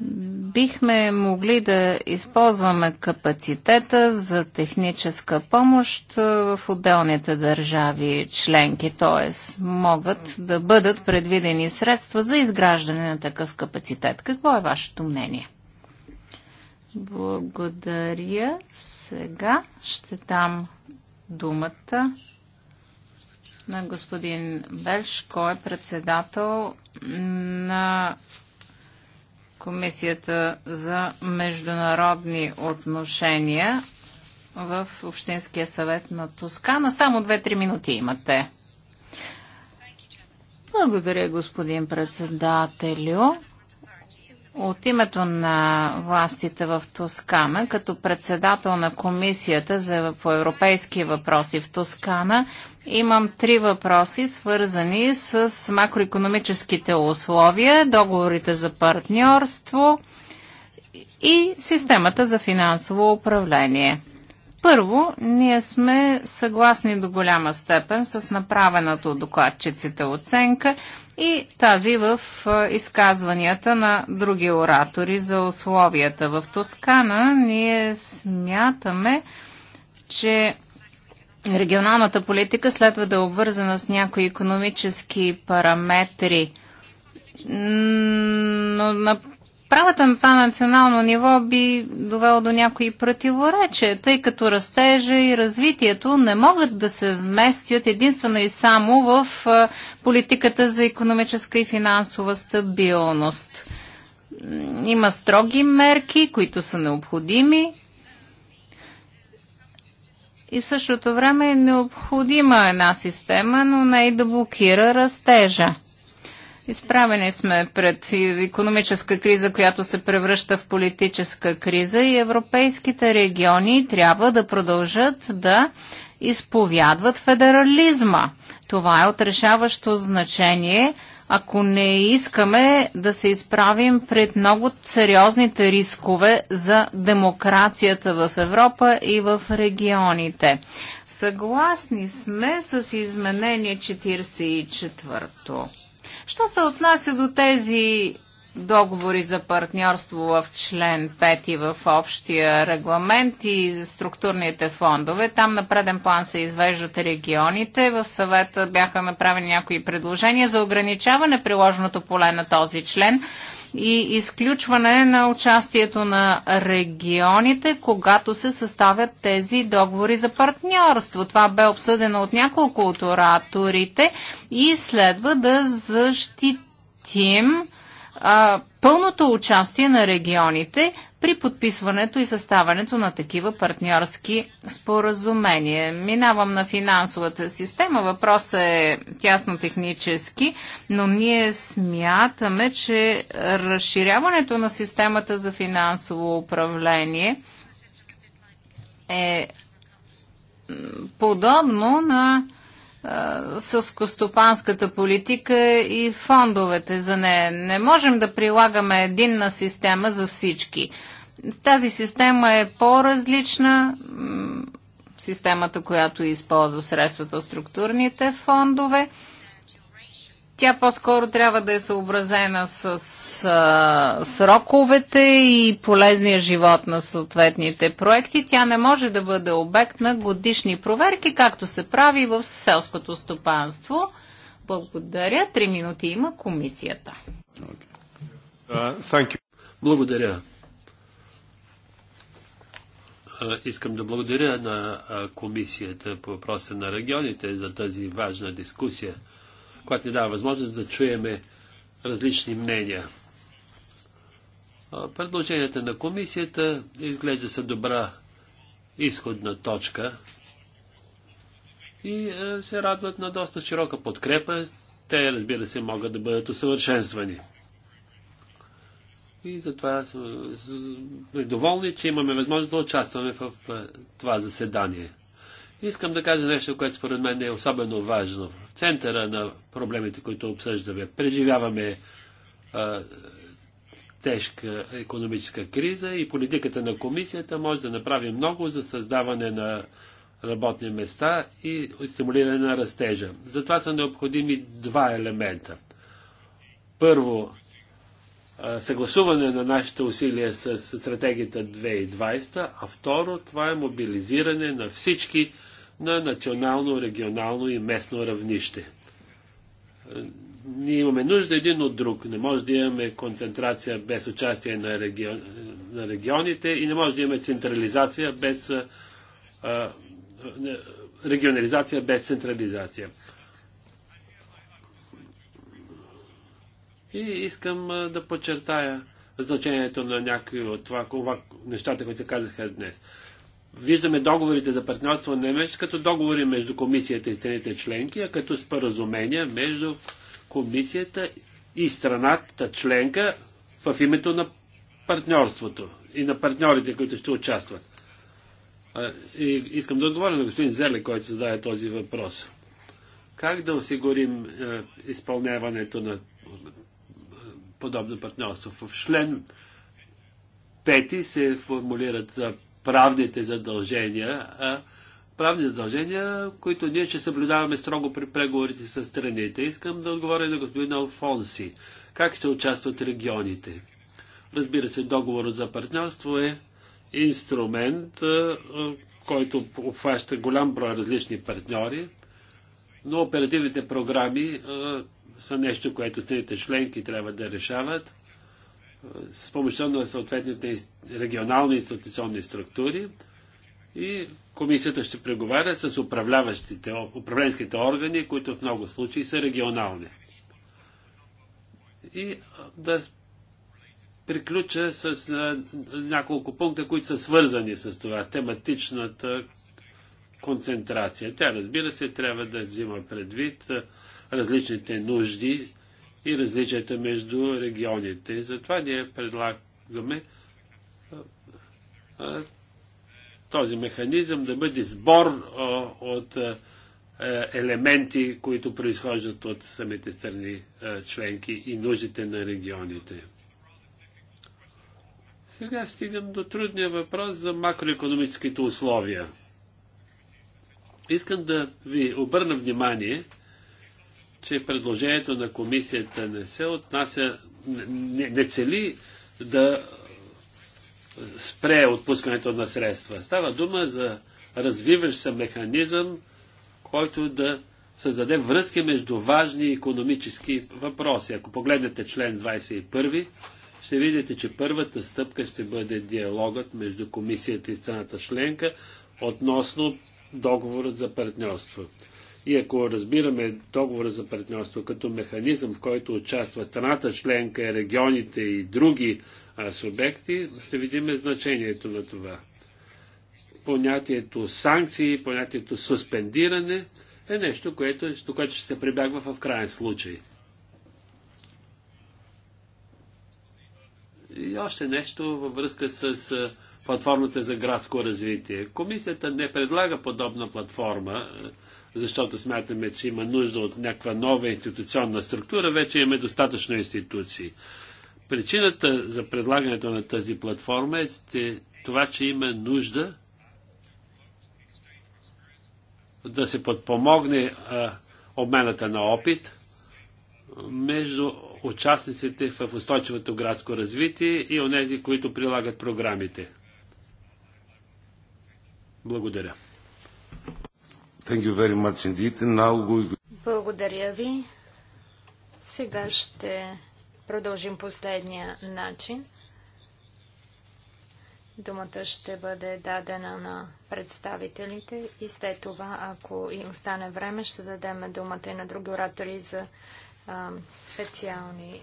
бихме могли да използваме капацитета за техническа помощ в отделните държави членки, т.е. могат да бъдат предвидени средства за изграждане на такъв капацитет. Какво е вашето мнение? Благодаря. Сега ще дам думата на господин Белш, кой е председател на Комисията за международни отношения в Общинския съвет на Тоскана. Само 2-3 минути имате. Благодаря, господин председателю. От името на властите в Тоскана, като председател на Комисията за, по европейски въпроси в Тоскана, имам три въпроси, свързани с макроекономическите условия, договорите за партньорство и системата за финансово управление. Първо, ние сме съгласни до голяма степен с направената от докладчиците оценка и тази в изказванията на други оратори за условията. В Тоскана ние смятаме, че регионалната политика следва да е обвързана с някои економически параметри. Но на правата на това национално ниво би довело до някои противоречия, тъй като растежа и развитието не могат да се вместят единствено и само в политиката за економическа и финансова стабилност. Има строги мерки, които са необходими, и в същото време е необходима една система, но не и да блокира растежа. Изправени сме пред економическа криза, която се превръща в политическа криза и европейските региони трябва да продължат да изповядват федерализма. Това е отрешаващо значение, ако не искаме да се изправим пред много сериозните рискове за демокрацията в Европа и в регионите. Съгласни сме с изменение 44-то. Що се отнася до тези договори за партньорство в член 5 и в общия регламент и за структурните фондове. Там на преден план се извеждат регионите. В съвета бяха направени някои предложения за ограничаване приложеното поле на този член и изключване на участието на регионите, когато се съставят тези договори за партньорство. Това бе обсъдено от няколко от ораторите и следва да защитим а, пълното участие на регионите при подписването и съставането на такива партньорски споразумения. Минавам на финансовата система. Въпросът е тясно технически, но ние смятаме, че разширяването на системата за финансово управление е подобно на сълскостопанската политика и фондовете за нея. Не можем да прилагаме единна система за всички. Тази система е по-различна. Системата, която използва средствата от структурните фондове. Тя по-скоро трябва да е съобразена с а, сроковете и полезния живот на съответните проекти. Тя не може да бъде обект на годишни проверки, както се прави в селското стопанство. Благодаря. Три минути има комисията. Okay. Uh, благодаря. Искам да благодаря на комисията по въпроса на регионите за тази важна дискусия която ни дава възможност да чуеме различни мнения. Предложенията на комисията изглежда са добра изходна точка и се радват на доста широка подкрепа. Те, разбира се, могат да бъдат усъвършенствани. И затова сме доволни, че имаме възможност да участваме в това заседание. Искам да кажа нещо, което според мен е особено важно центъра на проблемите, които обсъждаме. Преживяваме а, тежка економическа криза и политиката на комисията може да направи много за създаване на работни места и стимулиране на растежа. Затова са необходими два елемента. Първо, съгласуване на нашите усилия с стратегията 2020, а второ, това е мобилизиране на всички на национално, регионално и местно равнище. Ние имаме нужда един от друг. Не може да имаме концентрация без участие на, регион, на регионите и не може да имаме централизация без а, регионализация без централизация. И искам а, да подчертая значението на някои от това, нещата, които казаха днес виждаме договорите за партньорство на МЕЧ като договори между комисията и страните членки, а като споразумения между комисията и страната членка в името на партньорството и на партньорите, които ще участват. И искам да отговоря на господин Зеле, който зададе този въпрос. Как да осигурим е, изпълняването на е, подобно партньорство? В член пети се формулират е, правните задължения, а правни задължения, които ние ще съблюдаваме строго при преговорите с страните. Искам да отговоря на господин Алфонси. Как ще участват регионите? Разбира се, договорът за партньорство е инструмент, който обхваща голям брой различни партньори, но оперативните програми а, са нещо, което страните членки трябва да решават с помощта на съответните регионални институционни структури и комисията ще преговаря с управляващите, управленските органи, които в много случаи са регионални. И да приключа с няколко пункта, които са свързани с това, тематичната концентрация. Тя, разбира се, трябва да взима предвид различните нужди и различията между регионите. Затова ние предлагаме този механизъм да бъде сбор от елементи, които произхождат от самите страни членки и нуждите на регионите. Сега стигам до трудния въпрос за макроекономическите условия. Искам да ви обърна внимание, че предложението на комисията не се отнася, не, не цели да спре отпускането на средства. Става дума за развиващ се механизъм, който да създаде връзки между важни економически въпроси. Ако погледнете член 21, ще видите, че първата стъпка ще бъде диалогът между комисията и страната членка относно договорът за партньорство. И ако разбираме договора за партньорство като механизъм, в който участва страната членка, регионите и други а, субекти, ще видим значението на това. Понятието санкции, понятието суспендиране е нещо, което, до което ще се прибягва в крайен случай. И още нещо във връзка с платформата за градско развитие. Комисията не предлага подобна платформа защото смятаме, че има нужда от някаква нова институционна структура, вече имаме достатъчно институции. Причината за предлагането на тази платформа е това, че има нужда да се подпомогне обмената на опит между участниците в устойчивото градско развитие и онези, които прилагат програмите. Благодаря. Thank you very much indeed. Now we... Благодаря ви. Сега ще продължим последния начин. Думата ще бъде дадена на представителите и след това, ако и остане време, ще дадем думата и на други оратори за а, специални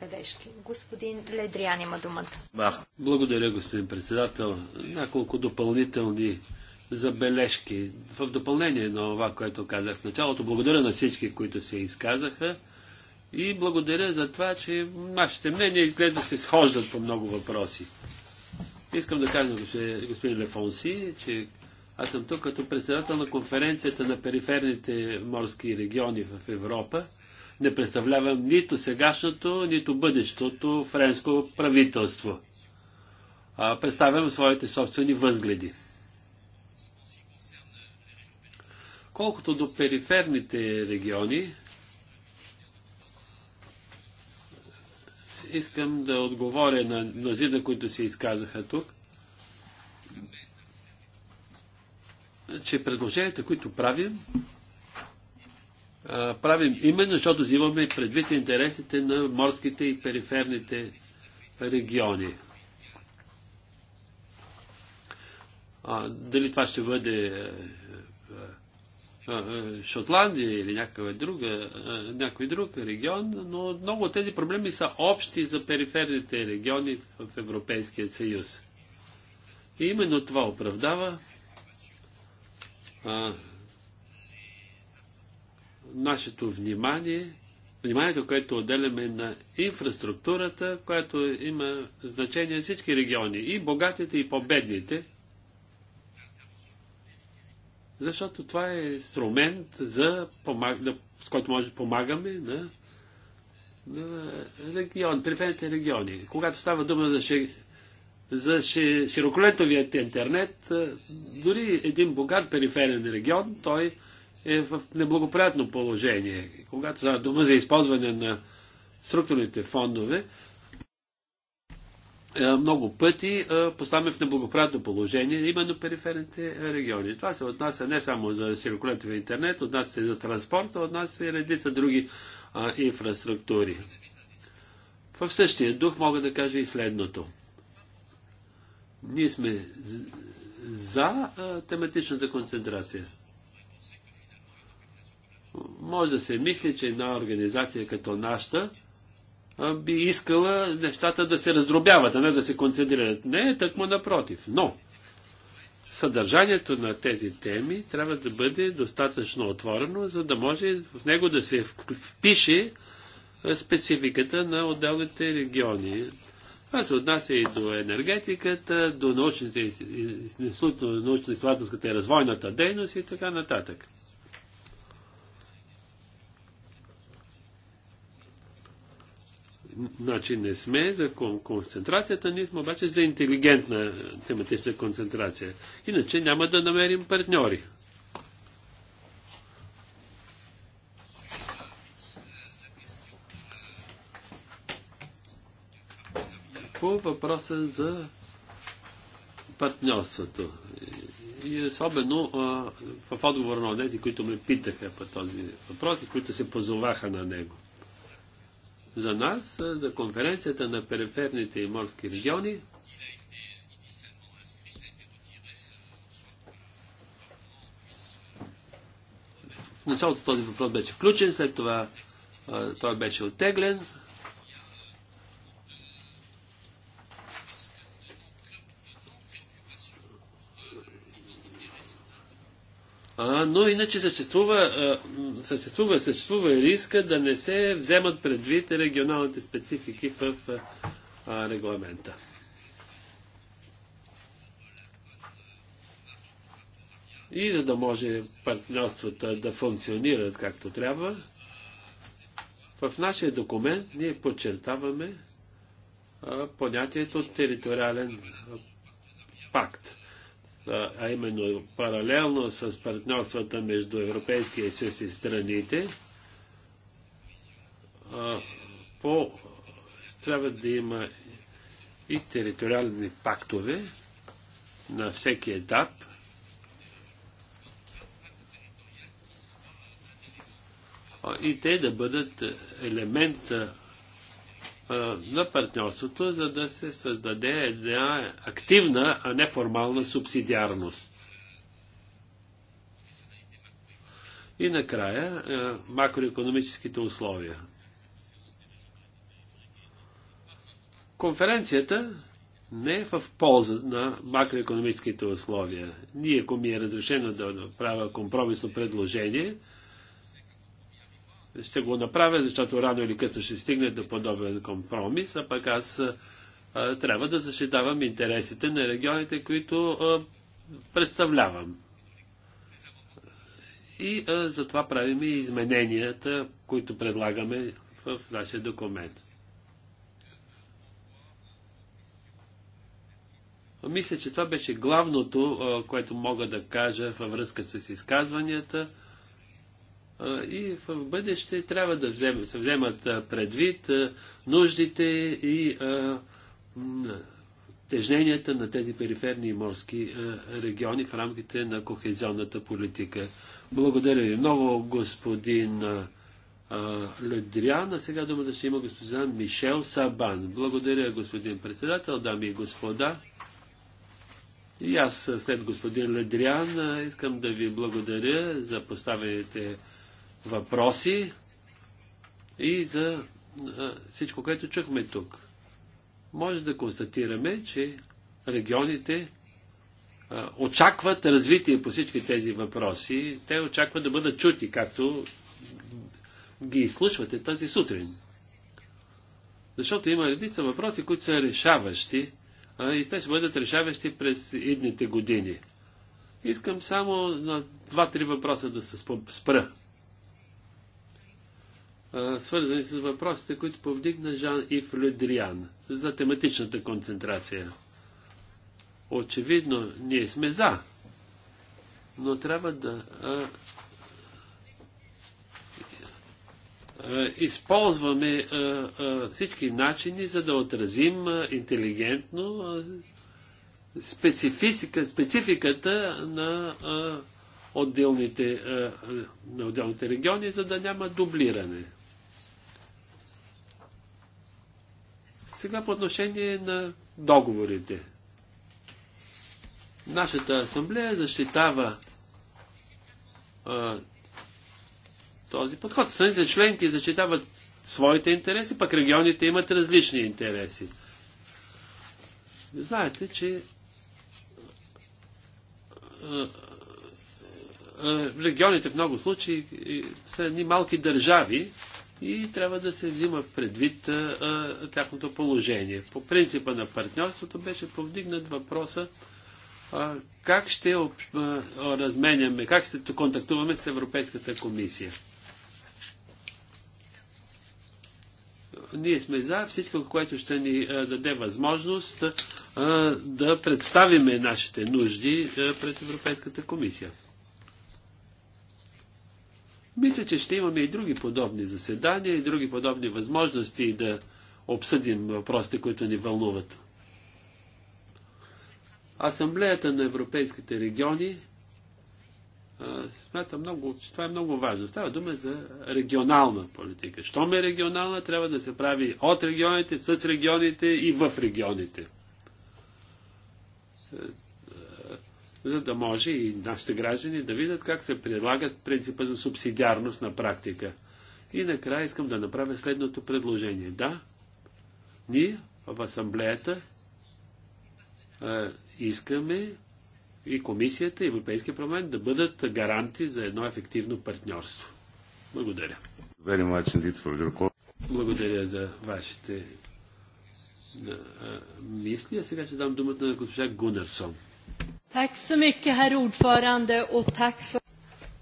бележки. Господин Ледриан има думата. Благодаря, господин председател. Няколко допълнителни забележки. В допълнение на това, което казах в началото, благодаря на всички, които се изказаха и благодаря за това, че нашите мнения изглежда се схождат по много въпроси. Искам да кажа, господин Лефонси, че аз съм тук като председател на конференцията на периферните морски региони в Европа. Не представлявам нито сегашното, нито бъдещото френско правителство. представям своите собствени възгледи. Колкото до периферните региони, искам да отговоря на мнозина, които се изказаха тук, че предложенията, които правим, правим именно защото взимаме предвид интересите на морските и периферните региони. А, дали това ще бъде е, Шотландия или някаква друга, е, някой друг регион, но много от тези проблеми са общи за периферните региони в Европейския съюз. И именно това оправдава а, нашето внимание, вниманието, което отделяме на инфраструктурата, която има значение всички региони, и богатите, и победните. – защото това е инструмент, за помаг... да, с който може да помагаме на, на регион, периферните региони. Когато става дума за, ши... за ши... широколетовият интернет, дори един богат периферен регион, той е в неблагоприятно положение. Когато става дума за използване на структурните фондове, е, много пъти е, поставяме в неблагоприятно положение именно периферните е, региони. Това се отнася не само за широколетов интернет, отнася се за транспорта, отнася се и редица други а, инфраструктури. В същия дух мога да кажа и следното. Ние сме за а, тематичната концентрация. Може да се мисли, че една организация като нашата би искала нещата да се раздробяват, а не да се концентрират. Не е тъкмо напротив. Но съдържанието на тези теми трябва да бъде достатъчно отворено, за да може в него да се впише спецификата на отделните региони. Това се отнася и до енергетиката, до научните, научно-изследователската и развойната дейност и така нататък. Значи не сме за концентрацията, ние сме обаче за интелигентна е, тематична концентрация. Иначе няма да намерим партньори. По въпроса за партньорството. И особено а, в отговор на тези, които ме питаха по този въпрос и които се позоваха на него за нас, за конференцията на периферните и морски региони. В началото този въпрос беше включен, след това той беше оттеглен. А, но иначе съществува, а, съществува, съществува и риска да не се вземат предвид регионалните специфики в а, регламента. И за да може партньорствата да функционират както трябва, в нашия документ ние подчертаваме а, понятието териториален а, пакт а именно паралелно с партньорствата между Европейския съюз и страните, по, трябва да има и териториални пактове на всеки етап, и те да бъдат елемент на партньорството, за да се създаде една активна, а не формална субсидиарност. И накрая макроекономическите условия. Конференцията не е в полза на макроекономическите условия. Ние, ако ми е разрешено да правя компромисно предложение, ще го направя, защото рано или късно ще стигне до подобен компромис, а пък аз а, трябва да защитавам интересите на регионите, които а, представлявам. И а, затова правим и измененията, които предлагаме в нашия документ. Мисля, че това беше главното, което мога да кажа във връзка с изказванията и в бъдеще трябва да вземат, се вземат предвид нуждите и тежненията на тези периферни и морски региони в рамките на кохезионната политика. Благодаря ви много, господин Ледриан. А сега думата ще има господин Мишел Сабан. Благодаря, господин председател, дами и господа. И аз след господин Ледриан искам да ви благодаря за поставените въпроси и за всичко, което чухме тук. Може да констатираме, че регионите очакват развитие по всички тези въпроси. Те очакват да бъдат чути, както ги изслушвате тази сутрин. Защото има редица въпроси, които са решаващи и те ще бъдат решаващи през идните години. Искам само на два-три въпроса да се спра свързани с въпросите, които повдигна Жан-Ив Ледриан за тематичната концентрация. Очевидно, ние сме за, но трябва да а, а, използваме а, а, всички начини, за да отразим а, интелигентно а, специфика, спецификата на а, отделните, а, на отделните региони, за да няма дублиране. Сега по отношение на договорите. Нашата асамблея защитава а, този подход. Страните членки защитават своите интереси, пък регионите имат различни интереси. Знаете, че а, а, регионите в много случаи са едни малки държави, и трябва да се взима предвид а, а, тяхното положение. По принципа на партньорството беше повдигнат въпроса а, как ще об, а, разменяме, как ще контактуваме с Европейската комисия. Ние сме за всичко, което ще ни а, даде възможност а, да представиме нашите нужди а, пред Европейската комисия. Мисля, че ще имаме и други подобни заседания и други подобни възможности да обсъдим въпросите, които ни вълнуват. Асамблеята на европейските региони смятам много, че това е много важно. Става дума за регионална политика. Щом е регионална, трябва да се прави от регионите, с регионите и в регионите за да може и нашите граждани да видят как се прилагат принципа за субсидиарност на практика. И накрая искам да направя следното предложение. Да, ние в асамблеята а, искаме и комисията, и Европейския парламент да бъдат гаранти за едно ефективно партньорство. Благодаря. Благодаря за вашите мисли. А сега ще дам думата на госпожа Гунерсон.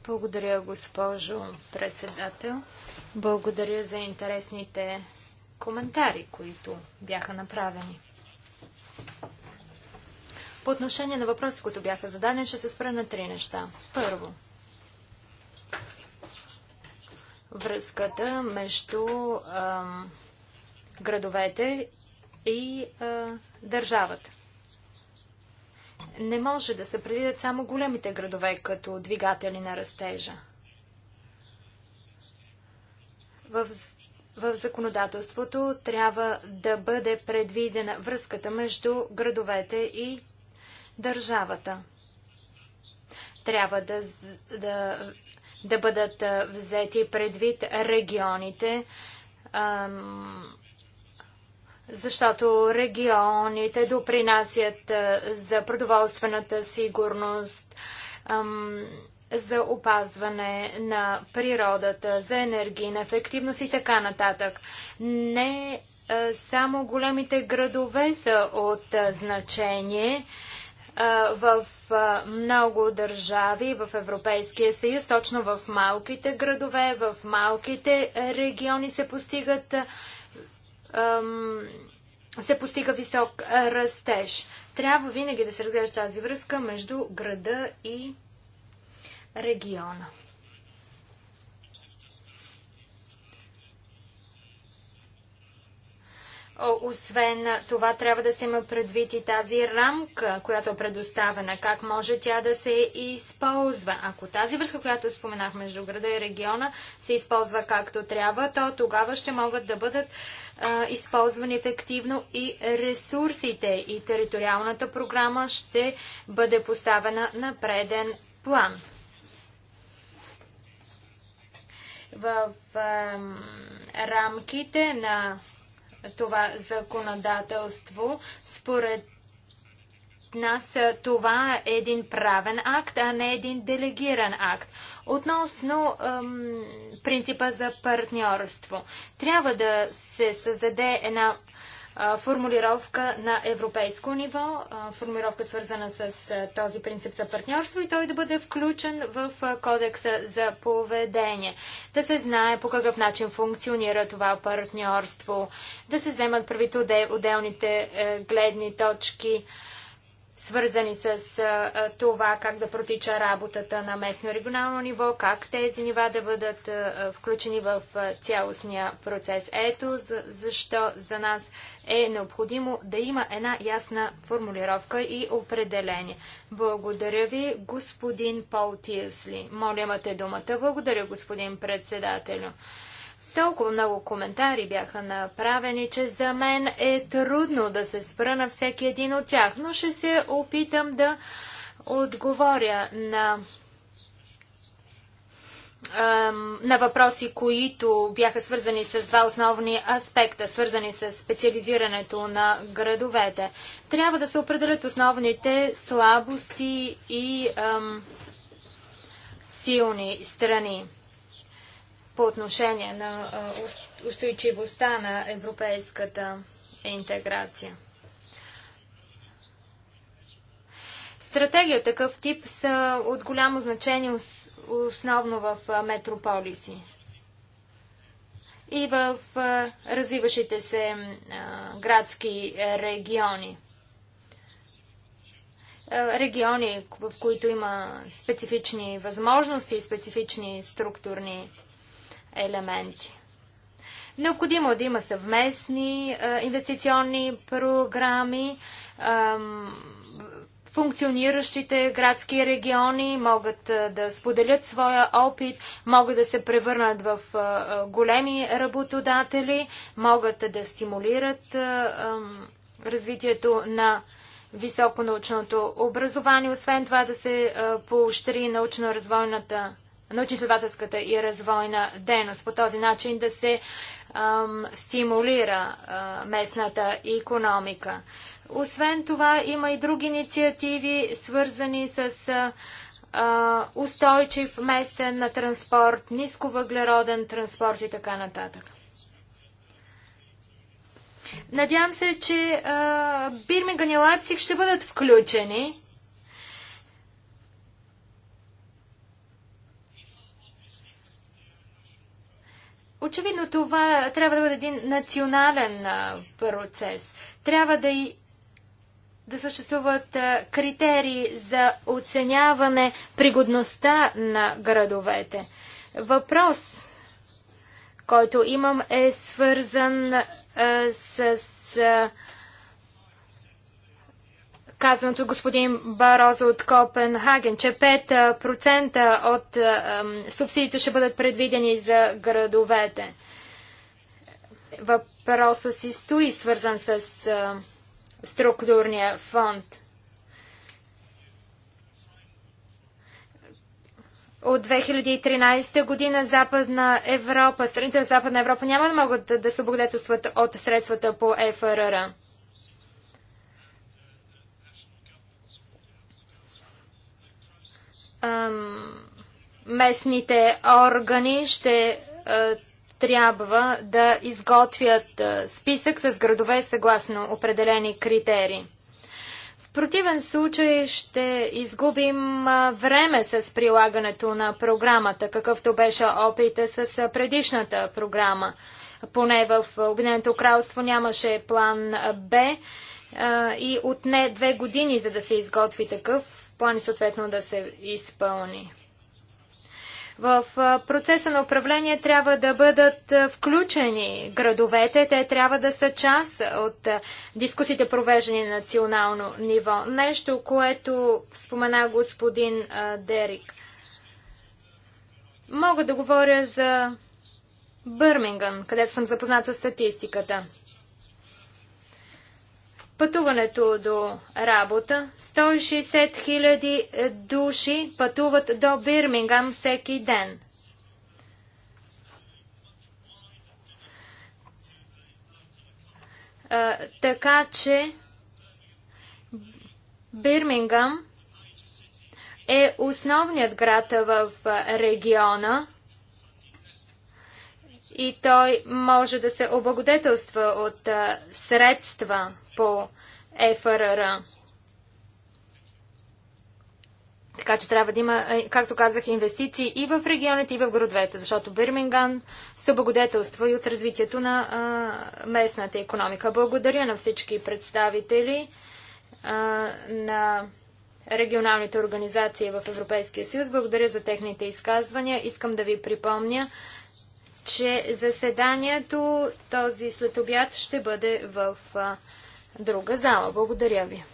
Благодаря, госпожо председател. Благодаря за интересните коментари, които бяха направени. По отношение на въпросите, които бяха зададени, ще се спра на три неща. Първо, връзката между градовете и а, държавата не може да се предвидят само големите градове като двигатели на растежа. В, в законодателството трябва да бъде предвидена връзката между градовете и държавата. Трябва да, да, да бъдат взети предвид регионите, ам, защото регионите допринасят за продоволствената сигурност, за опазване на природата, за енергийна ефективност и така нататък. Не само големите градове са от значение. В много държави в Европейския съюз, точно в малките градове, в малките региони се постигат се постига висок растеж. Трябва винаги да се разглежда тази връзка между града и региона. Освен това, трябва да се има предвид и тази рамка, която е предоставена. Как може тя да се използва? Ако тази връзка, която споменах между града и региона, се използва както трябва, то тогава ще могат да бъдат използвани ефективно и ресурсите. И териториалната програма ще бъде поставена на преден план. В рамките на това законодателство, според нас това е един правен акт, а не един делегиран акт. Относно ем, принципа за партньорство, трябва да се създаде една формулировка на европейско ниво, формулировка свързана с този принцип за партньорство и той да бъде включен в кодекса за поведение. Да се знае по какъв начин функционира това партньорство, да се вземат правито отделните е, гледни точки, свързани с а, това как да протича работата на местно и регионално ниво, как тези нива да бъдат а, включени в а, цялостния процес. Ето за, защо за нас е необходимо да има една ясна формулировка и определение. Благодаря ви, господин Пол Тиесли. Моля, имате думата. Благодаря, господин председателю. Толкова много коментари бяха направени, че за мен е трудно да се спра на всеки един от тях, но ще се опитам да отговоря на на въпроси, които бяха свързани с два основни аспекта, свързани с специализирането на градовете. Трябва да се определят основните слабости и ам, силни страни по отношение на устойчивостта на европейската интеграция. Стратегия от такъв тип са от голямо значение основно в метрополиси и в развиващите се градски региони. Региони, в които има специфични възможности и специфични структурни елементи. Необходимо е да има съвместни а, е, инвестиционни програми. А, функциониращите градски региони могат а, е, да споделят своя опит, могат да се превърнат в е, големи работодатели, могат да стимулират развитието на високонаучното образование, освен това да се поощри научно-развойната научно-изследователската и развойна дейност. По този начин да се ам, стимулира а, местната економика. Освен това, има и други инициативи, свързани с а, устойчив местен на транспорт, нисковъглероден транспорт и така нататък. Надявам се, че Бирмиган и Лайпциг ще бъдат включени Очевидно това трябва да бъде един национален процес. Трябва да и да съществуват критерии за оценяване пригодността на градовете. Въпрос, който имам е свързан а, с а, казаното господин Барозо от Копенхаген, че 5% от а, субсидиите ще бъдат предвидени за градовете. Въпросът си стои свързан с а, структурния фонд. От 2013 година Западна Европа, страните в Западна Европа няма да могат да се облагодетелстват от средствата по ЕФРР. местните органи ще трябва да изготвят списък с градове съгласно определени критерии. В противен случай ще изгубим време с прилагането на програмата, какъвто беше опита с предишната програма. Поне в Обединеното кралство нямаше план Б и отне две години, за да се изготви такъв план и съответно да се изпълни. В процеса на управление трябва да бъдат включени градовете. Те трябва да са част от дискусите, провеждани на национално ниво. Нещо, което спомена господин Дерик. Мога да говоря за Бърмингън, където съм запознат с статистиката. Пътуването до работа. 160 000 души пътуват до Бирмингам всеки ден. А, така че Бирмингам е основният град в региона и той може да се облагодетелства от средства по ЕФРР. Така че трябва да има, е, както казах, инвестиции и в регионите, и в градовете, защото Бирминган се благодетелства и от развитието на а, местната економика. Благодаря на всички представители а, на регионалните организации в Европейския съюз. Благодаря за техните изказвания. Искам да ви припомня, че заседанието този след ще бъде в. А, друга зала. Благодаря ви.